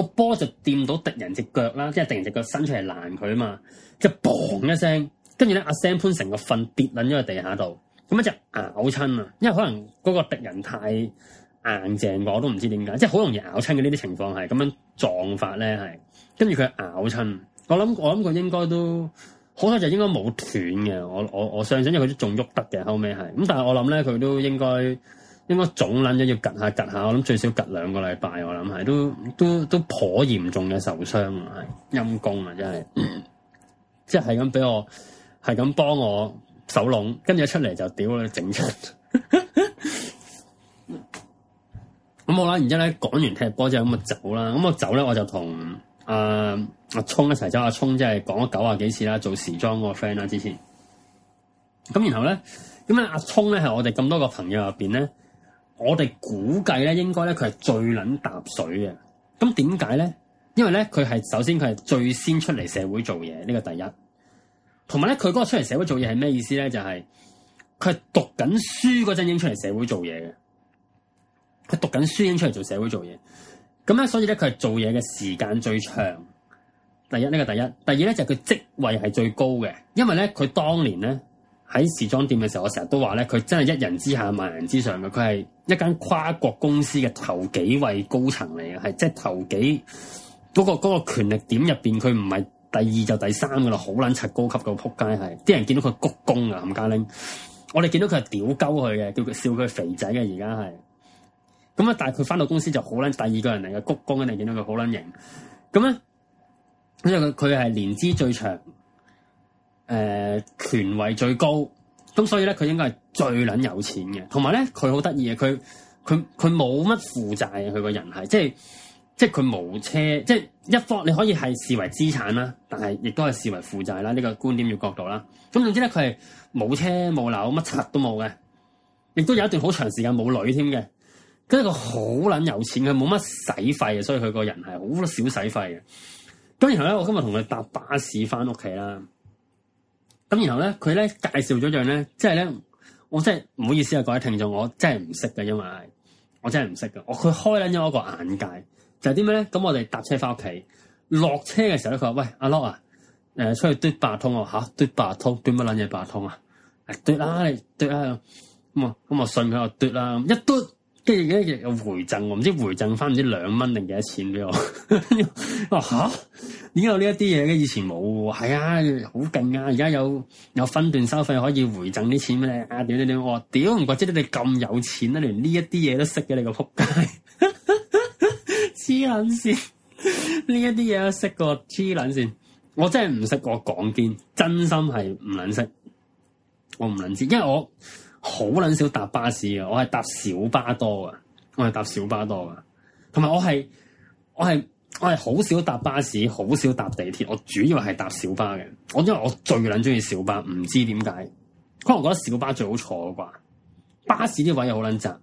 個波就掂到敵人隻腳啦，即係敵人隻腳伸出嚟攔佢嘛，即係砰一聲，跟住咧阿 Sam 潘成個瞓跌撚咗喺地下度，咁樣就咬親啊！因為可能嗰個敵人太硬淨，我都唔知點解，即係好容易咬親嘅呢啲情況係咁樣撞法咧係，跟住佢咬親。我諗我諗佢應該都好彩就應該冇斷嘅，我我我，相信我想想，因為佢都仲喐得嘅，後尾係咁，但係我諗咧佢都應該。應該總捻咗要隔下隔下，我諗最少隔兩個禮拜，我諗係都都都頗嚴重嘅受傷啊，陰公啊，真係、嗯，即係咁俾我，係咁幫我手籠，跟住出嚟就屌你整出，咁 [laughs] 好啦。然之後咧，講完踢波之後就咁啊走啦。咁我走咧，我就同阿、呃、阿聰一齊走。阿聰即係講咗九啊幾次啦，做時裝個 friend 啦，之前。咁然後咧，咁阿阿聰咧係我哋咁多個朋友入邊咧。我哋估計咧，應該咧佢係最撚踏水嘅。咁點解咧？因為咧佢係首先佢係最先出嚟社會做嘢，呢個第一。同埋咧佢嗰個出嚟社會做嘢係咩意思咧？就係、係、佢讀緊書嗰陣已經出嚟社會做嘢嘅。佢讀緊書已經出嚟做社會做嘢。咁咧所以咧佢係做嘢嘅時間最長。第一呢、呢個第一。第二咧就係佢職位係最高嘅，因為咧佢當年咧。喺時裝店嘅時候，我成日都話咧，佢真係一人之下萬人之上嘅。佢係一間跨國公司嘅頭幾位高層嚟嘅，係即係頭幾嗰個嗰個權力點入邊，佢唔係第二就第三嘅啦，好撚柒高級嗰個仆街係。啲人見到佢鞠躬啊，冚家拎。我哋見到佢係屌鳩佢嘅，叫佢笑佢肥仔嘅，而家係。咁啊，但係佢翻到公司就好撚第二個人嚟嘅，鞠躬嘅，你見到佢好撚型。咁咧，因為佢佢係年資最長。誒、呃，權位最高，咁所以咧，佢應該係最撚有錢嘅。同埋咧，佢好得意嘅，佢佢佢冇乜負債嘅。佢個人係，即係即係佢冇車，即係一方你可以係視為資產啦，但係亦都係視為負債啦。呢、這個觀點要角度啦。咁總之咧，佢係冇車冇樓，乜柒都冇嘅。亦都有一段好長時間冇女添嘅。跟住佢好撚有錢，佢冇乜使費嘅，所以佢個人係好少使費嘅。咁然後咧，我今日同佢搭巴士翻屋企啦。咁然後咧，佢咧介紹咗樣咧，即係咧，我真係唔好意思啊，各位聽眾，我真係唔識嘅，因為我真係唔識嘅。我佢開緊咗一個眼界，就係點咩咧？咁我哋搭車翻屋企，落車嘅時候咧，佢話：，喂，阿 Law 啊，誒、呃，出去嘟八通啊，吓，嘟八通，嘟乜撚嘢八通啊？係嘟啦，你嘟啦，咁啊，咁、啊嗯、我信佢，我嘟啦、啊，一嘟。跟住咧，又回贈，回贈回我，唔知回贈翻唔知兩蚊定幾多錢俾我。我嚇，點解有呢一啲嘢嘅？以前冇喎。係啊，好勁啊！而家有有分段收費，可以回贈啲錢俾你。啊，屌點點！我屌唔怪之得你哋咁有錢啊？連呢一啲嘢都識嘅，你個撲街黐撚線！呢一啲嘢都識過黐撚線，我真係唔識個講堅，真心係唔撚識，我唔撚知，因為我。好撚少搭巴士啊。我係搭小巴多啊。我係搭小巴多啊。同埋我係我係我係好少搭巴士，好少搭地鐵，我主要係搭小巴嘅。我因為我最撚中意小巴，唔知點解，可能我覺得小巴最好坐啩。巴士啲位又好撚窄，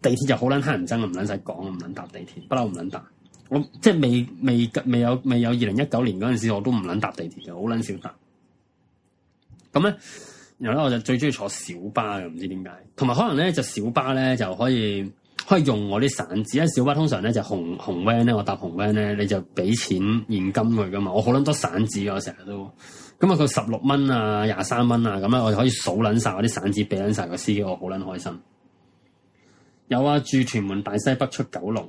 地鐵就好撚乞人憎，唔撚使講，唔撚搭地鐵，不嬲唔撚搭。我即係未未未有未有二零一九年嗰陣時，我都唔撚搭地鐵嘅，好撚少搭。咁咧。然後咧，我就最中意坐小巴嘅，唔知點解。同埋可能咧，就小巴咧就可以可以用我啲散紙。因為小巴通常咧就紅紅 van 咧，我搭紅 van 咧，你就俾錢現金佢噶嘛。我好捻多散紙噶，我成日都咁啊，佢十六蚊啊，廿三蚊啊，咁啊，我就可以數捻晒我啲散紙，俾捻晒個司機，我好捻開心。有啊，住屯門大西北出九龍，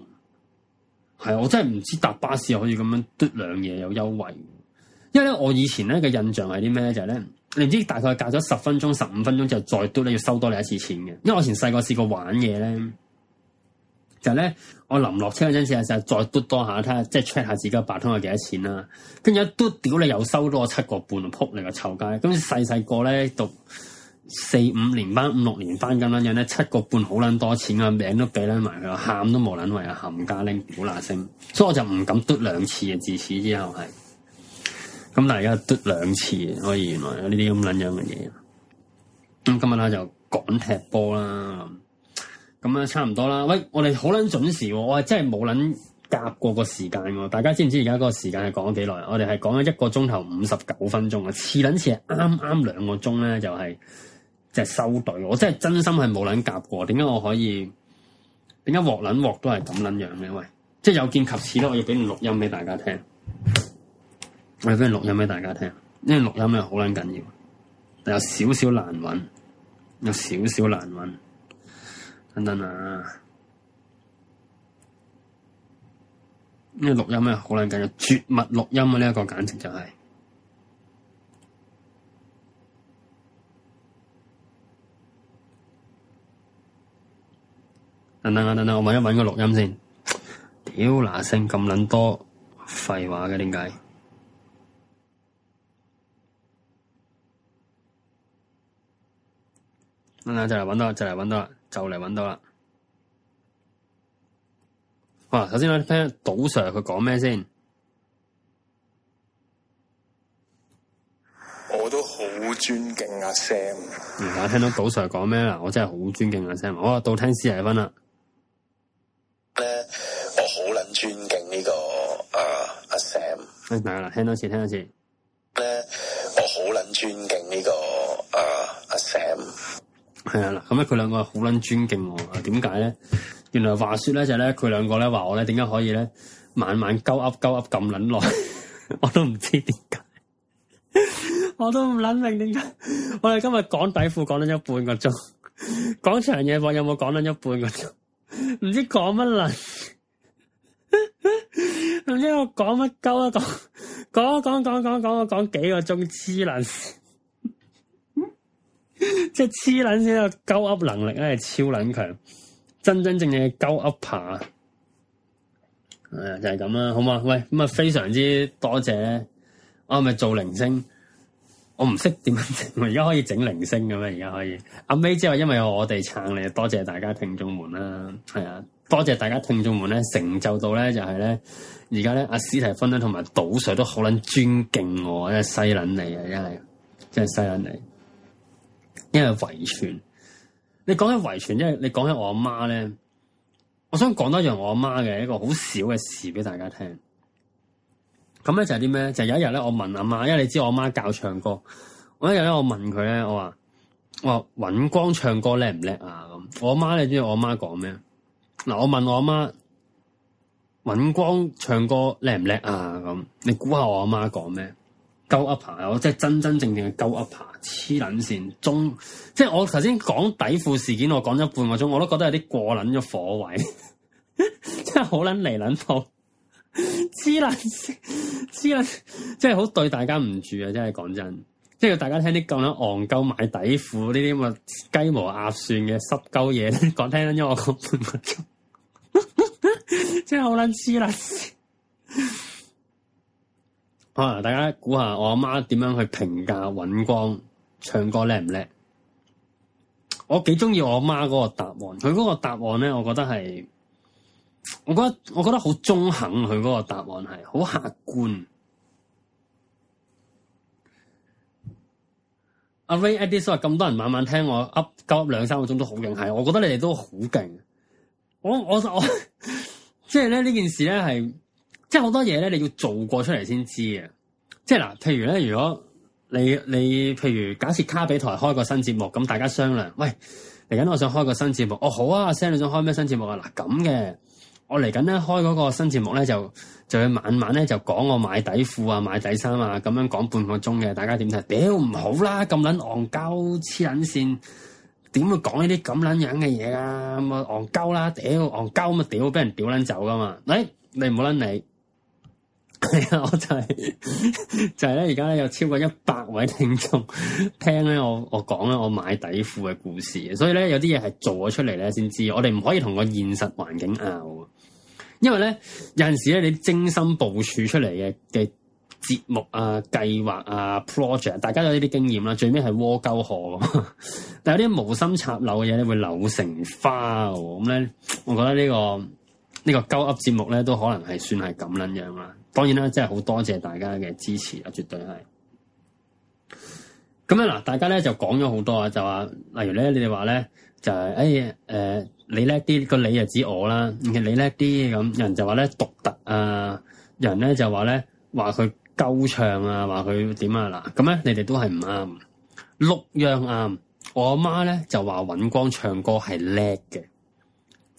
係啊，我真係唔知搭巴士可以咁樣嘟兩嘢有優惠。因為咧，我以前咧嘅印象係啲咩就係咧。你唔知大概隔咗十分鐘、十五分鐘之後再嘟你要收多你一次錢嘅。因為我以前細個試過玩嘢咧，就咧、係、我臨落車嗰陣時啊，就再嘟多下睇下，即係 check 下自己嘅八通有幾多錢啦。跟住一嘟，屌你又收多我七個半啊，撲你個臭街！咁細細個咧讀四五年班、五六年班咁樣樣咧，七個半好撚多錢啊，名都俾撚埋佢，喊都冇撚為啊，冚家拎鼓喇聲。所以我就唔敢嘟兩次啊，自此之後係。咁大家嘟兩次，可以原來有呢啲咁撚樣嘅嘢。咁、嗯、今日啦就趕踢波啦。咁啊差唔多啦。喂，我哋好撚準時喎，我係真係冇撚夾過個時間喎。大家知唔知而家個時間係講咗幾耐？我哋係講咗一個鐘頭五十九分鐘啊！次撚次係啱啱兩個鐘咧，就係、是、就是、收隊。我真係真心係冇撚夾過。點解我可以？點解鑊撚鑊，鑊，鑊都係咁撚樣嘅？喂，即、就、係、是、有見及此咧，我要俾錄音俾大家聽。我哋不如錄音畀大家聽，呢個錄音又好撚緊要，但有少少難揾，有少少難揾，等等啊！呢、這個錄音咧好撚緊要，絕密錄音啊！呢、這、一個簡直就係等等等等，我揾一揾個錄音先。屌，嗱聲咁撚多廢話嘅，點解？.就嚟揾到啦，就嚟揾到啦，就嚟揾到啦！哇、啊，首先我聽下賭 Sir 佢講咩先？我都好尊敬阿 Sam。我、啊、聽到賭 Sir 講咩啦？我真係好尊敬阿 Sam。我、啊、到聽斯亞芬啦。咧、呃，我好捻尊敬呢、這個阿、啊、阿 Sam。聽啦、啊，聽多次，聽多次。咧、呃，我好捻尊敬呢、這個阿、啊、阿 Sam。係啊，咁咧佢兩個好捻尊敬我，點解咧？原來話說咧就係咧，佢兩個咧話我咧點解可以咧晚晚鳩噏鳩噏咁捻耐， [laughs] 我都唔知點解， [laughs] 我都唔捻明點解。 [laughs] 我哋今日講底褲講緊一半個鐘，講 [laughs] 長嘢，話有冇講緊一半個鐘？唔 [laughs] 知講乜捻，唔 [laughs] 知我講乜鳩啊講，講講講講講講幾個鐘黐捻。即係黐撚先咯，鳩噏能力咧係超撚強，真真正正嘅鳩噏爬，係啊就係咁啦，好嘛？喂，咁啊非常之多謝咧，我係咪做鈴聲？我唔識點整，我而家可以整鈴聲嘅咩？而家可以？後尾之後，因為我哋撐你，多謝大家聽眾們啦，係啊，多謝大家聽眾們咧，成就到咧就係、是、咧，而家咧阿史提芬咧同埋賭 Sir 都好撚尊敬我，真係犀撚你啊，真係真係犀撚你。因為遺傳，你講起遺傳，因為你講起我阿媽咧，我想講多樣我阿媽嘅一個好小嘅事俾大家聽。咁咧就係啲咩？就係呢就係，有一日咧，我問阿媽，因為你知我阿媽教唱歌，我一日咧我問佢咧，我話我尹光唱歌叻唔叻啊？咁我阿媽咧，知道我阿媽講咩？嗱，我問我阿媽尹光唱歌叻唔叻啊？咁你估下我阿媽講咩？鳩 up 啊！我真係真真正正嘅鳩 up，黐撚線，中即係我頭先講底褲事件，我講咗半個鐘，我都覺得有啲過撚咗火位，真係好撚嚟撚去，黐撚線，黐撚，即係好對大家唔住啊！真係講真，即係大家聽啲咁樣戇鳩買底褲呢啲咁嘅雞毛鴨蒜嘅濕鳩嘢，講聽咗我講半個鐘，真係好撚黐撚吓，大家估下我阿媽點樣去評價尹光唱歌叻唔叻？我幾鍾意我阿媽嗰個答案，佢嗰個答案咧，我覺得係，我覺得我覺得好中肯，佢嗰個答案係好客觀。阿 Ray Eddie 話咁多人晚晚聽我 up 高兩三個鐘都好勁，係，我覺得你哋都好勁。我我我，即係咧呢件事咧係。即係好多嘢咧，你要做過出嚟先知啊！即係嗱，譬如咧，如果你你譬如假設卡比台開個新節目，咁大家商量，喂嚟緊我想開個新節目，哦好啊 Sam 你想開咩新節目啊？嗱咁嘅，我嚟緊咧開嗰個新節目咧，就就去慢慢咧就講我買底褲啊，買底衫啊，咁樣講半個鐘嘅，大家點睇？屌唔好啦，咁撚戇鳩黐撚線，點會講呢啲咁撚樣嘅嘢啊？咁戇鳩啦，屌戇鳩，咁啊屌，俾人屌撚走噶嘛？你、哎，你唔好撚你。係啊，我 [laughs] 就係就係咧，而家咧有超過一百位聽眾聽咧，我我講咧我買底褲嘅故事，所以咧有啲嘢係做咗出嚟咧先知，我哋唔可以同個現實環境拗，因為咧有陣時咧你精心部署出嚟嘅嘅節目啊計劃啊 project，大家有呢啲經驗啦，最尾係窩鳩河，但係有啲無心插柳嘅嘢咧會扭成花，咁咧我覺得、這個這個、節目呢個呢個鳩噏節目咧都可能係算係咁樣樣啦。當然啦，真係好多謝大家嘅支持啦，絕對係咁啊！嗱，大家咧就講咗好多啊，就話例如咧，你哋話咧就係誒誒，你叻啲個你就指我啦，你叻啲咁，人就話咧獨特啊，人咧就話咧話佢夠唱啊，話佢點啊。嗱，咁咧你哋都係唔啱六樣啊。我阿媽咧就話尹光唱歌係叻嘅，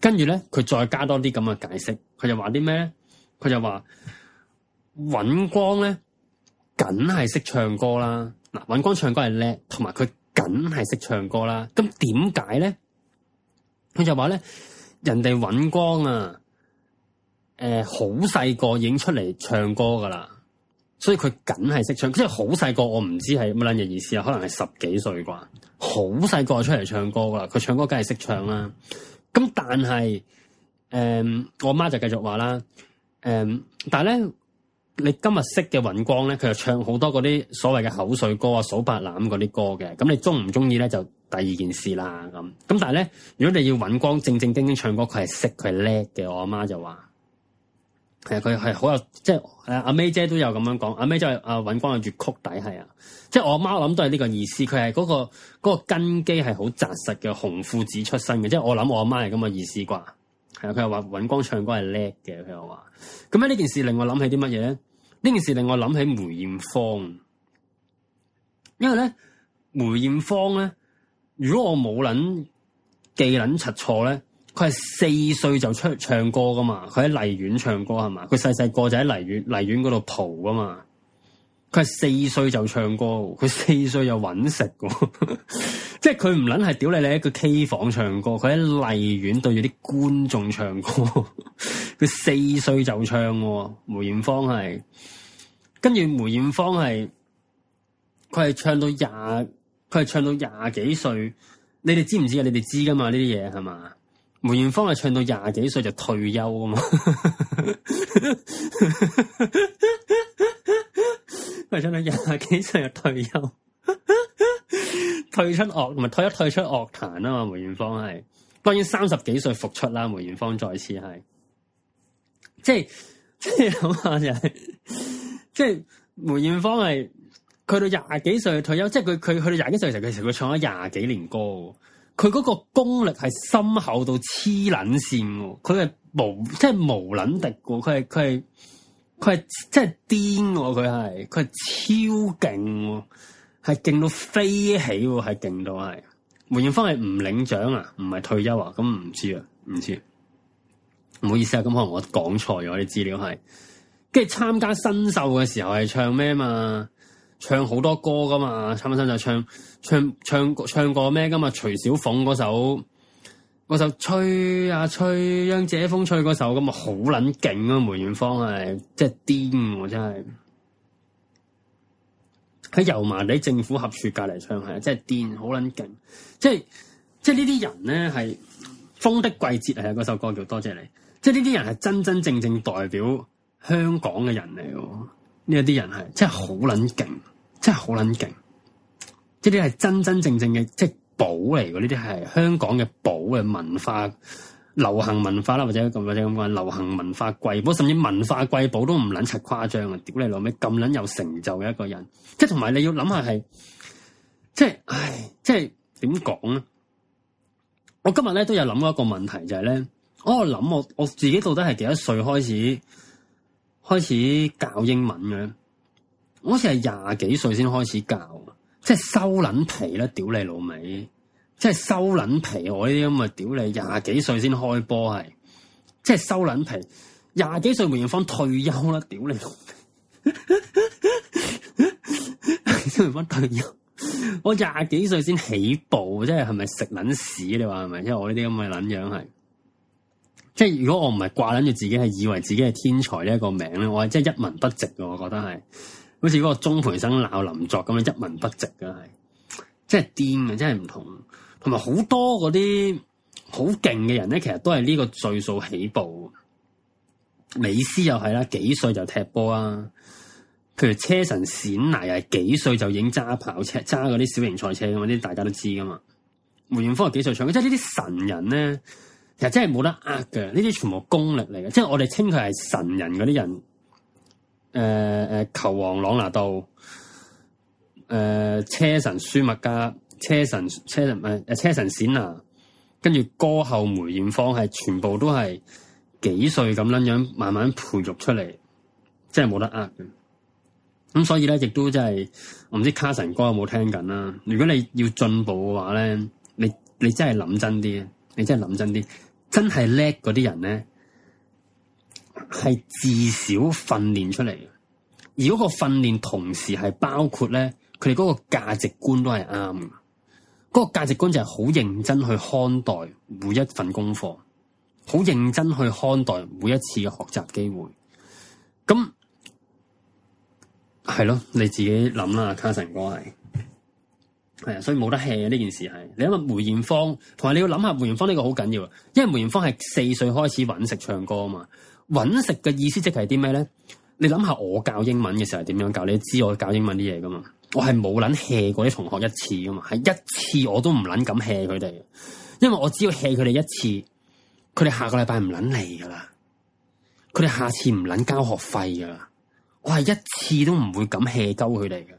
跟住咧佢再加多啲咁嘅解釋，佢就話啲咩咧？佢就話。尹光咧，梗係識唱歌啦。嗱，尹光唱歌係叻，同埋佢梗係識唱歌啦。咁點解咧？佢就話咧，人哋尹光啊，誒、呃，好細個已經出嚟唱歌噶啦，所以佢梗係識唱。即係好細個，我唔知係乜捻嘢意思啊，可能係十幾歲啩，好細個出嚟唱歌噶啦。佢唱歌梗係識唱啦。咁但係，誒、呃，我媽就繼續話啦，誒、呃，但係咧。你今日識嘅尹光咧，佢就唱好多嗰啲所謂嘅口水歌啊、數白欖嗰啲歌嘅。咁你中唔中意咧？就第二件事啦。咁咁，但係咧，如果你要尹光正正經經唱歌，佢係識佢係叻嘅。我阿媽就話，係佢係好有即係阿 May 姐都有咁樣講。阿 May 姐阿尹、啊、光嘅粵曲底，係啊，即係我阿媽諗都係呢個意思。佢係嗰個根基係好紮實嘅，紅褲子出身嘅，即係我諗我阿媽係咁嘅意思啩？係啊，佢又話尹光唱歌係叻嘅。佢又話，咁樣呢件事令我諗起啲乜嘢咧？呢件事令我諗起梅艷芳，因為咧梅艷芳咧，如果我冇諗記諗出錯咧，佢係四歲就出唱歌噶嘛，佢喺荔園唱歌係嘛，佢細細個就喺荔園荔園嗰度蒲噶嘛，佢係四歲就唱歌，佢四歲就搵食。 [laughs] 即係佢唔撚係屌你你一個 K 房唱歌，佢喺荔園對住啲觀眾唱歌。佢 [laughs] 四歲就唱，梅艷芳係，跟住梅艷芳係，佢係唱到廿，佢係唱到廿幾歲。你哋知唔知啊？你哋知噶嘛？呢啲嘢係嘛？梅艷芳係唱到廿幾歲就退休啊嘛！佢 [laughs] 係唱到廿幾歲就退休。 [laughs] 退出樂，唔係退一退出樂壇啊嘛，梅艷芳係，當然三十幾歲復出啦。梅艷芳再次係，即係即係諗下就係，即係、就係、梅艷芳係，佢到廿幾歲退休，即係佢佢佢去到廿幾歲，其實佢唱咗廿幾年歌，佢嗰個功力係深厚到黐撚線，佢係無即係無撚敵，佢係佢係佢係即係癲，佢係佢係超勁。係勁到飛起，係勁到係梅艷芳係唔領獎啊，唔係退休啊，咁唔知啊，唔知，唔好意思啊，咁可能我講錯咗啲資料係，跟住參加新秀嘅時候係唱咩啊嘛，唱好多歌噶嘛，參加新秀唱唱唱唱過咩噶嘛，徐小鳳嗰首嗰首吹啊吹讓這風吹嗰首咁啊，好撚勁啊，梅艷芳係真係癲，我真係。喺油麻地政府合署隔籬唱係，即係電好撚勁，即係即係呢啲人咧係風的季節係啊！嗰首歌叫多謝你，即係呢啲人係真真正正代表香港嘅人嚟嘅，呢一啲人係真係好撚勁，真係好撚勁，呢啲係真真正正嘅即係寶嚟嘅，呢啲係香港嘅寶嘅文化。流行文化啦，或者或者咁講，流行文化瑰寶，甚至文化瑰寶都唔捻柒誇張啊！屌你老味，咁捻有成就嘅一個人，即係同埋你要諗下係，即係，唉，即係點講咧？我今日咧都有諗過一個問題，就係咧，我諗我我自己到底係幾多歲開始開始教英文嘅？我好似係廿幾歲先開始教，即係收捻皮啦！屌你老味！即係，收撚皮，我呢啲咁嘅，屌你廿幾歲先開波係，即係收撚皮，廿幾歲，梅艷芳退休啦！屌你梅艷芳退休，我廿幾歲先起步，即係係咪食撚屎，你話係咪？即係我呢啲咁嘅撚樣係，即係如果我唔係掛撚住自己係以為自己係天才呢一個名咧， [laughs] 我係真係一文不值嘅，我覺得係好似嗰個鍾培生鬧林作咁樣一文不值嘅係，即係癲啊，真係唔同。同埋好多嗰啲好勁嘅人咧，其實都係呢個歲數起步。美斯又係啦，幾歲就踢波啊？譬如車神冼拿啊，幾歲就已經揸跑車、揸嗰啲小型賽車咁啊？嗰啲大家都知噶嘛？梅艷芳係幾歲唱？即係呢啲神人咧，其實真係冇得呃嘅，呢啲全部功力嚟嘅。即係我哋稱佢係神人嗰啲人，誒、呃、誒、呃，球王朗拿度，誒、呃，車神舒麥加。車神車神咪，誒、啊、車神閃啊！跟住歌后梅艷芳係全部都係幾歲咁樣樣慢慢培育出嚟，真係冇得呃嘅。咁、嗯、所以咧，亦都真係我唔知卡神哥有冇聽緊啦。如果你要進步嘅話咧，你你真係諗真啲，你真係諗真啲，真係叻嗰啲人咧係至少訓練出嚟嘅，而嗰個訓練同時係包括咧佢哋嗰個價值觀都係啱。嗰個價值觀就係好認真去看待每一份功課，好認真去看待每一次嘅學習機會。咁係咯，你自己諗啦，Carson 哥係係啊，所以冇得 hea 啊。呢件事係。你諗下梅豔芳同埋你要諗下梅豔芳呢個好緊要啊，因為梅豔芳係四歲開始揾食唱歌啊嘛。揾食嘅意思即係啲咩咧？你諗下我教英文嘅時候係點樣教？你知我教英文啲嘢噶嘛？我係冇捻欺過啲同學一次噶嘛，係一次我都唔捻敢欺佢哋，因為我只要欺佢哋一次，佢哋下個禮拜唔捻嚟噶啦，佢哋下次唔捻交學費噶啦，我係一次都唔會咁欺鳩佢哋嘅，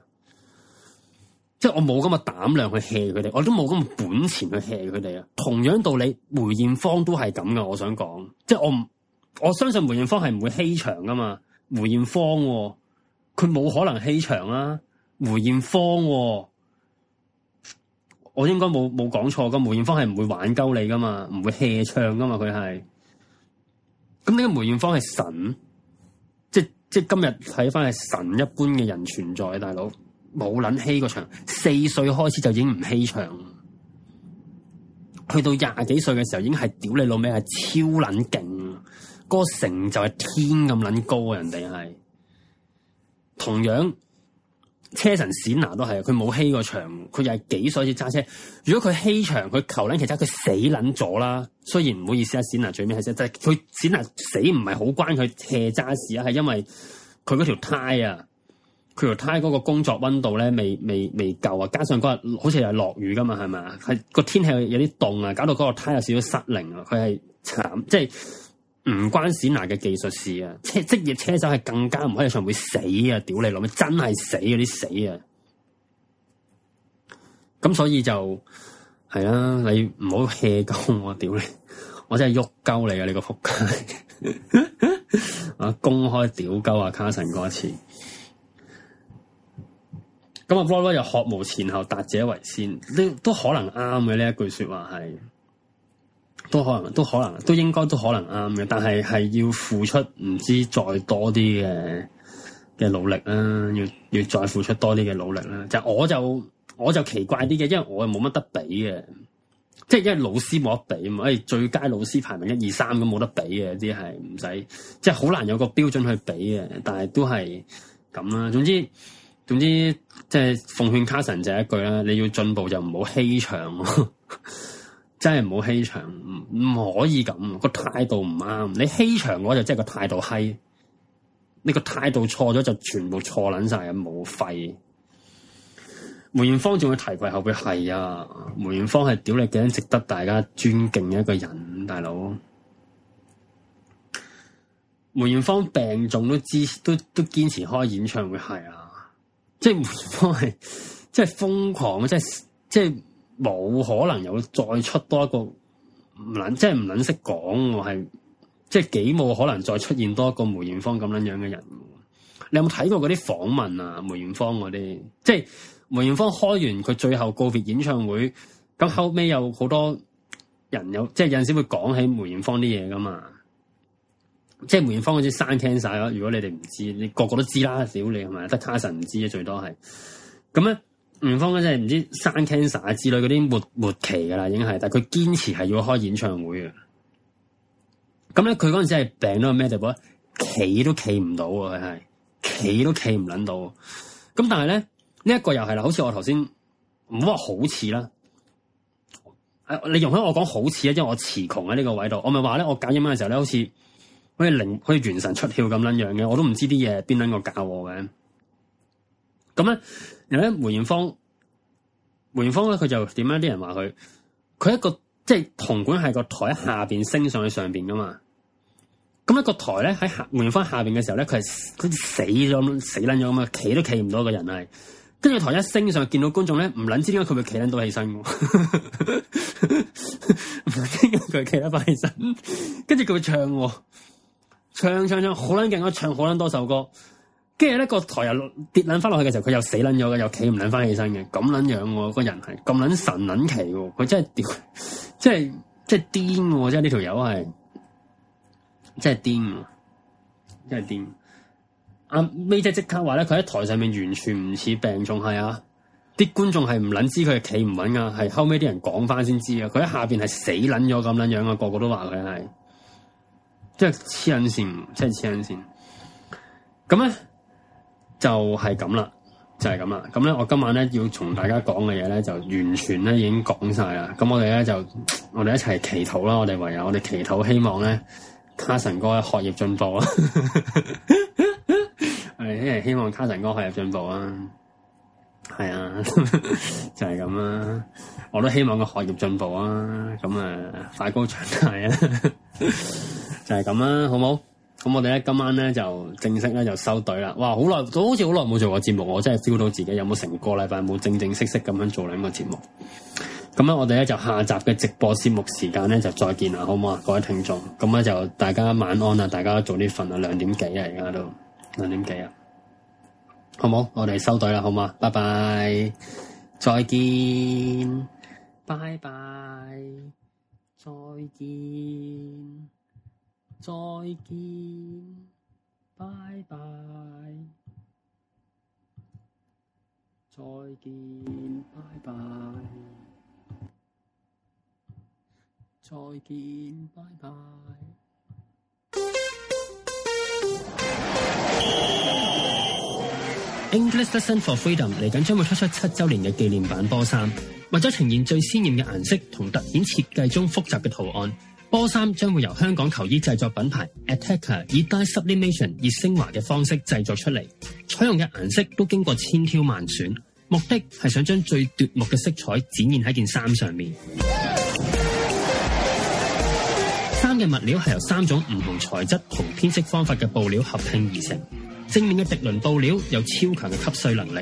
即係我冇咁嘅膽量去欺佢哋，我都冇咁嘅本錢去欺佢哋啊。同樣道理，梅艷芳都係咁噶，我想講，即係我唔我相信梅艷芳係唔會欺場噶嘛，梅艷芳佢、哦、冇可能欺場啦、啊。梅艷芳、哦，我應該冇冇講錯噶梅艷芳係唔會玩鳩你噶嘛，唔會 hea 唱噶嘛，佢係，咁呢個梅艷芳係神，即係即係今日睇翻係神一般嘅人存在，大佬冇卵 hea 個場，四歲開始就已經唔 hea 唱，去到廿幾歲嘅時候已經係屌你老味，係超卵勁，個成就係天咁卵高，人哋係同樣。車神冼拿都係，佢冇欺過場，佢又係幾歲先揸車。如果佢欺場，佢球捻，其實佢死捻咗啦。雖然唔好意思，阿冼拿最尾係即係，佢冼拿死唔係好關佢車揸事啊，係因為佢嗰條胎啊，佢條胎嗰個工作溫度咧，未未未夠啊。加上嗰日好似係落雨噶嘛，係咪？係個天氣有啲凍啊，搞到嗰個胎有少少失靈啊，佢係慘，即係。唔關冼拿嘅技術事啊！車職業車手係更加唔可以唱，會死啊！屌你老味，真係死啊！你死啊！咁所以就係啦，你唔好 hea 鳩我，屌你！我真係喐鳩你啊！你個仆街啊！公開屌鳩啊！卡神嗰次咁啊！波波又學無前後，達者為先，呢都可能啱嘅呢一句說話係。都可能，都可能，都應該，都可能啱嘅。但係係要付出唔知再多啲嘅嘅努力啦，要要再付出多啲嘅努力啦。就是、我就我就奇怪啲嘅，因為我又冇乜得比嘅，即、就、係、是、因為老師冇得比嘛。誒，最佳老師排名一二三都冇得比嘅，啲係唔使，即係好難有個標準去比嘅。但係都係咁啦。總之總之，即、就、係、是、奉勸卡 a s o 就一句啦，你要進步就唔好欺場，啊。 [laughs] 真係唔好欺場，唔可以咁個態度唔啱。你欺場我就真係個態度閪，你個態度錯咗就全部錯捻晒啊！冇廢。梅艷芳仲要提攜後輩，係啊！梅艷芳係屌你嘅，值得大家尊敬嘅一個人，大佬。梅艷芳病重都支都都堅持開演唱會，係啊！即係梅艷芳係，即係瘋狂，即係即係。冇可能有再出多一個，唔捻即係唔捻識講，我係即係幾冇可能再出現多一個梅艷芳咁捻樣嘅人。你有冇睇過嗰啲訪問啊？梅艷芳嗰啲，即係梅艷芳開完佢最後告別演唱會，咁後尾有好多人有，即係有陣時會講起梅艷芳啲嘢噶嘛。即係梅艷芳嗰啲生 cancer 晒咯。如果你哋唔知，你個個都知啦，小李係咪？德卡神唔知啊，最多係咁咧。元芳咧，即係唔知生 cancer 啊之類嗰啲末末期噶啦，已經係，但係佢堅持係要開演唱會嘅。咁咧，佢嗰陣時係病到咩地步咧？企都企唔到喎，佢係企都企唔撚到。咁但係咧，呢一個又係啦，好似我頭先唔好話好似啦。誒，你容許我講好似啊，因為我詞窮喺呢個位度。我咪話咧，我教英文嘅時候咧，好似好似靈，好似元神出竅咁撚樣嘅，我都唔知啲嘢邊撚個教我嘅。咁咧。然後咧，梅艷芳，梅艷芳咧佢就點樣？啲人話佢，佢一個即係銅管係個台下邊升上去上邊噶嘛。咁一個台咧喺梅艷芳下邊嘅時候咧，佢係佢似死咗咁，死撚咗咁啊，企都企唔到個人係。跟住台一升上，見到觀眾咧唔撚知點解佢會企撚到起身。唔知點解佢企得翻起身，跟住佢會唱，唱唱唱好撚勁，我唱好撚多首歌。跟住咧個台又跌捻翻落去嘅時候，佢又死捻咗嘅，又企唔捻翻起身嘅，咁捻樣喎、哦，個人係咁捻神捻奇嘅。佢真係屌，即係即係癲嘅，即係呢條友係，真係癲，真係癲。阿 May 姐即刻話咧，佢喺台上面完全唔似病重係啊，啲觀眾係唔捻知佢係企唔穩噶係後尾啲人講翻先知啊。佢喺下邊係死捻咗咁捻樣啊，個個都話佢係，即係黐緊線，即係黐緊線，咁咧。就係咁啦，就係咁啦。咁咧，我今晚咧要同大家講嘅嘢咧，就完全咧已經講晒啦。咁我哋咧就，我哋一齊祈禱啦。我哋唯有我哋祈禱，希望咧，卡神哥嘅學業進步啊。我哋一齊希望卡神哥學業進步啊。係啊， [laughs] 就係咁啦。我都希望個學業進步啊。咁啊，快高長大啊。 [laughs] 就係咁啦，好唔好？咁我哋咧今晚咧就正式咧就收隊啦！哇，好耐都好似好耐冇做過節目，我真係 feel 到自己有冇成個禮拜冇正正式式咁樣做呢個節目。咁咧我哋咧就下集嘅直播節目時間咧就再見啦，好唔好啊？各位聽眾，咁咧就大家晚安啊！大家早啲瞓啊，兩點幾啊，而家都兩點幾啊，好冇？我哋收隊啦，好冇？拜拜，再見，拜拜，再見。再見，拜拜。再見，拜拜。再見，拜拜。English lesson for freedom 嚟緊將會推出出七周年嘅紀念版波衫，為咗呈現最鮮艷嘅顏色同凸顯設計中複雜嘅圖案。波衫將會由香港球衣製作品牌 Attacker 以 dye sublimation 熱昇華嘅方式製作出嚟，採用嘅顏色都經過千挑萬選，目的係想將最奪目嘅色彩展現喺件衫上面。衫嘅 [music] 物料係由三種唔同材質同編織方法嘅布料合拼而成，正面嘅滌綸布料有超強嘅吸水能力，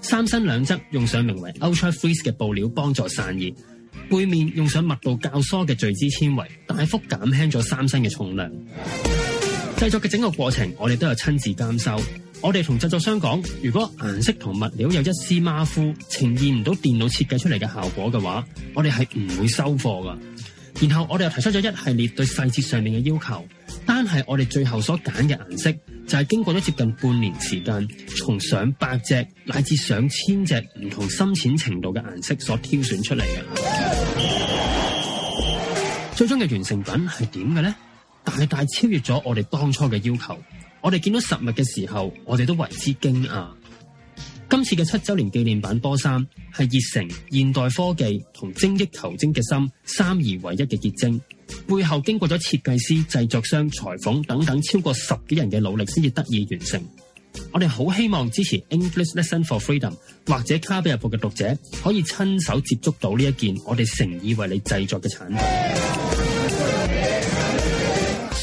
三身兩側用上名為 Ultra Freeze 嘅布料幫助散熱。背面用上密度較疏嘅聚酯纖維，大幅減輕咗三星嘅重量。製作嘅整個過程，我哋都有親自監修。我哋同製作商講，如果顏色同物料有一絲馬虎，呈現唔到電腦設計出嚟嘅效果嘅話，我哋係唔會收貨㗎。然後我哋又提出咗一系列對細節上面嘅要求，單係我哋最後所揀嘅顏色，就係經過咗接近半年時間，從上百隻乃至上千隻唔同深淺程度嘅顏色所挑選出嚟嘅。 [noise] 最終嘅完成品係點嘅呢？大大超越咗我哋當初嘅要求。我哋見到實物嘅時候，我哋都為之驚訝。今次嘅七周年紀念版波衫係熱誠、現代科技同精益求精嘅心三而唯一嘅結晶，背後經過咗設計師、製作商、裁縫等等超過十幾人嘅努力先至得以完成。我哋好希望支持《English Lesson for Freedom》或者《卡比日報》嘅讀者可以親手接觸到呢一件我哋誠意為你製作嘅產品。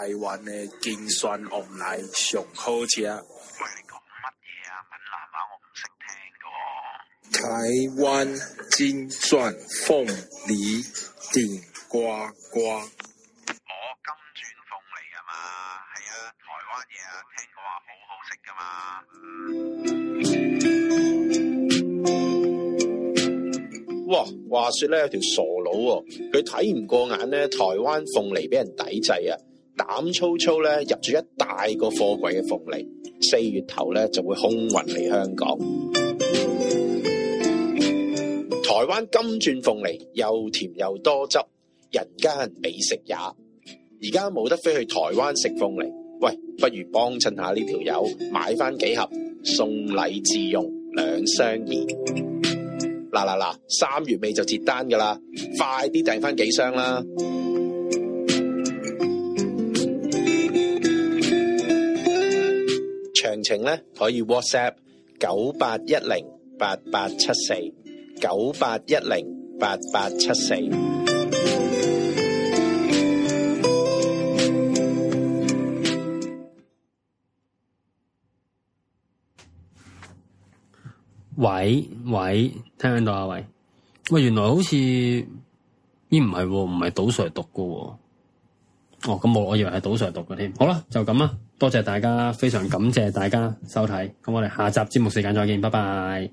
台灣嘅金鑽鳳梨上好食。喂，你講乜嘢啊？閩南話我唔識聽噶。台灣金鑽鳳梨頂呱呱。我、哦、金鑽鳳梨啊嘛，係啊，台灣嘢啊，聽講話好好食噶嘛。嗯、哇，話說咧有條傻佬、哦，佢睇唔過眼咧，台灣鳳梨俾人抵制啊！膽粗粗咧，入咗一大個貨櫃嘅鳳梨，四月頭咧就會空運嚟香港。台灣金鑽鳳梨又甜又多汁，人間美食也。而家冇得飛去台灣食鳳梨，喂，不如幫襯下呢條友，買翻幾盒送禮自用，兩相宜。嗱嗱嗱，三月尾就截單噶啦，快啲訂翻幾箱啦！詳情咧可以 WhatsApp 九八一零八八七四九八一零八八七四。74，喂喂，聽唔聽到啊？喂，喂，原來好似呢唔係唔係賭上讀噶、啊？哦，咁我我以為係賭上讀嘅添。好啦，就咁啦。多謝大家，非常感謝大家收睇，咁我哋下集節目時間再見，拜拜。